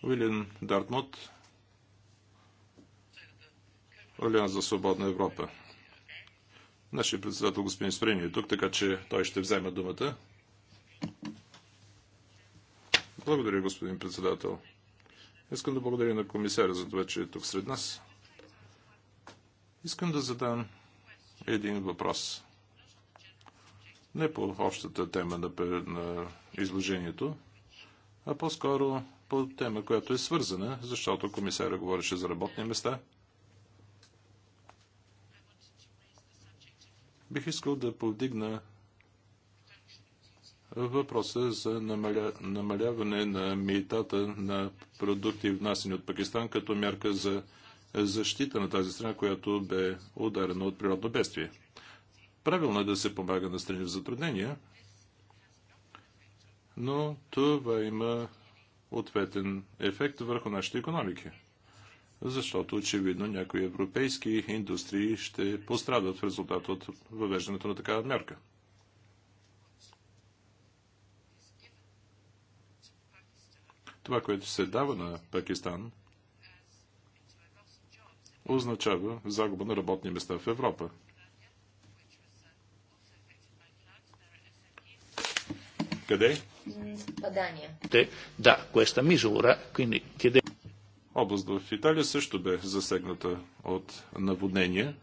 Уилям Дартмут, Алианс за свободна Европа. Нашият председател господин Сприни е тук, така че той ще вземе думата. Благодаря, господин председател. Искам да благодаря на комисаря за това, че е тук сред нас. Искам да задам един въпрос. Не по общата тема на изложението, а по-скоро по тема, която е свързана, защото комисаря говореше за работни места. Бих искал да повдигна въпроса за намаля... намаляване на митата на продукти внасени от Пакистан като мярка за защита на тази страна, която бе ударена от природно бедствие. Правилно е да се помага на страни в затруднения, но това има ответен ефект върху нашите економики. Защото очевидно някои европейски индустрии ще пострадат в резултат от въвеждането на такава мярка. Това, което се дава на Пакистан, означава загуба на работни места в Европа. Къде? Падания. Да, questa misura, quindi chiede... Област в Италия също бе засегната от наводнения,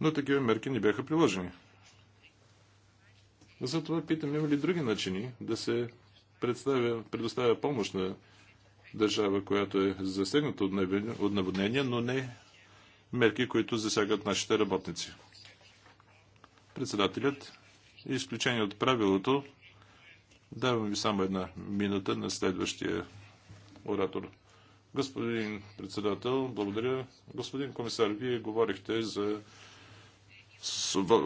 но такива мерки не бяха приложени. Затова питам, има ли други начини да се представя, предоставя помощ на държава, която е засегната от наводнения, но не мерки, които засягат нашите работници. Председателят, изключение от правилото, Давам ви само една минута на следващия оратор. Господин председател, благодаря. Господин комисар, вие говорихте за,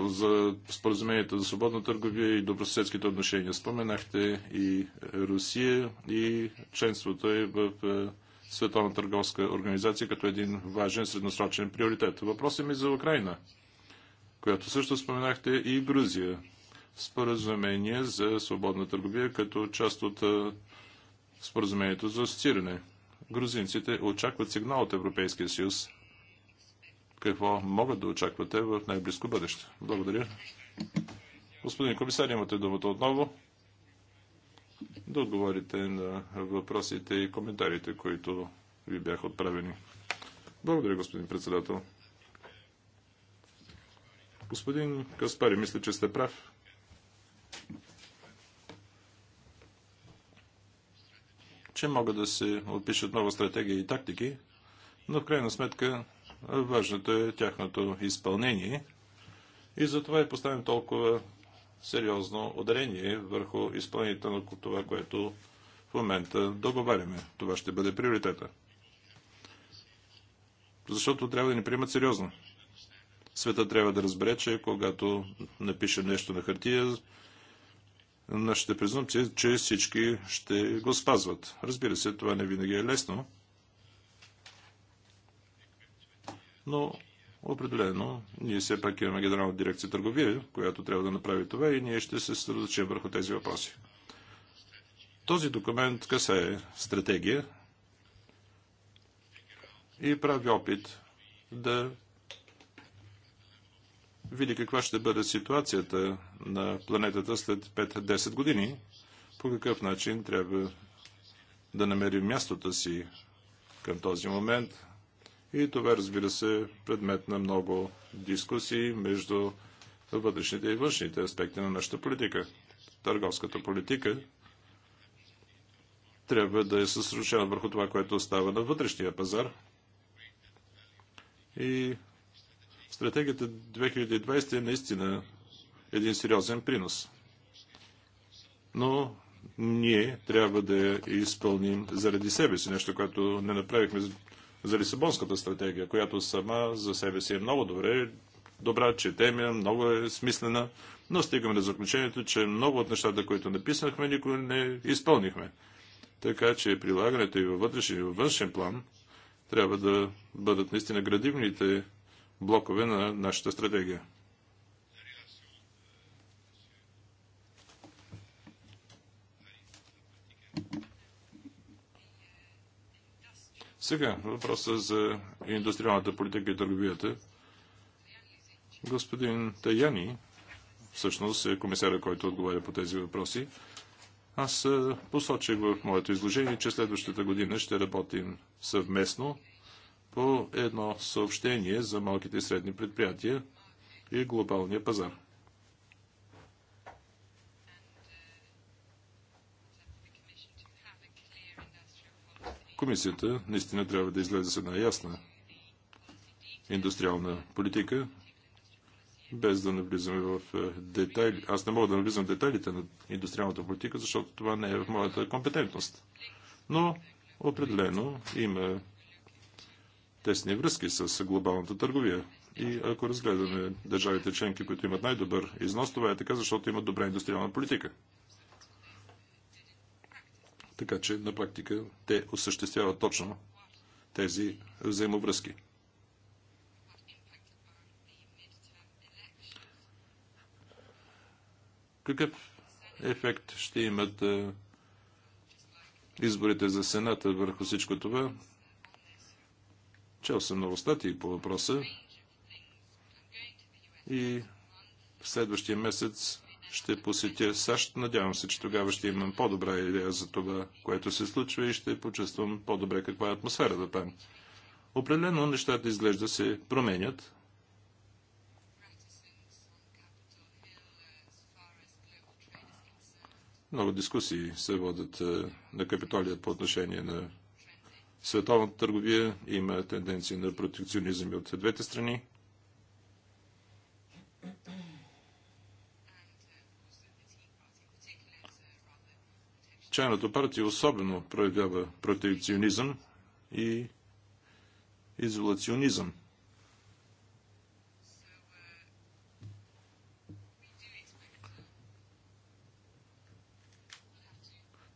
за споразумението за свободна търговия и добросъседските отношения. Споменахте и Русия и членството е в е, Световна търговска организация като един важен средносрочен приоритет. Въпросът ми е за Украина, която също споменахте и Грузия. Споразумение за свободна търговия като част от споразумението за асоцииране. Грузинците очакват сигнал от Европейския съюз. Какво могат да очаквате в най-близко бъдеще? Благодаря. Господин комисар, имате думата отново да отговорите на въпросите и коментарите, които ви бяха отправени. Благодаря, господин председател. Господин Каспари, мисля, че сте прав че могат да се опишат много стратегии и тактики, но в крайна сметка важното е тяхното изпълнение и затова е поставим толкова сериозно ударение върху изпълнението на това, което в момента договаряме. Това ще бъде приоритета. Защото трябва да ни приемат сериозно. Света трябва да разбере, че когато напише нещо на хартия, Нашите презумпции, че всички ще го спазват. Разбира се, това не винаги е лесно, но определено ние все пак имаме Генерална дирекция търговия, която трябва да направи това и ние ще се съсредоточим върху тези въпроси. Този документ касае стратегия и прави опит да види каква ще бъде ситуацията на планетата след 5-10 години, по какъв начин трябва да намерим мястото си към този момент. И това, разбира се, предмет на много дискусии между вътрешните и външните аспекти на нашата политика. Търговската политика трябва да е съсредоточена върху това, което остава на вътрешния пазар и Стратегията 2020 е наистина един сериозен принос. Но ние трябва да я изпълним заради себе си, нещо, което не направихме за Лисабонската стратегия, която сама за себе си е много добре, добра, че я, много е смислена, но стигаме до заключението, че много от нещата, които написахме, никога не изпълнихме. Така че прилагането и във вътрешен и във външен план трябва да бъдат наистина градивните блокове на нашата стратегия. Сега въпроса за индустриалната политика и търговията. Господин Таяни, всъщност е комисаря, който отговаря по тези въпроси. Аз посочих в моето изложение, че следващата година ще работим съвместно по едно съобщение за малките и средни предприятия и глобалния пазар. Комисията наистина трябва да излезе с една ясна индустриална политика, без да навлизаме в е, детайли. Аз не мога да навлизам в детайлите на индустриалната политика, защото това не е в моята компетентност. Но определено има тесни връзки с глобалната търговия. И ако разгледаме държавите членки, които имат най-добър износ, това е така, защото имат добра индустриална политика. Така че на практика те осъществяват точно тези взаимовръзки. Какъв ефект ще имат е, изборите за Сената върху всичко това? Чел съм статии по въпроса и в следващия месец ще посетя САЩ. Надявам се, че тогава ще имам по-добра идея за това, което се случва и ще почувствам по-добре каква е атмосферата там. Определено нещата изглежда се променят. Много дискусии се водят е, на Капитолият по отношение на световната търговия има тенденция на протекционизъм от двете страни. Чайната партия особено проявява протекционизъм и изолационизъм.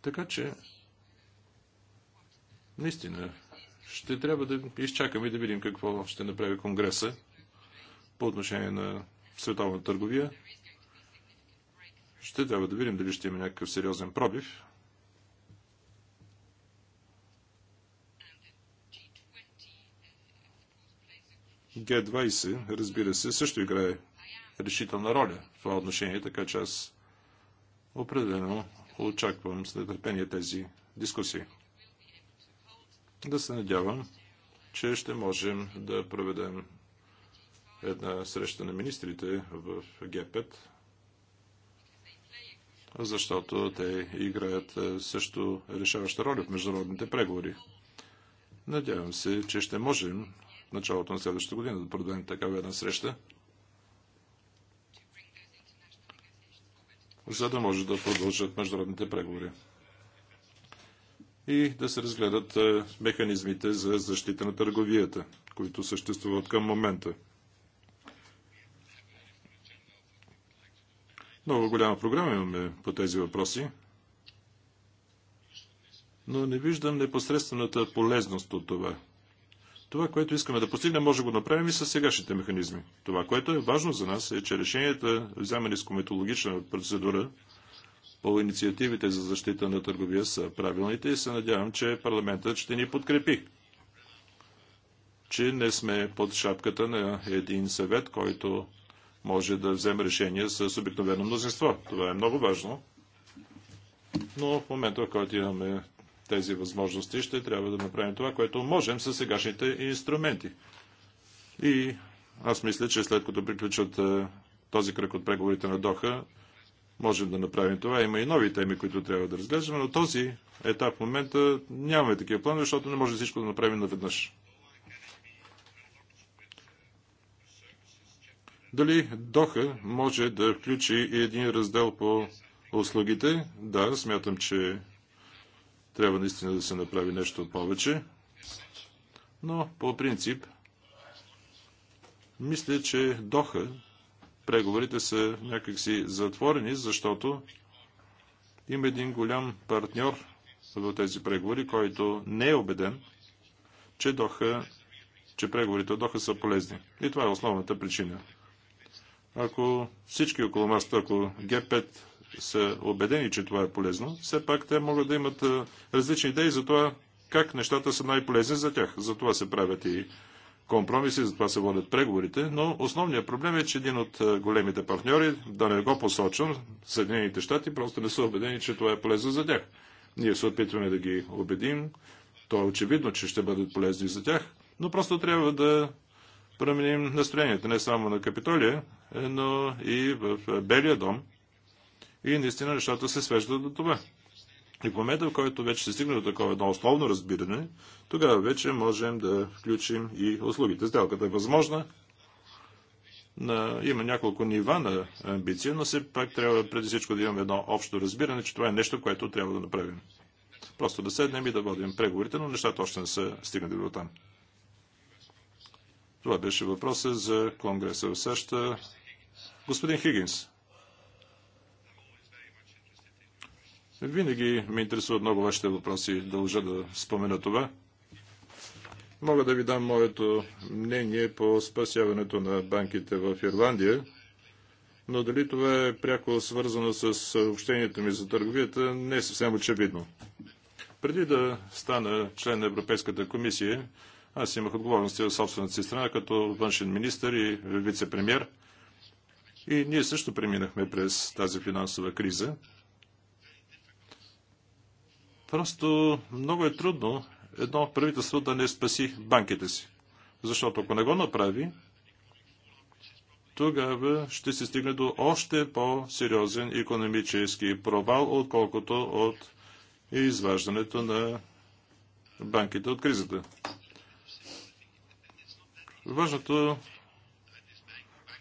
Така че Наистина, ще трябва да изчакаме и да видим какво ще направи Конгреса по отношение на световна търговия. Ще трябва да видим дали ще има някакъв сериозен пробив. Г-20, разбира се, също играе решителна роля в това отношение, така че аз определено очаквам с нетърпение тези дискусии. Да се надявам, че ще можем да проведем една среща на министрите в Г5, защото те играят е, също решаваща роля в международните преговори. Надявам се, че ще можем в началото на следващата година да проведем такава една среща, за да може да продължат международните преговори и да се разгледат е, механизмите за защита на търговията, които съществуват към момента. Много голяма програма имаме по тези въпроси, но не виждам непосредствената полезност от това. Това, което искаме да постигнем, може да го направим и с сегашните механизми. Това, което е важно за нас, е, че решенията, вземани с кометологична процедура, инициативите за защита на търговия са правилните и се надявам, че парламентът ще ни подкрепи. Че не сме под шапката на един съвет, който може да вземе решение с обикновено мнозинство. Това е много важно. Но в момента, в който имаме тези възможности, ще трябва да направим това, което можем с сегашните инструменти. И аз мисля, че след като приключат този кръг от преговорите на Доха, можем да направим това. Има и нови теми, които трябва да разглеждаме, но този етап в момента нямаме такива планове, защото не може всичко да направим наведнъж. Дали Доха може да включи и един раздел по услугите? Да, смятам, че трябва наистина да се направи нещо повече. Но по принцип, мисля, че Доха преговорите са някакси затворени, защото има един голям партньор в тези преговори, който не е убеден, че, Доха, че преговорите от Доха са полезни. И това е основната причина. Ако всички около масата, ако Г5 са убедени, че това е полезно, все пак те могат да имат различни идеи за това как нещата са най-полезни за тях. За това се правят и компромиси, за това се водят преговорите, но основният проблем е, че един от е, големите партньори, да не го посочвам, Съединените щати, просто не са убедени, че това е полезно за тях. Ние се опитваме да ги убедим. То е очевидно, че ще бъдат полезни за тях, но просто трябва да променим настроението не само на Капитолия, е, но и в е, Белия дом. И наистина нещата се свеждат до това. И в момента, в който вече се стигне до такова едно основно разбиране, тогава вече можем да включим и услугите. Сделката е възможна. На, има няколко нива на амбиция, но все пак трябва преди всичко да имаме едно общо разбиране, че това е нещо, което трябва да направим. Просто да седнем и да водим преговорите, но нещата още не са стигнали до там. Това беше въпроса за Конгреса в САЩ. Господин Хигинс, Винаги ме интересуват много вашите въпроси, дължа да спомена това. Мога да ви дам моето мнение по спасяването на банките в Ирландия, но дали това е пряко свързано с общението ми за търговията, не е съвсем очевидно. Преди да стана член на Европейската комисия, аз имах отговорности в собствената си страна като външен министр и вице-премьер. И ние също преминахме през тази финансова криза. Просто много е трудно едно правителство да не спаси банките си. Защото ако не го направи, тогава ще се стигне до още по-сериозен економически провал, отколкото от изваждането на банките от кризата. Важното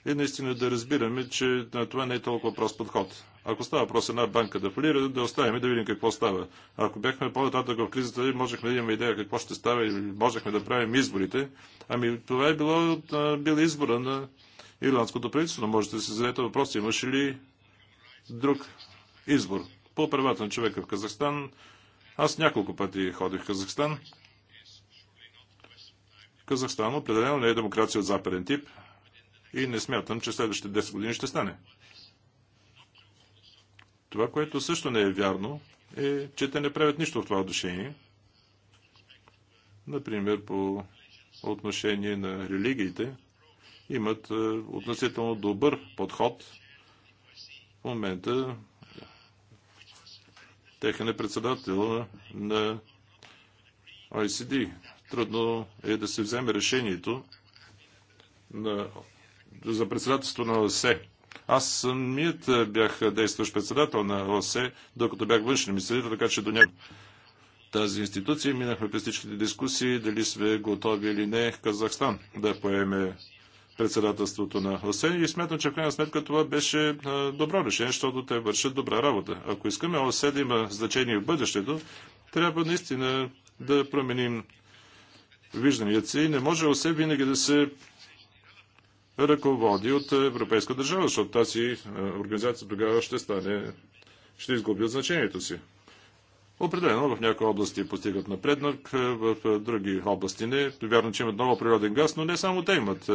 е наистина да разбираме, че на това не е толкова прост подход. Ако става въпрос една банка да фалира, да оставим и да видим какво става. Ако бяхме по-нататък в кризата, можехме да имаме идея какво ще става и можехме да правим изборите. Ами това е било, бил избора на ирландското правителство, но можете да се зададете въпрос, имаше ли друг избор. По правата на човека в Казахстан, аз няколко пъти ходих в Казахстан. Казахстан определено не е демокрация от западен тип и не смятам, че следващите 10 години ще стане. Това, което също не е вярно, е, че те не правят нищо в това отношение. Например, по отношение на религиите, имат е, относително добър подход. В момента техен е председател на ICD. Трудно е да се вземе решението на, за председателство на ОСЕ. Аз самият е, бях е, действащ председател на ОСЕ, докато бях външен министър, така че до някакъв тази институция. Минахме през всичките дискусии, дали сме готови или не Казахстан да поеме председателството на ОСЕ и смятам, че в крайна сметка това беше е, добро решение, защото те вършат добра работа. Ако искаме ОСЕ да има значение в бъдещето, трябва наистина да променим вижданията си. Не може ОСЕ винаги да се ръководи от европейска държава, защото тази е, организация тогава ще стане, ще изгуби от значението си. Определено в някои области постигат напреднак, е, в е, други области не. Вярно, че имат много природен газ, но не само те имат.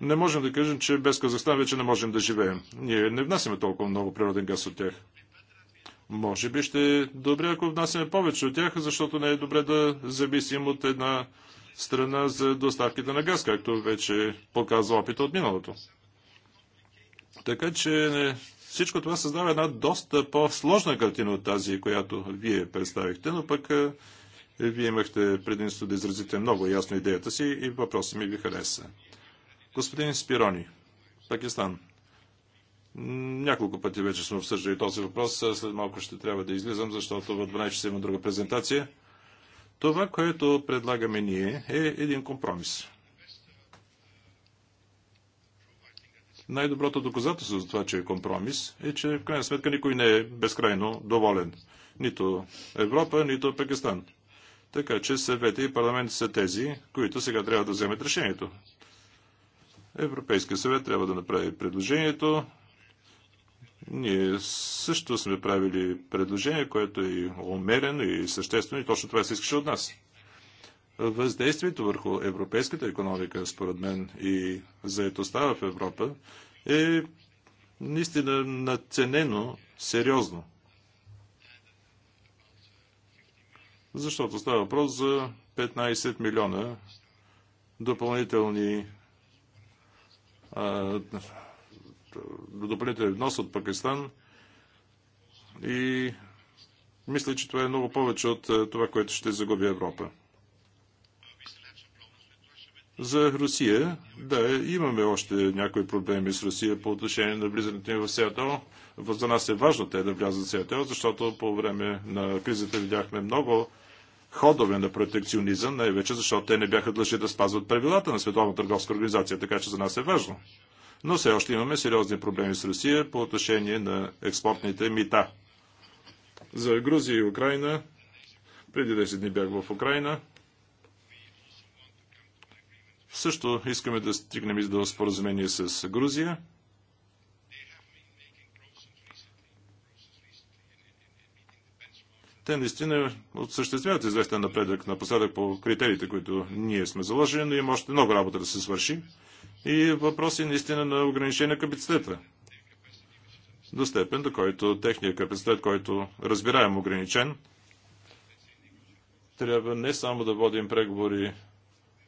Не можем да кажем, че без Казахстан вече не можем да живеем. Ние не внасяме толкова много природен газ от тях. Може би ще е добре, ако внасяме повече от тях, защото не е добре да зависим от една страна за доставките на газ, както вече показва опита от миналото. Така че е, всичко това създава една доста по-сложна картина от тази, която вие представихте, но пък е, вие имахте предимство да изразите много ясно идеята си и въпросът ми ви хареса. Господин Спирони, Пакистан. Няколко пъти вече сме обсъждали този въпрос. След малко ще трябва да излизам, защото в 12 часа има друга презентация. Това, което предлагаме ние, е един компромис. Най-доброто доказателство за това, че е компромис, е, че в крайна сметка никой не е безкрайно доволен. Нито Европа, нито Пакистан. Така че съвета и парламент са тези, които сега трябва да вземат решението. Европейския съвет трябва да направи предложението, ние също сме правили предложение, което е умерено и съществено и точно това се искаше от нас. Въздействието върху европейската економика, според мен, и заедостта в Европа е наистина наценено сериозно. Защото става въпрос за 15 милиона допълнителни а, допълнителен внос от Пакистан и мисля, че това е много повече от е, това, което ще загуби Европа. За Русия, да, имаме още някои проблеми с Русия по отношение на влизането ни в СЕАТО. За нас е важно те да влязат в СЕАТО, защото по време на кризата видяхме много ходове на протекционизъм, най-вече защото те не бяха длъжни да спазват правилата на Световната търговска организация, така че за нас е важно но все още имаме сериозни проблеми с Русия по отношение на експортните мита. За Грузия и Украина, преди 10 дни бях в Украина, също искаме да стигнем и до споразумение с Грузия. те наистина осъществяват известен напредък напоследък по критериите, които ние сме заложили, но има още много работа да се свърши и въпроси наистина на ограничение на капацитета. До степен, до който техния капацитет, който разбираем ограничен, трябва не само да водим преговори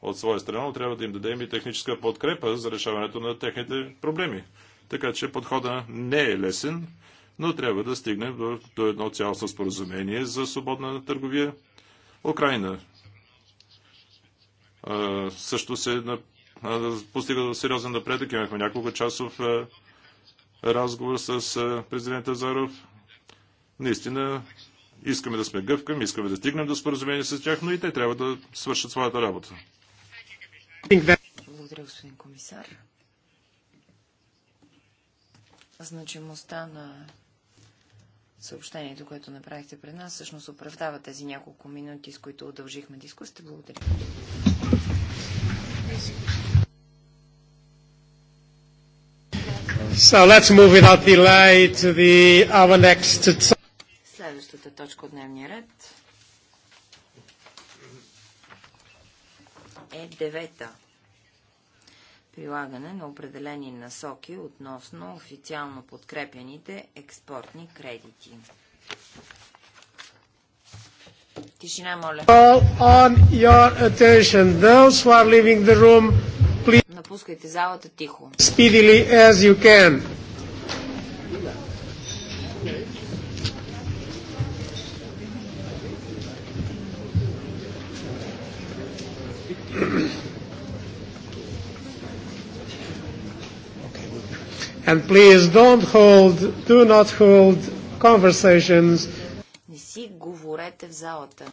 от своя страна, но трябва да им дадем и техническа подкрепа за решаването на техните проблеми. Така че подхода не е лесен, но трябва да стигнем до, до едно цялостно споразумение за свободна търговия. Украина а, също се постига сериозен напредък. Имахме няколко часов е, разговор с е, президента Заров. Наистина искаме да сме гъвками, искаме да стигнем до споразумение с тях, но и те трябва да свършат своята работа. Благодаря, господин комисар. Значимостта на съобщението, което направихте пред нас, всъщност оправдава тези няколко минути, с които удължихме дискусията. Благодаря. So let's move without delay to the, our next... Следващата точка от дневния ред е девета. Прилагане на определени насоки относно официално подкрепяните експортни кредити. Тишина, моля. All on your attention. Those who are leaving the room, напускайте залата тихо. Speedily as you can. And please don't hold, do not hold conversations. Не си говорете в залата.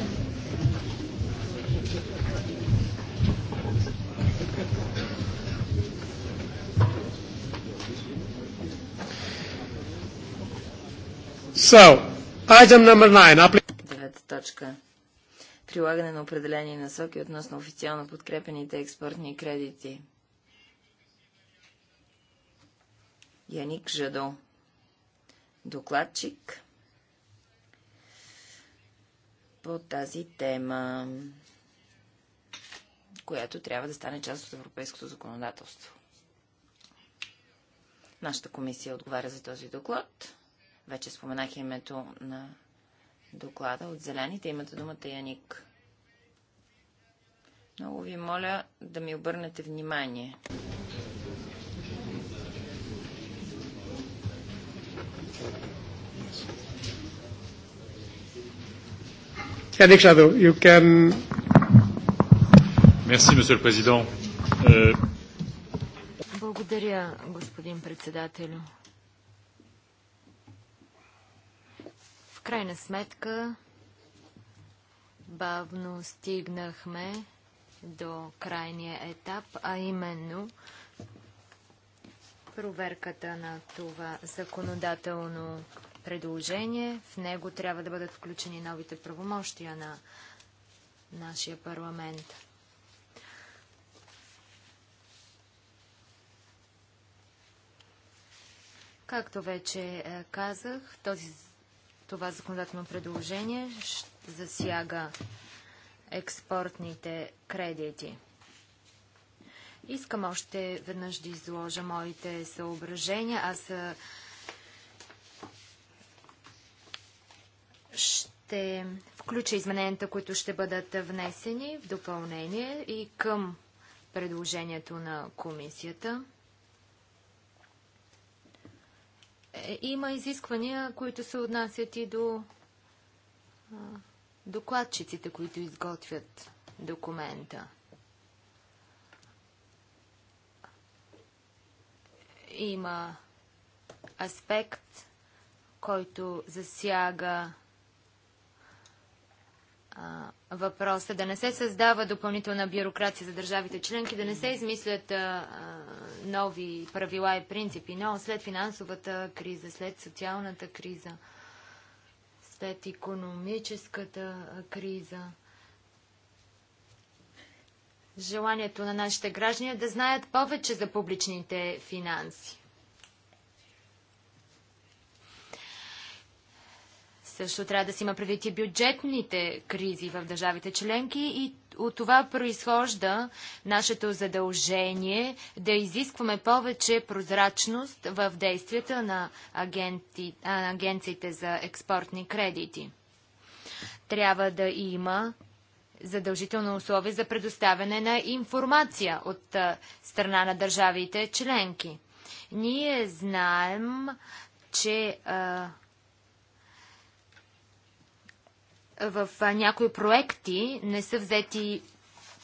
So, item number nine. Девета точка. Прилагане на определени насоки относно официално подкрепените експортни кредити. Яник Жадо. Докладчик по тази тема, която трябва да стане част от европейското законодателство. Нашата комисия отговаря за този доклад. Вече споменах името на доклада от Зелените. Имате думата Яник. Много ви моля да ми обърнете внимание. Яник Шадо, you can... Merci, Monsieur le Président. Euh, Благодаря, господин председателю. крайна сметка бавно стигнахме до крайния етап, а именно проверката на това законодателно предложение. В него трябва да бъдат включени новите правомощия на нашия парламент. Както вече е, казах, този това законодателно предложение засяга експортните кредити. Искам още веднъж да изложа моите съображения. Аз ще включа измененията, които ще бъдат внесени в допълнение и към предложението на комисията. Е, има изисквания, които се отнасят и до а, докладчиците, които изготвят документа. Има аспект, който засяга а, въпроса, да не се създава допълнителна бюрокрация за държавите членки, да не се измислят а, нови правила и принципи, но след финансовата криза, след социалната криза, след економическата криза, желанието на нашите граждани е да знаят повече за публичните финанси. Също трябва да се има предвид и бюджетните кризи в държавите членки и от това произхожда нашето задължение да изискваме повече прозрачност в действията на агенти, агенциите за експортни кредити. Трябва да има задължително условие за предоставяне на информация от страна на държавите членки. Ние знаем, че а, в някои проекти не са взети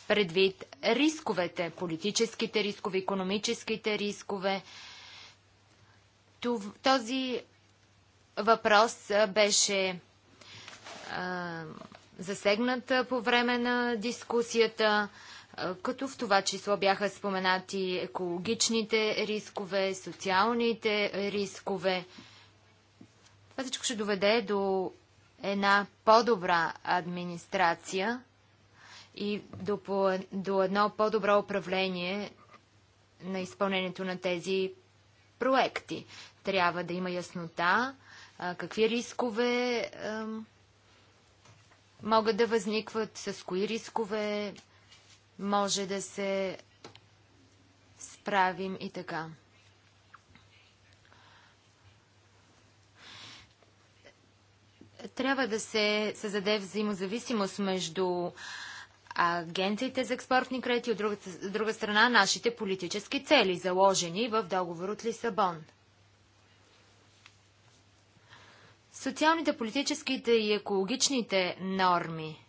предвид рисковете, политическите рискове, економическите рискове. Този въпрос беше засегнат по време на дискусията, като в това число бяха споменати екологичните рискове, социалните рискове. Това всичко ще доведе до една по-добра администрация и до, по, до едно по-добро управление на изпълнението на тези проекти. Трябва да има яснота а, какви рискове а, могат да възникват, с кои рискове може да се справим и така. Трябва да се създаде взаимозависимост между агенциите за експортни кредити, от друга, от друга страна нашите политически цели, заложени в договор от Лисабон. Социалните, политическите и екологичните норми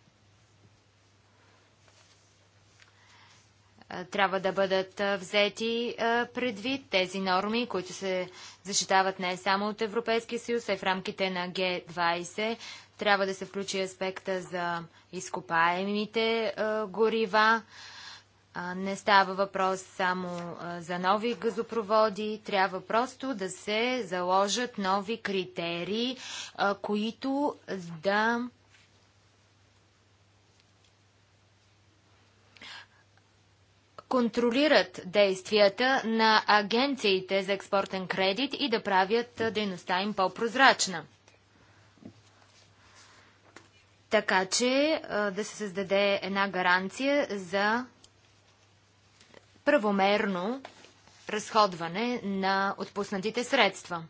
трябва да бъдат взети предвид тези норми, които се защитават не само от Европейския съюз, а и в рамките на Г20. Трябва да се включи аспекта за изкопаемите горива. Не става въпрос само за нови газопроводи, трябва просто да се заложат нови критерии, които да контролират действията на агенциите за експортен кредит и да правят дейността им по-прозрачна. Така че да се създаде една гаранция за правомерно разходване на отпуснатите средства.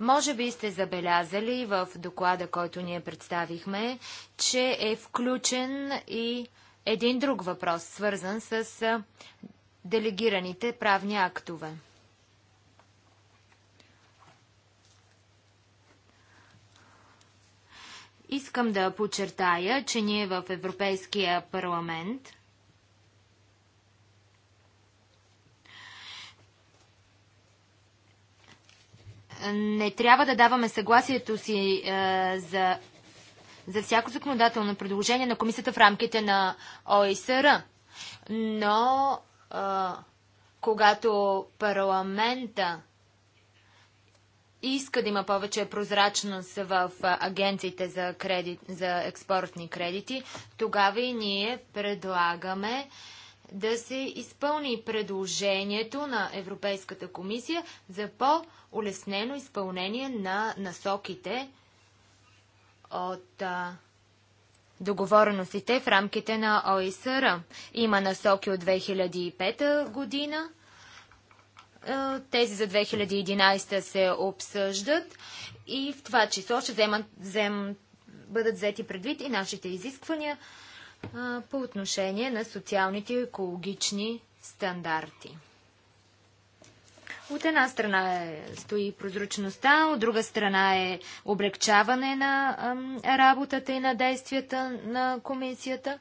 Може би сте забелязали в доклада, който ние представихме, че е включен и един друг въпрос, свързан с делегираните правни актове. Искам да подчертая, че ние в Европейския парламент не трябва да даваме съгласието си е, за за всяко законодателно предложение на комисията в рамките на ОИСР. Но а, когато парламента иска да има повече прозрачност в агенциите за, кредит, за експортни кредити, тогава и ние предлагаме да се изпълни предложението на Европейската комисия за по-улеснено изпълнение на насоките от а, договореностите в рамките на ОИСР. Има насоки от 2005 година. Тези за 2011 се обсъждат и в това число ще вземат, взем, бъдат взети предвид и нашите изисквания а, по отношение на социалните и екологични стандарти. От една страна е, стои прозрачността, от друга страна е облегчаване на ам, работата и на действията на комисията.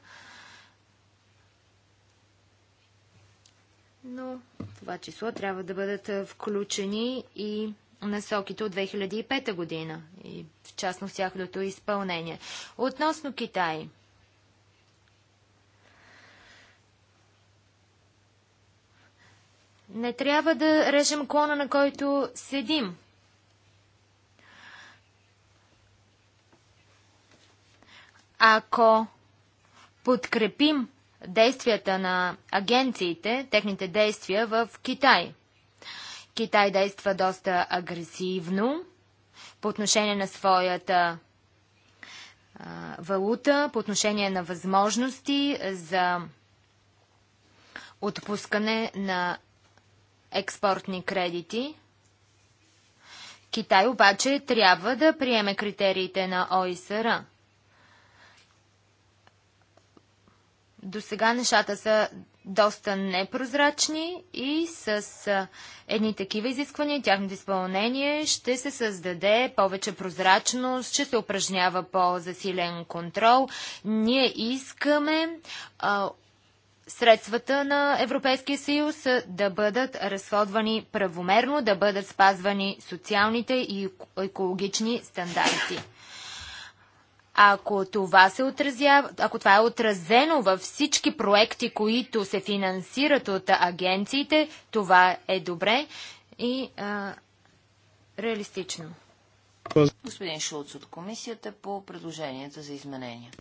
Но това число трябва да бъдат включени и насоките от 2005 година и в частност тяхното изпълнение. Относно Китай – Не трябва да режем клона, на който седим. Ако подкрепим действията на агенциите, техните действия в Китай. Китай действа доста агресивно по отношение на своята а, валута, по отношение на възможности за отпускане на експортни кредити. Китай обаче трябва да приеме критериите на ОИСР. До сега нещата са доста непрозрачни и с едни такива изисквания, тяхното изпълнение ще се създаде повече прозрачност, ще се упражнява по-засилен контрол. Ние искаме а, средствата на Европейския съюз да бъдат разходвани правомерно, да бъдат спазвани социалните и екологични стандарти. Ако това, се отразява, ако това е отразено във всички проекти, които се финансират от агенциите, това е добре и а, реалистично. Господин Шулц от комисията по предложенията за изменения.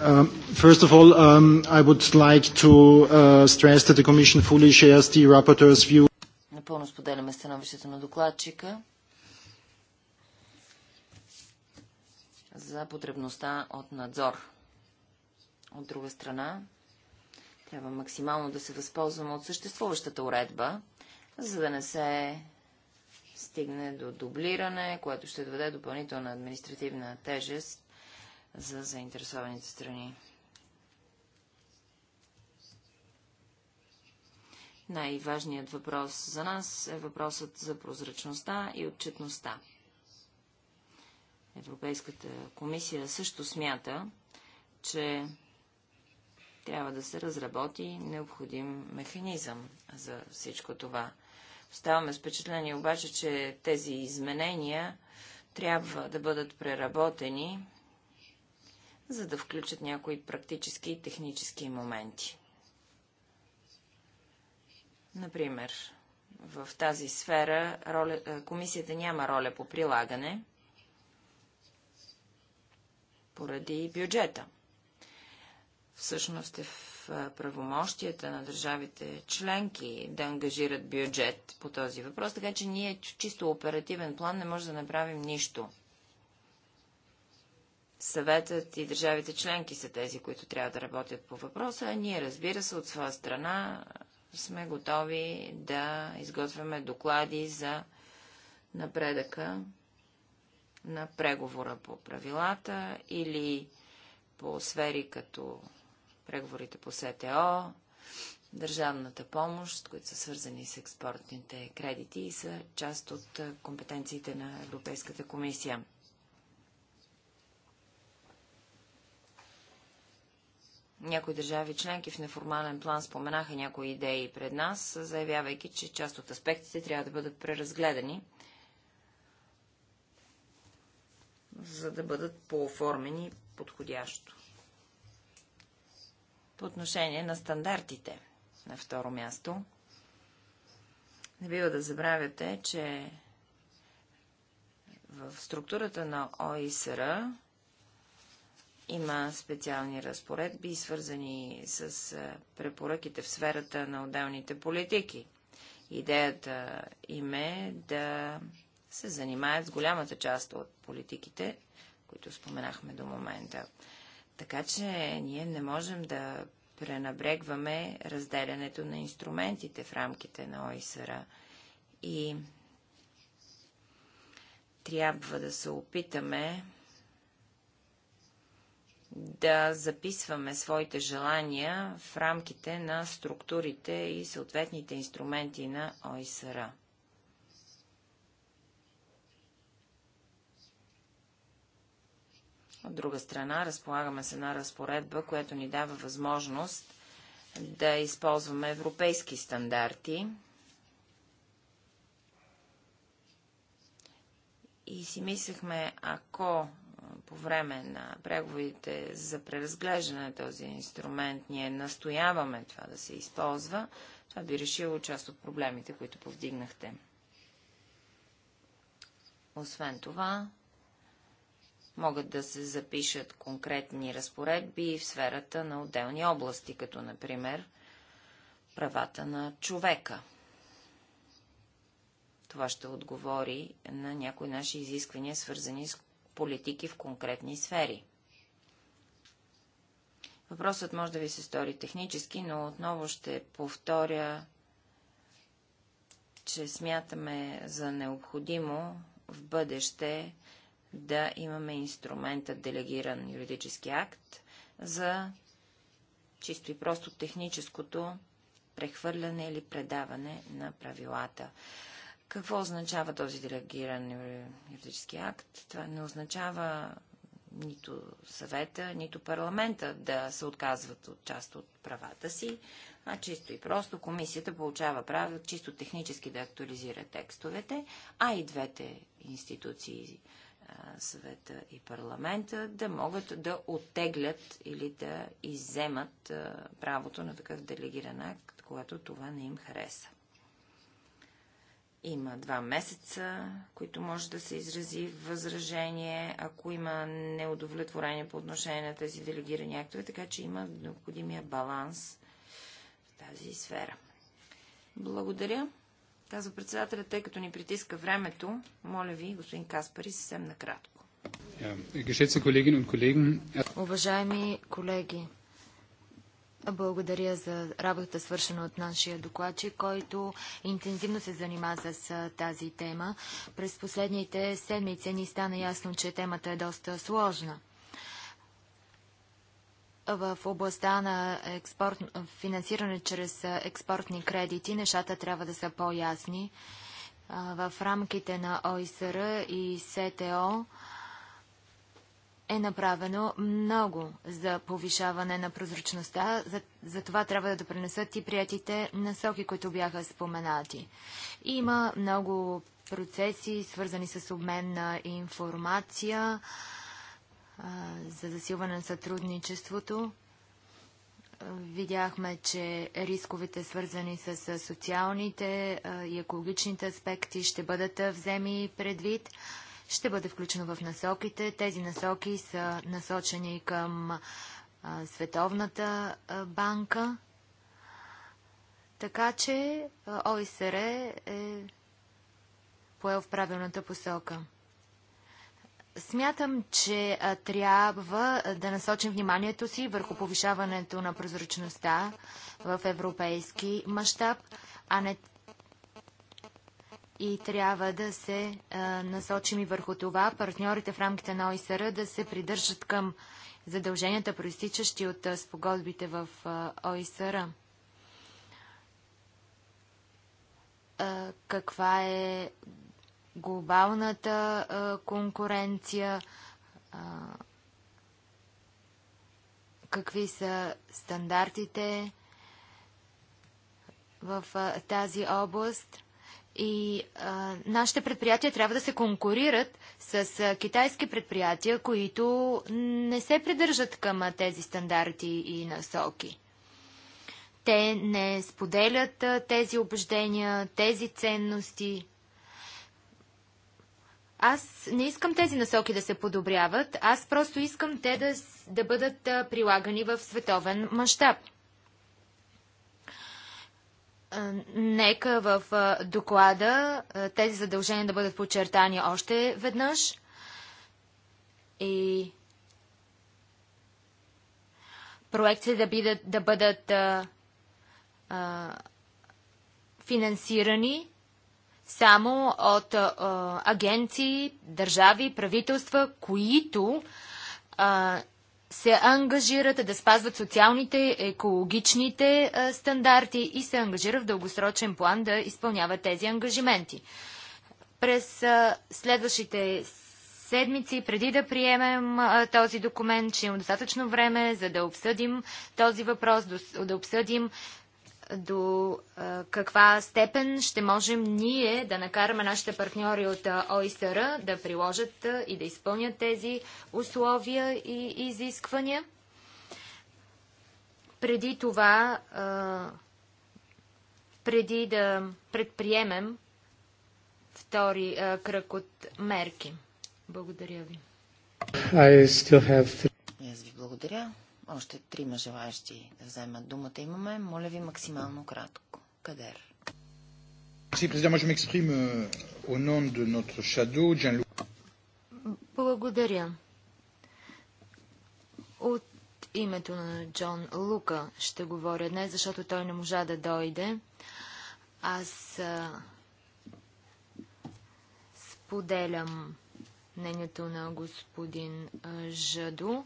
Um, first of all, um, I would like to uh, stress that the Commission fully shares the rapporteur's view. Напълно споделяме становището на докладчика за потребността от надзор. От друга страна, трябва максимално да се възползваме от съществуващата уредба, за да не се стигне до дублиране, което ще доведе допълнителна административна тежест за заинтересованите страни. Най-важният въпрос за нас е въпросът за прозрачността и отчетността. Европейската комисия също смята, че трябва да се разработи необходим механизъм за всичко това. Оставаме с впечатление обаче, че тези изменения трябва да бъдат преработени за да включат някои практически и технически моменти. Например, в тази сфера роля, е, комисията няма роля по прилагане поради бюджета. Всъщност е в е, правомощията на държавите членки да ангажират бюджет по този въпрос, така че ние чисто оперативен план не може да направим нищо. Съветът и държавите членки са тези, които трябва да работят по въпроса, а ние, разбира се, от своя страна сме готови да изготвяме доклади за напредъка на преговора по правилата или по сфери като преговорите по СТО, държавната помощ, които са свързани с експортните кредити и са част от компетенциите на Европейската комисия. Някои държави членки в неформален план споменаха някои идеи пред нас, заявявайки, че част от аспектите трябва да бъдат преразгледани, за да бъдат пооформени подходящо. По отношение на стандартите, на второ място, не бива да забравяте, че в структурата на ОИСР има специални разпоредби, свързани с препоръките в сферата на отделните политики. Идеята им е да се занимаят с голямата част от политиките, които споменахме до момента. Така че ние не можем да пренабрегваме разделянето на инструментите в рамките на ОИСР. И трябва да се опитаме да записваме своите желания в рамките на структурите и съответните инструменти на ОИСР. От друга страна, разполагаме с една разпоредба, която ни дава възможност да използваме европейски стандарти и си мислехме, ако по време на преговорите за преразглеждане на този инструмент ние настояваме това да се използва, това би решило част от проблемите, които повдигнахте. Освен това, могат да се запишат конкретни разпоредби в сферата на отделни области, като например правата на човека. Това ще отговори на някои наши изисквания, свързани с политики в конкретни сфери. Въпросът може да ви се стори технически, но отново ще повторя, че смятаме за необходимо в бъдеще да имаме инструмента делегиран юридически акт за чисто и просто техническото прехвърляне или предаване на правилата. Какво означава този делегиран юридически акт? Това не означава нито съвета, нито парламента да се отказват от част от правата си, а чисто и просто комисията получава право чисто технически да актуализира текстовете, а и двете институции, съвета и парламента, да могат да оттеглят или да изземат правото на такъв делегиран акт, когато това не им хареса. Има два месеца, които може да се изрази възражение, ако има неудовлетворение по отношение на тези делегирани актове, така че има необходимия баланс в тази сфера. Благодаря. Казва председателя, тъй като ни притиска времето, моля ви, господин Каспари, съвсем накратко. Уважаеми колеги, благодаря за работата свършена от нашия докладчик, който интензивно се занима с тази тема. През последните седмици ни стана ясно, че темата е доста сложна в областта на експорт, финансиране чрез експортни кредити нещата трябва да са по-ясни. В рамките на ОИСР и СТО е направено много за повишаване на прозрачността. За, за това трябва да допринесат и приятите насоки, които бяха споменати. Има много процеси, свързани с обмен на информация а, за засилване на сътрудничеството. Видяхме, че рисковете, свързани с социалните а, и екологичните аспекти, ще бъдат вземи предвид ще бъде включено в насоките. Тези насоки са насочени към Световната банка. Така че ОИСР е поел в правилната посока. Смятам, че трябва да насочим вниманието си върху повишаването на прозрачността в европейски мащаб, а не и трябва да се а, насочим и върху това партньорите в рамките на ОИСР да се придържат към задълженията, проистичащи от а, спогодбите в ОИСР. А, каква е глобалната а, конкуренция? А, какви са стандартите в а, тази област? И а, нашите предприятия трябва да се конкурират с а, китайски предприятия, които не се придържат към а, тези стандарти и насоки. Те не споделят а, тези убеждения, тези ценности. Аз не искам тези насоки да се подобряват, аз просто искам те да, да бъдат а, прилагани в световен мащаб. Нека в доклада тези задължения да бъдат подчертани още веднъж и проекти да, бидат, да бъдат а, а, финансирани само от а, агенции, държави, правителства, които а, се ангажират да спазват социалните, екологичните стандарти и се ангажира в дългосрочен план да изпълняват тези ангажименти. През следващите седмици, преди да приемем този документ, ще имам достатъчно време, за да обсъдим този въпрос, да обсъдим до а, каква степен ще можем ние да накараме нашите партньори от ОИСР да приложат а, и да изпълнят тези условия и изисквания. Преди това, а, преди да предприемем втори кръг от мерки. Благодаря ви. I still have... Аз ви благодаря. Още трима желаящи да вземат думата имаме. Моля ви максимално кратко. Кадер. Euh, Благодаря. От името на Джон Лука ще говоря днес, защото той не можа да дойде. Аз а, споделям мнението на господин а, Жадо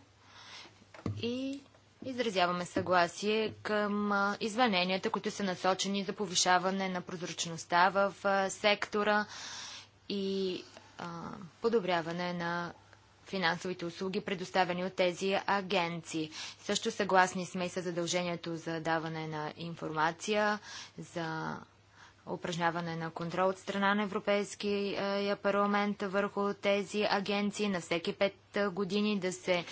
и изразяваме съгласие към измененията, които са насочени за повишаване на прозрачността в сектора и подобряване на финансовите услуги, предоставени от тези агенции. Също съгласни сме и с задължението за даване на информация, за упражняване на контрол от страна на Европейския парламент върху тези агенции на всеки пет години да се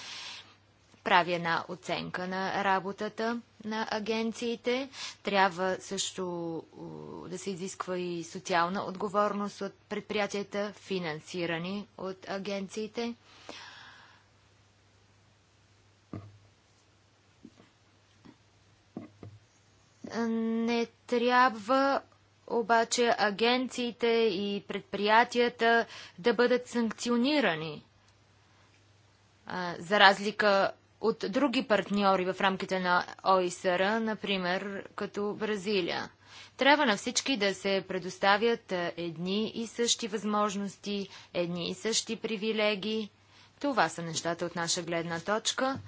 прави една оценка на работата на агенциите. Трябва също да се изисква и социална отговорност от предприятията, финансирани от агенциите. Не трябва обаче агенциите и предприятията да бъдат санкционирани за разлика от други партньори в рамките на ОИСР, например като Бразилия. Трябва на всички да се предоставят е, едни и същи възможности, едни и същи привилегии. Това са нещата от наша гледна точка.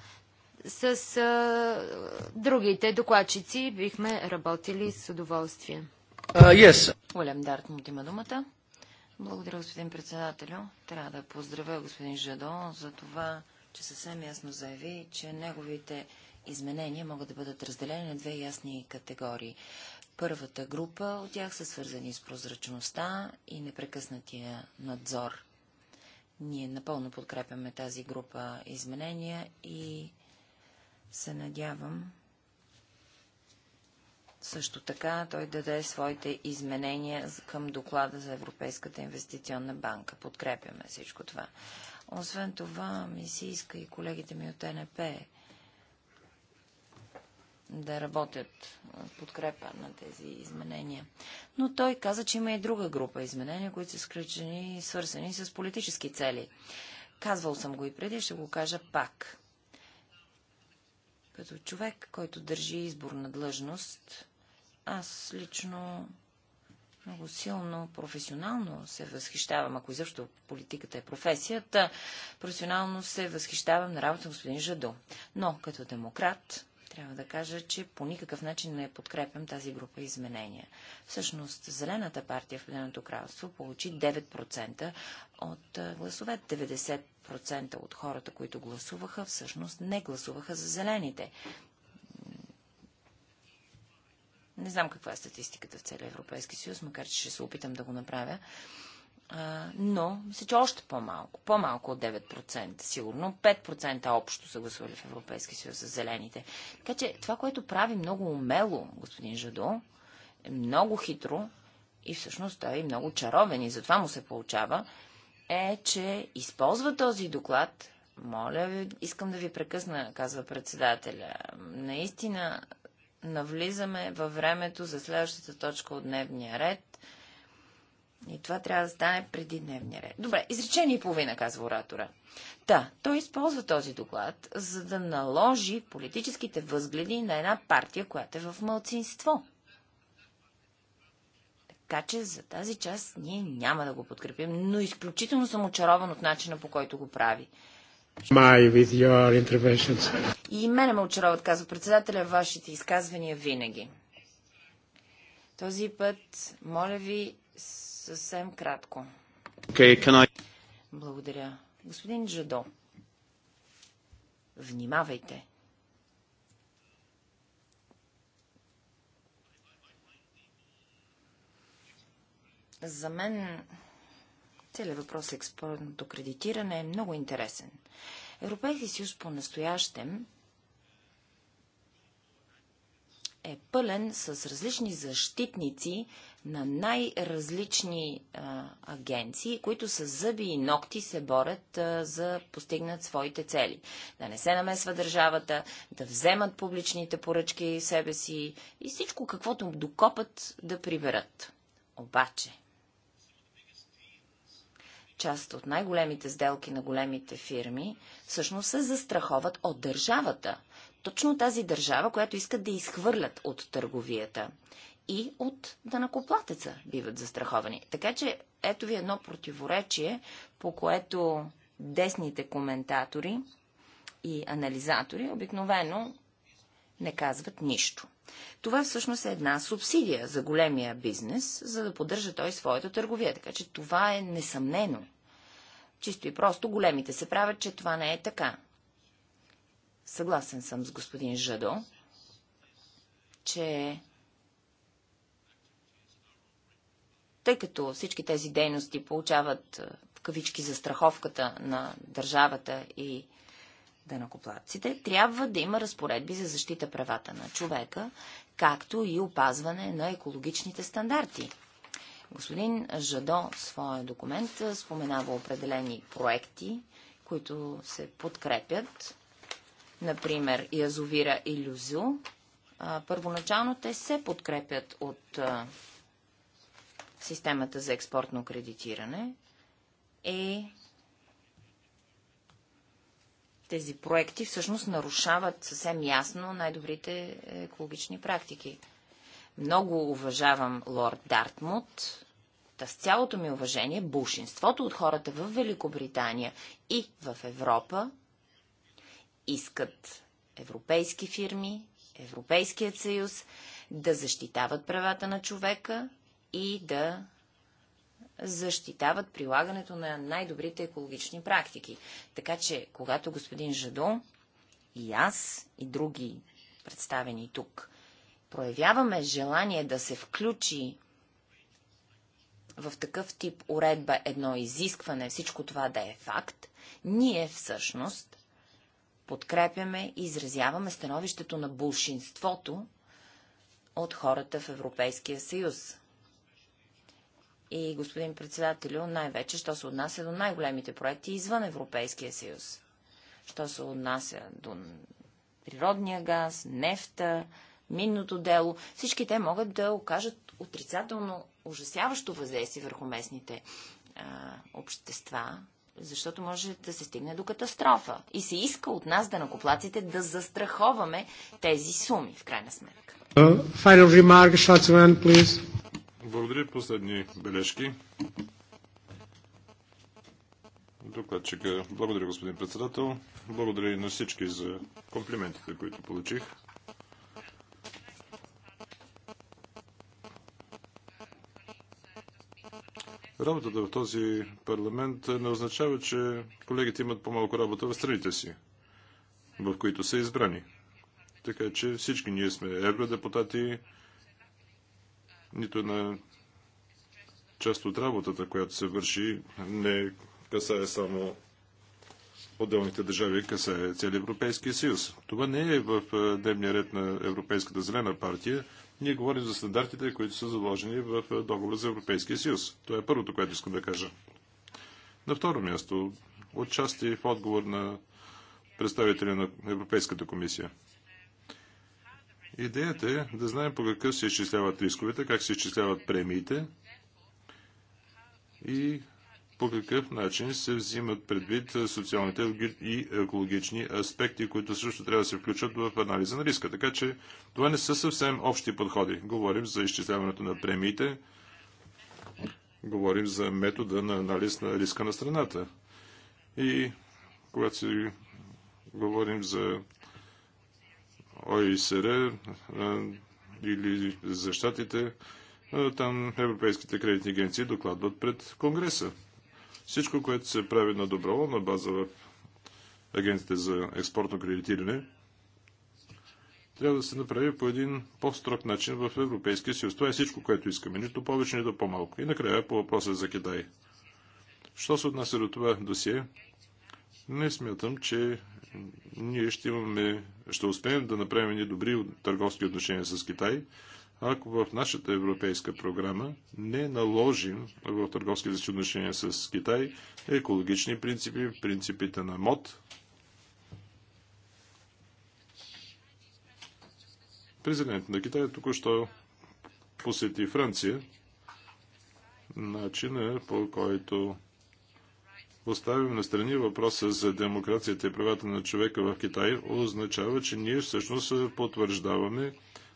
С а, е, другите докладчици бихме работили с удоволствие. Uh, yes. му има думата. Благодаря, господин председателю. Трябва да поздравя господин Жадо за това, че съвсем ясно заяви, че неговите изменения могат да бъдат разделени на две ясни категории. Първата група от тях са свързани с прозрачността и непрекъснатия надзор. Ние напълно подкрепяме тази група изменения и се надявам също така той даде своите изменения към доклада за Европейската инвестиционна банка. Подкрепяме всичко това. Освен това, ми се иска и колегите ми от НП да работят подкрепа на тези изменения. Но той каза, че има и друга група изменения, които са сключени и свързани с политически цели. Казвал съм го и преди, ще го кажа пак. Като човек, който държи изборна длъжност, аз лично много силно професионално се възхищавам, ако изобщо политиката е професията, професионално се възхищавам на работа господин Жадо. Но като демократ трябва да кажа, че по никакъв начин не подкрепям тази група изменения. Всъщност, Зелената партия в Обединеното кралство получи 9% от гласовете. 90% от хората, които гласуваха, всъщност не гласуваха за зелените. Не знам каква е статистиката в целия Европейски съюз, макар че ще се опитам да го направя. А, но, мисля, че още по-малко. По-малко от 9%, сигурно. 5% общо са гласували в Европейския съюз с зелените. Така че това, което прави много умело господин Жадо, е много хитро и всъщност той е много чаровен и затова му се получава, е, че използва този доклад. Моля ви, искам да ви прекъсна, казва председателя. Наистина навлизаме във времето за следващата точка от дневния ред. И това трябва да стане преди дневния ред. Добре, изречение и половина, казва оратора. Та, да, той използва този доклад, за да наложи политическите възгледи на една партия, която е в мълцинство. Така че за тази част ние няма да го подкрепим, но изключително съм очарован от начина по който го прави. И мене ме очароват, казва председателя, вашите изказвания винаги. Този път, моля ви, съвсем кратко. Okay, I... Благодаря. Господин Жадо, внимавайте. За мен целият въпрос с експортното кредитиране е много интересен. Европейски съюз по-настоящем е пълен с различни защитници на най-различни агенции, които с зъби и ногти се борят а, за постигнат своите цели. Да не се намесва държавата, да вземат публичните поръчки себе си и всичко каквото докопат да приберат. Обаче, част от най-големите сделки на големите фирми всъщност се застраховат от държавата. Точно тази държава, която искат да изхвърлят от търговията и от данакоплатеца биват застраховани. Така че ето ви едно противоречие, по което десните коментатори и анализатори обикновено не казват нищо. Това всъщност е една субсидия за големия бизнес, за да поддържа той своята търговия. Така че това е несъмнено. Чисто и просто големите се правят, че това не е така. Съгласен съм с господин Жадо, че тъй като всички тези дейности получават в кавички за страховката на държавата и дънакоплатците, трябва да има разпоредби за защита правата на човека, както и опазване на екологичните стандарти. Господин Жадо в своя документ споменава определени проекти, които се подкрепят, например Язовира и Люзю. Първоначално те се подкрепят от системата за експортно кредитиране и е, тези проекти всъщност нарушават съвсем ясно най-добрите екологични практики. Много уважавам лорд Дартмут, та с цялото ми уважение, бушинството от хората в Великобритания и в Европа искат европейски фирми, Европейският съюз да защитават правата на човека и да защитават прилагането на най-добрите екологични практики. Така че, когато господин Жадо и аз и други представени тук проявяваме желание да се включи в такъв тип уредба едно изискване, всичко това да е факт, ние всъщност подкрепяме и изразяваме становището на булшинството от хората в Европейския съюз и, господин председателю, най-вече, що се отнася до най-големите проекти извън Европейския съюз. Що се отнася до природния газ, нефта, минното дело, всички те могат да окажат отрицателно ужасяващо въздействие върху местните а, общества, защото може да се стигне до катастрофа. И се иска от нас, да накоплаците, да застраховаме тези суми, в крайна сметка. Uh, final remark, please. Благодаря. Последни бележки. Докладчика. Благодаря, господин председател. Благодаря и на всички за комплиментите, които получих. Работата в този парламент не означава, че колегите имат по-малко работа в страните си, в които са избрани. Така че всички ние сме евродепутати, нито на част от работата, която се върши, не касае само отделните държави, касае цели Европейския съюз. Това не е в дневния ред на Европейската зелена партия. Ние говорим за стандартите, които са заложени в договора за Европейския съюз. Това е първото, което искам да кажа. На второ място, отчасти в отговор на представителя на Европейската комисия – Идеята е да знаем по какъв се изчисляват рисковете, как се изчисляват премиите и по какъв начин се взимат предвид социалните и екологични аспекти, които също трябва да се включат в анализа на риска. Така че това не са съвсем общи подходи. Говорим за изчисляването на премиите, говорим за метода на анализ на риска на страната. И когато си говорим за ОИСР е, или за щатите, е, там европейските кредитни агенции докладват пред Конгреса. Всичко, което се прави на добро, на база в агенците за експортно кредитиране, трябва да се направи по един по-строг начин в Европейския съюз. Това е всичко, което искаме. Нито повече, нито по-малко. И накрая по въпроса за Китай. Що се отнася до това досие, не смятам, че ние ще имаме, ще успеем да направим ни добри търговски отношения с Китай, ако в нашата европейска програма не наложим в търговските си отношения с Китай екологични принципи, принципите на МОД. Президент на Китай току-що посети Франция. Начина по който оставим на страни въпроса за демокрацията и правата на човека в Китай, означава, че ние всъщност потвърждаваме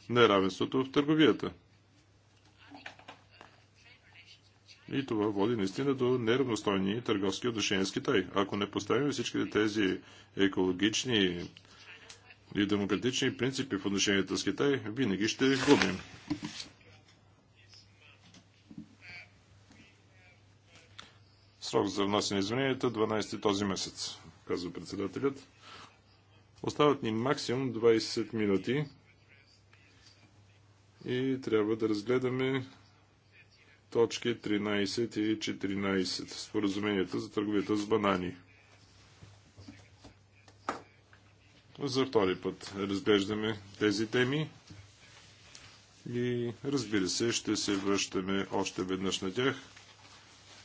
неравенството в търговията. И това води наистина до неравностойни търговски отношения с Китай. Ако не поставим всичките тези екологични и демократични принципи в отношенията с Китай, винаги ще губим. Срок за внасяне извиненията 12 този месец, казва председателят. Остават ни максимум 20 минути и трябва да разгледаме точки 13 и 14, споразуменията за търговията с банани. За втори път разглеждаме тези теми и разбира се ще се връщаме още веднъж на тях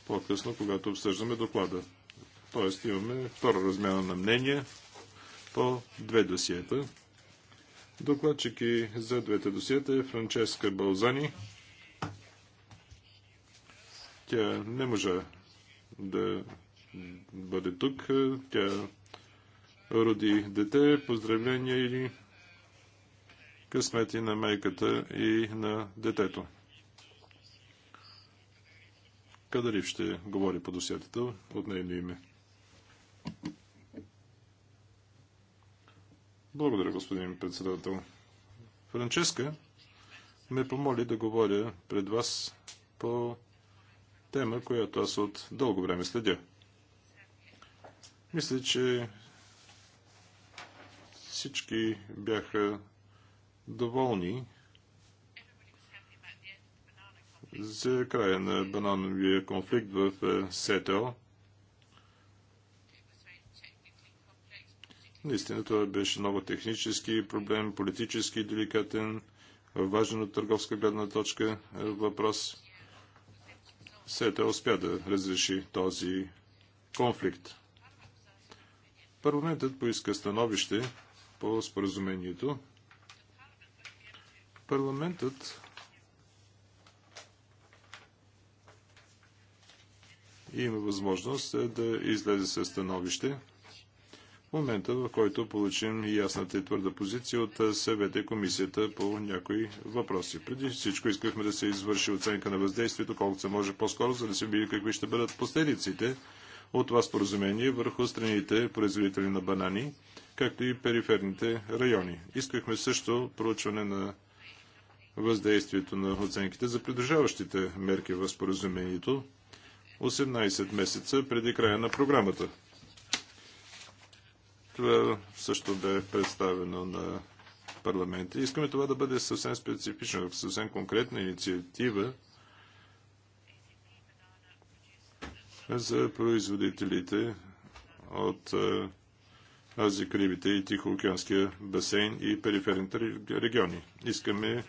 по-късно, когато обсъждаме доклада. Тоест имаме втора размяна на мнения по две досиета. Докладчики за двете досиета е Франческа Балзани. Тя не може да бъде тук. Тя роди дете. Поздравления или късмети на майката и на детето. Кадарив ще говори по досетата от нейно име. Благодаря, господин председател. Франческа ме помоли да говоря пред вас по тема, която аз от дълго време следя. Мисля, че всички бяха доволни за края на банановия конфликт в е, СЕТО. Наистина това беше много технически проблем, политически деликатен, важен от търговска гледна точка е, въпрос. СЕТО успя да разреши този конфликт. Парламентът поиска становище по споразумението. Парламентът и има възможност е, да излезе със становище в момента, в който получим и ясната и твърда позиция от е, съвета и комисията по някои въпроси. Преди всичко искахме да се извърши оценка на въздействието, колкото се може по-скоро, за да се види какви ще бъдат последиците от това споразумение върху страните производители на банани, както и периферните райони. Искахме също проучване на въздействието на оценките за придружаващите мерки в споразумението, 18 месеца преди края на програмата. Това също бе представено на парламента. Искаме това да бъде съвсем специфично, съвсем конкретна инициатива за производителите от е, Азия, Карибите и Тихоокеанския басейн и периферните региони. Искаме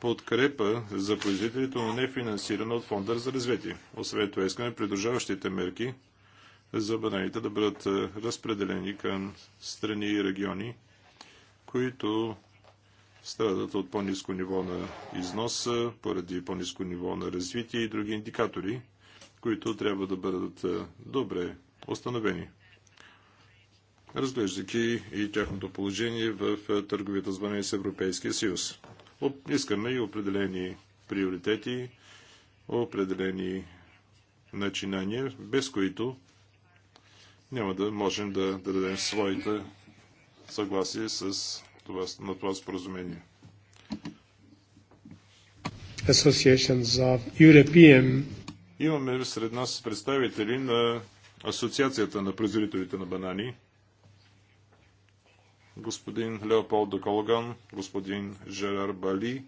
подкрепа за производителите, но не финансирана от фонда за развитие. Освен това искаме придружаващите мерки за бананите да бъдат е, разпределени към страни и региони, които страдат от по-низко ниво на износа, поради по-низко ниво на развитие и други индикатори, които трябва да бъдат е, добре установени разглеждайки и тяхното положение в е, търговията с банани с Европейския съюз искаме и определени приоритети, определени начинания, без които няма да можем да, да дадем своите съгласие с това, на това споразумение. European... Имаме сред нас представители на Асоциацията на производителите на банани – господин Леополд Колган, господин Жерар Бали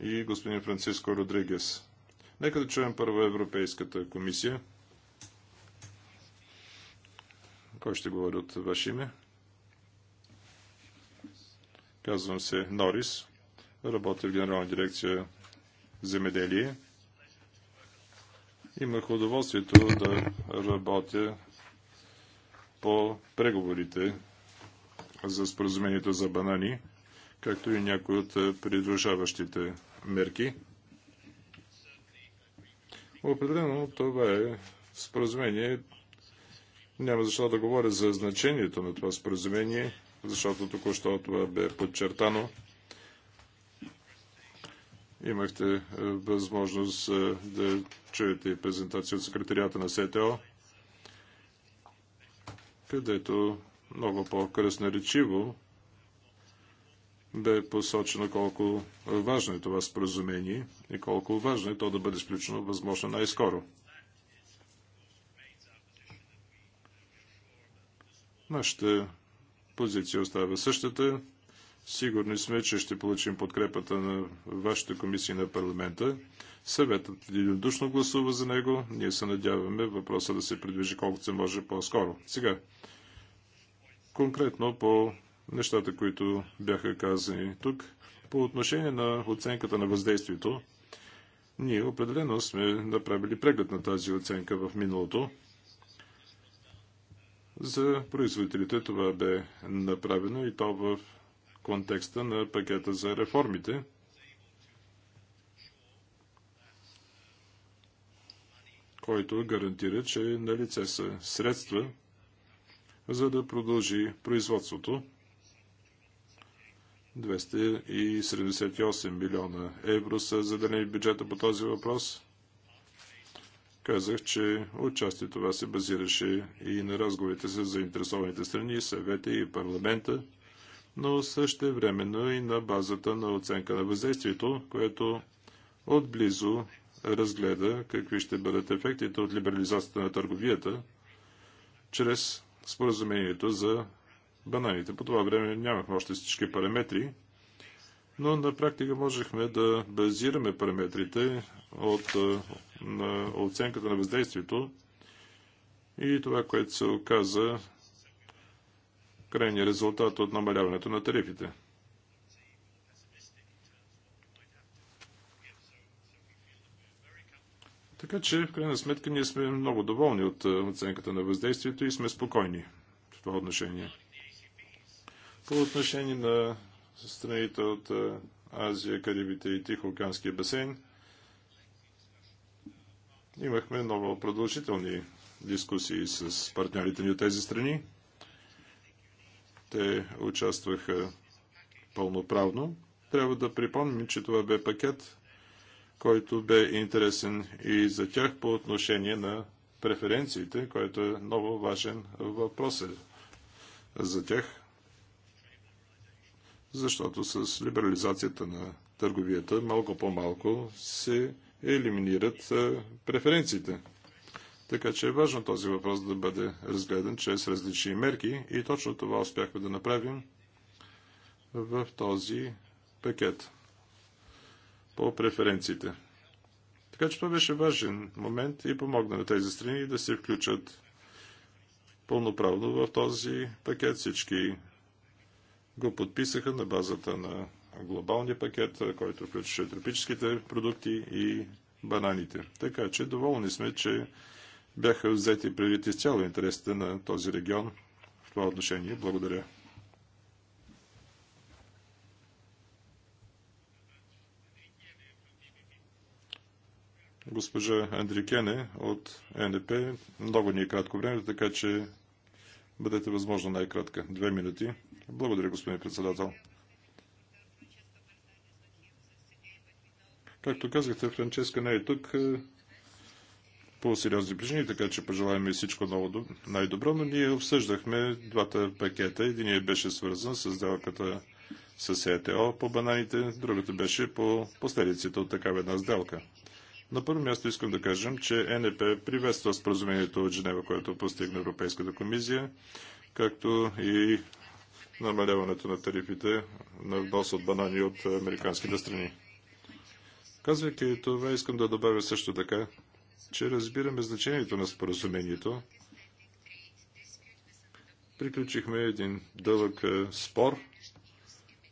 и господин Франциско Родригес. Нека да чуем първо Европейската комисия. Кой ще говори от ваше име? Казвам се Норис. Работя в Генерална дирекция Земеделие. Имах удоволствието да работя по преговорите за споразумението за банани, както и някои от е, придружаващите мерки. Определено това е споразумение. Няма защо да говоря за значението на това споразумение, защото току-що това бе подчертано. Имахте е, възможност е, да чуете презентация от секретарията на СТО където много по-красноречиво бе посочено колко важно е това споразумение и колко важно е то да бъде сключено възможно най-скоро. Нашата позиция остава същата. Сигурни сме, че ще получим подкрепата на вашата комисия на парламента. Съветът единодушно гласува за него. Ние се надяваме въпроса да се придвижи колкото се може по-скоро. Сега, конкретно по нещата, които бяха казани тук, по отношение на оценката на въздействието, ние определено сме направили преглед на тази оценка в миналото. За производителите това бе направено и то в контекста на пакета за реформите. който гарантира, че е на лице са средства, за да продължи производството. 278 милиона евро са заделени в бюджета по този въпрос. Казах, че отчасти това се базираше и на разговорите с заинтересованите страни, съвета и парламента но също времено и на базата на оценка на въздействието, което отблизо разгледа какви ще бъдат ефектите от либерализацията на търговията чрез споразумението за бананите. По това време нямахме още всички параметри, но на практика можехме да базираме параметрите от е, на оценката на въздействието и това, което се оказа крайния резултат от намаляването на тарифите. Така че, в крайна сметка, ние сме много доволни от е, оценката на въздействието и сме спокойни в това отношение. По отношение на страните от е, Азия, Карибите и Тихоокеанския басейн, имахме много продължителни дискусии с партньорите ни от тези страни те участваха пълноправно. Трябва да припомним, че това бе пакет, който бе интересен и за тях по отношение на преференциите, който е много важен въпрос е за тях, защото с либерализацията на търговията малко по-малко се елиминират преференциите. Така че е важно този въпрос да бъде разгледан чрез различни мерки и точно това успяхме да направим в този пакет по преференциите. Така че това беше важен момент и помогна на тези страни да се включат пълноправно в този пакет. Всички го подписаха на базата на глобалния пакет, който включваше тропическите продукти и бананите. Така че доволни сме, че бяха взети предвид изцяло интересите на този регион в това отношение. Благодаря. Госпожа Андрикене от НДП. Много ни е кратко време, така че бъдете възможно най-кратка. Две минути. Благодаря, господин председател. Както казахте, Франческа не е тук по сериозни причини, така че и всичко много най-добро, но ние обсъждахме двата пакета. Единият беше свързан с сделката с ЕТО по бананите, другата беше по последиците от такава една сделка. На първо място искам да кажем, че НП приветства споразумението от Женева, което постигна Европейската комисия, както и намаляването на тарифите на внос от банани от американските страни. Казвайки това, искам да добавя също така, че разбираме значението на споразумението. Приключихме един дълъг е, спор,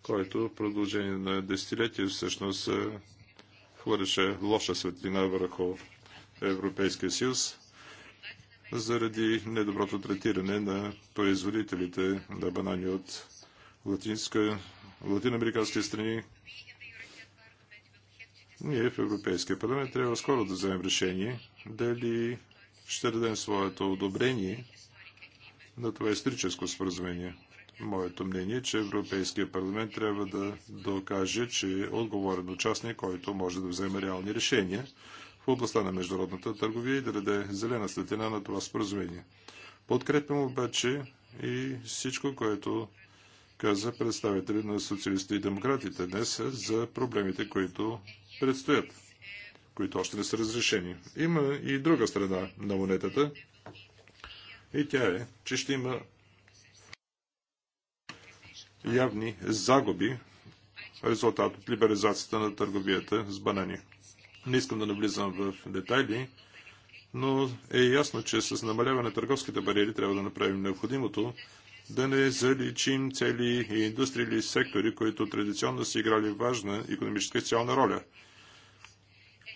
който в продължение на десетилетия всъщност е, хвърляше лоша светлина върху Европейския съюз заради недоброто третиране на производителите на банани от латинска, латиноамерикански страни, ние в Европейския парламент трябва скоро да вземем решение дали ще дадем своето одобрение на това историческо споразумение. Моето мнение е, че Европейския парламент трябва да докаже, че е отговорен участник, който може да вземе реални решения в областта на международната търговия и да даде зелена светлина на това споразумение. Подкрепям обаче и всичко, което каза представители на социалистите и демократите днес за проблемите, които предстоят, които още не са разрешени. Има и друга страна на монетата и тя е, че ще има явни загуби резултат от либерализацията на търговията с банани. Не искам да навлизам в детайли, но е ясно, че с намаляване на търговските бариери трябва да направим необходимото, да не заличим цели индустрии или сектори, които традиционно са играли важна економическа и социална роля –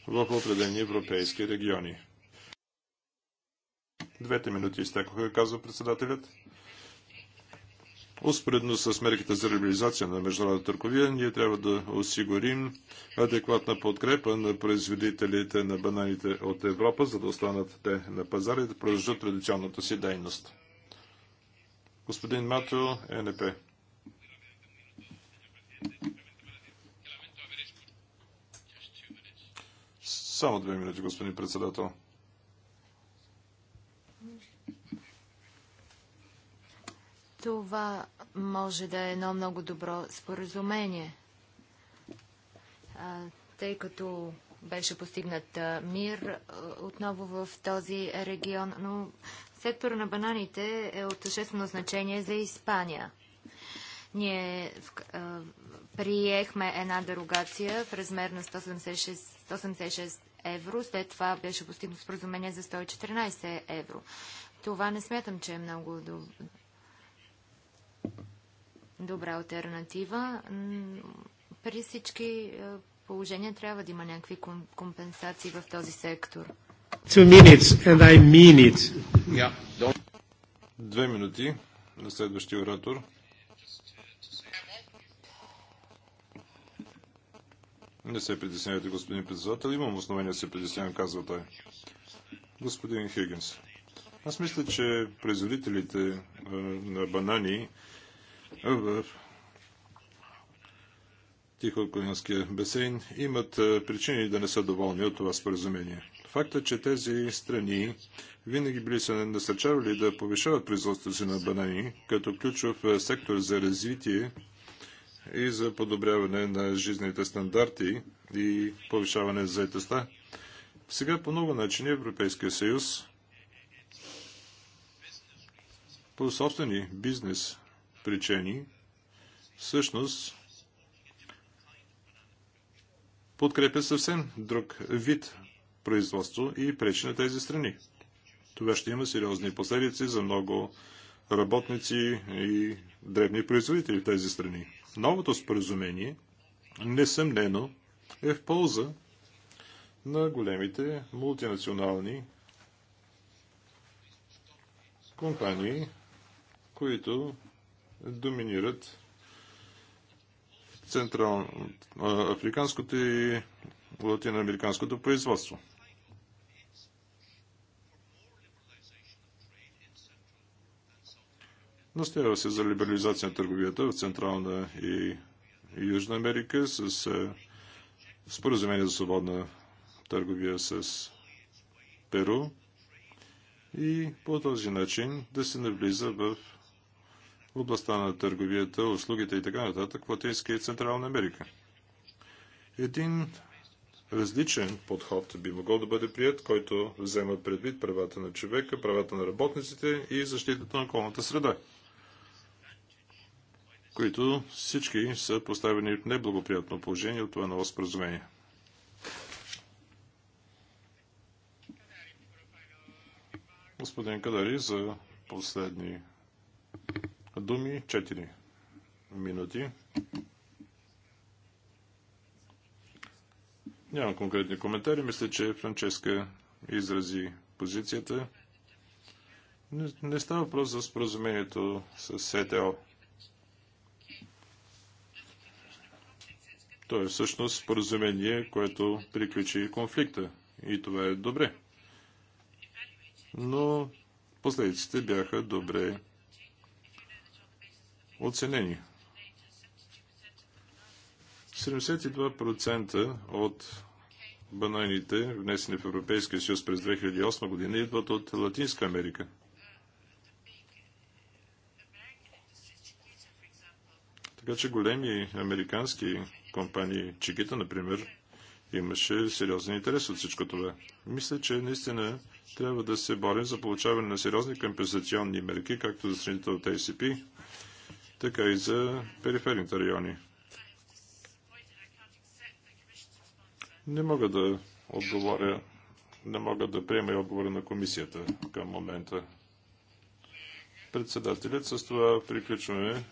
в определени европейски региони. Двете минути изтекоха, казва председателят. Успоредно с мерките за реализация на международната търговия, ние трябва да осигурим адекватна подкрепа на производителите на бананите от Европа, за да останат те на пазара и да продължат традиционната си дейност. Господин Мато, НП. Само две минути, господин председател. Това може да е едно много добро споразумение, тъй като беше постигнат мир отново в този регион, но сектора на бананите е от съществено значение за Испания. Ние приехме една дерогация в размер на 186, 176 евро. След това беше постигнато споразумение за 114 евро. Това не смятам, че е много доб... добра альтернатива. При всички е, положения трябва да има някакви компенсации в този сектор. Две минути на следващия оратор. Не се притеснявайте, господин председател. Имам основания да се притеснявам, казва той. Господин Хигинс, аз мисля, че производителите на банани в Тихоокеанския басейн имат причини да не са доволни от това споразумение. Факта, че тези страни винаги били се насърчавали да повишават производството си на банани като ключов сектор за развитие и за подобряване на жизнените стандарти и повишаване на за заетостта. Сега по много начини Европейския съюз по собствени бизнес причини всъщност подкрепя съвсем друг вид производство и пречи на тези страни. Това ще има сериозни последици за много работници и древни производители в тези страни. Новото споразумение, несъмнено, е в полза на големите мултинационални компании, които доминират централ... африканското и латиноамериканското производство. Настоява се за либерализация на търговията в Централна и Южна Америка с е, споразумение за свободна търговия с Перу и по този начин да се навлиза в областта на търговията, услугите и така нататък в Латинска и Централна Америка. Един различен подход би могъл да бъде прият, който взема предвид правата на човека, правата на работниците и защитата на околната среда които всички са поставени в неблагоприятно положение от това ново споразумение. Господин Кадари, за последни думи, 4 минути. Нямам конкретни коментари. Мисля, че Франческа изрази позицията. Не, не става въпрос за споразумението с СТО. То е всъщност споразумение, което приключи конфликта. И това е добре. Но последиците бяха добре оценени. 72% от бананите, внесени в Европейския съюз през 2008 година, идват от Латинска Америка. Така че големи американски компании Чигита, например, имаше сериозен интерес от всичко това. Мисля, че наистина трябва да се борим за получаване на сериозни компенсационни мерки, както за страните от ACP, така и за периферните райони. Не мога да отговоря, не мога да приема и отговора на комисията към момента. Председателят, с това приключваме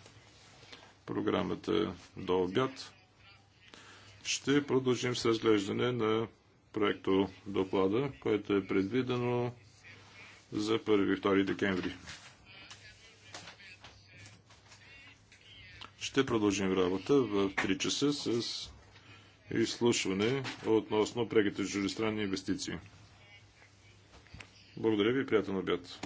програмата до обяд ще продължим с разглеждане на проекто доклада, което е предвидено за 1-2 декември. Ще продължим работа в 3 часа с изслушване относно преките чуждестранни инвестиции. Благодаря ви и приятен обяд.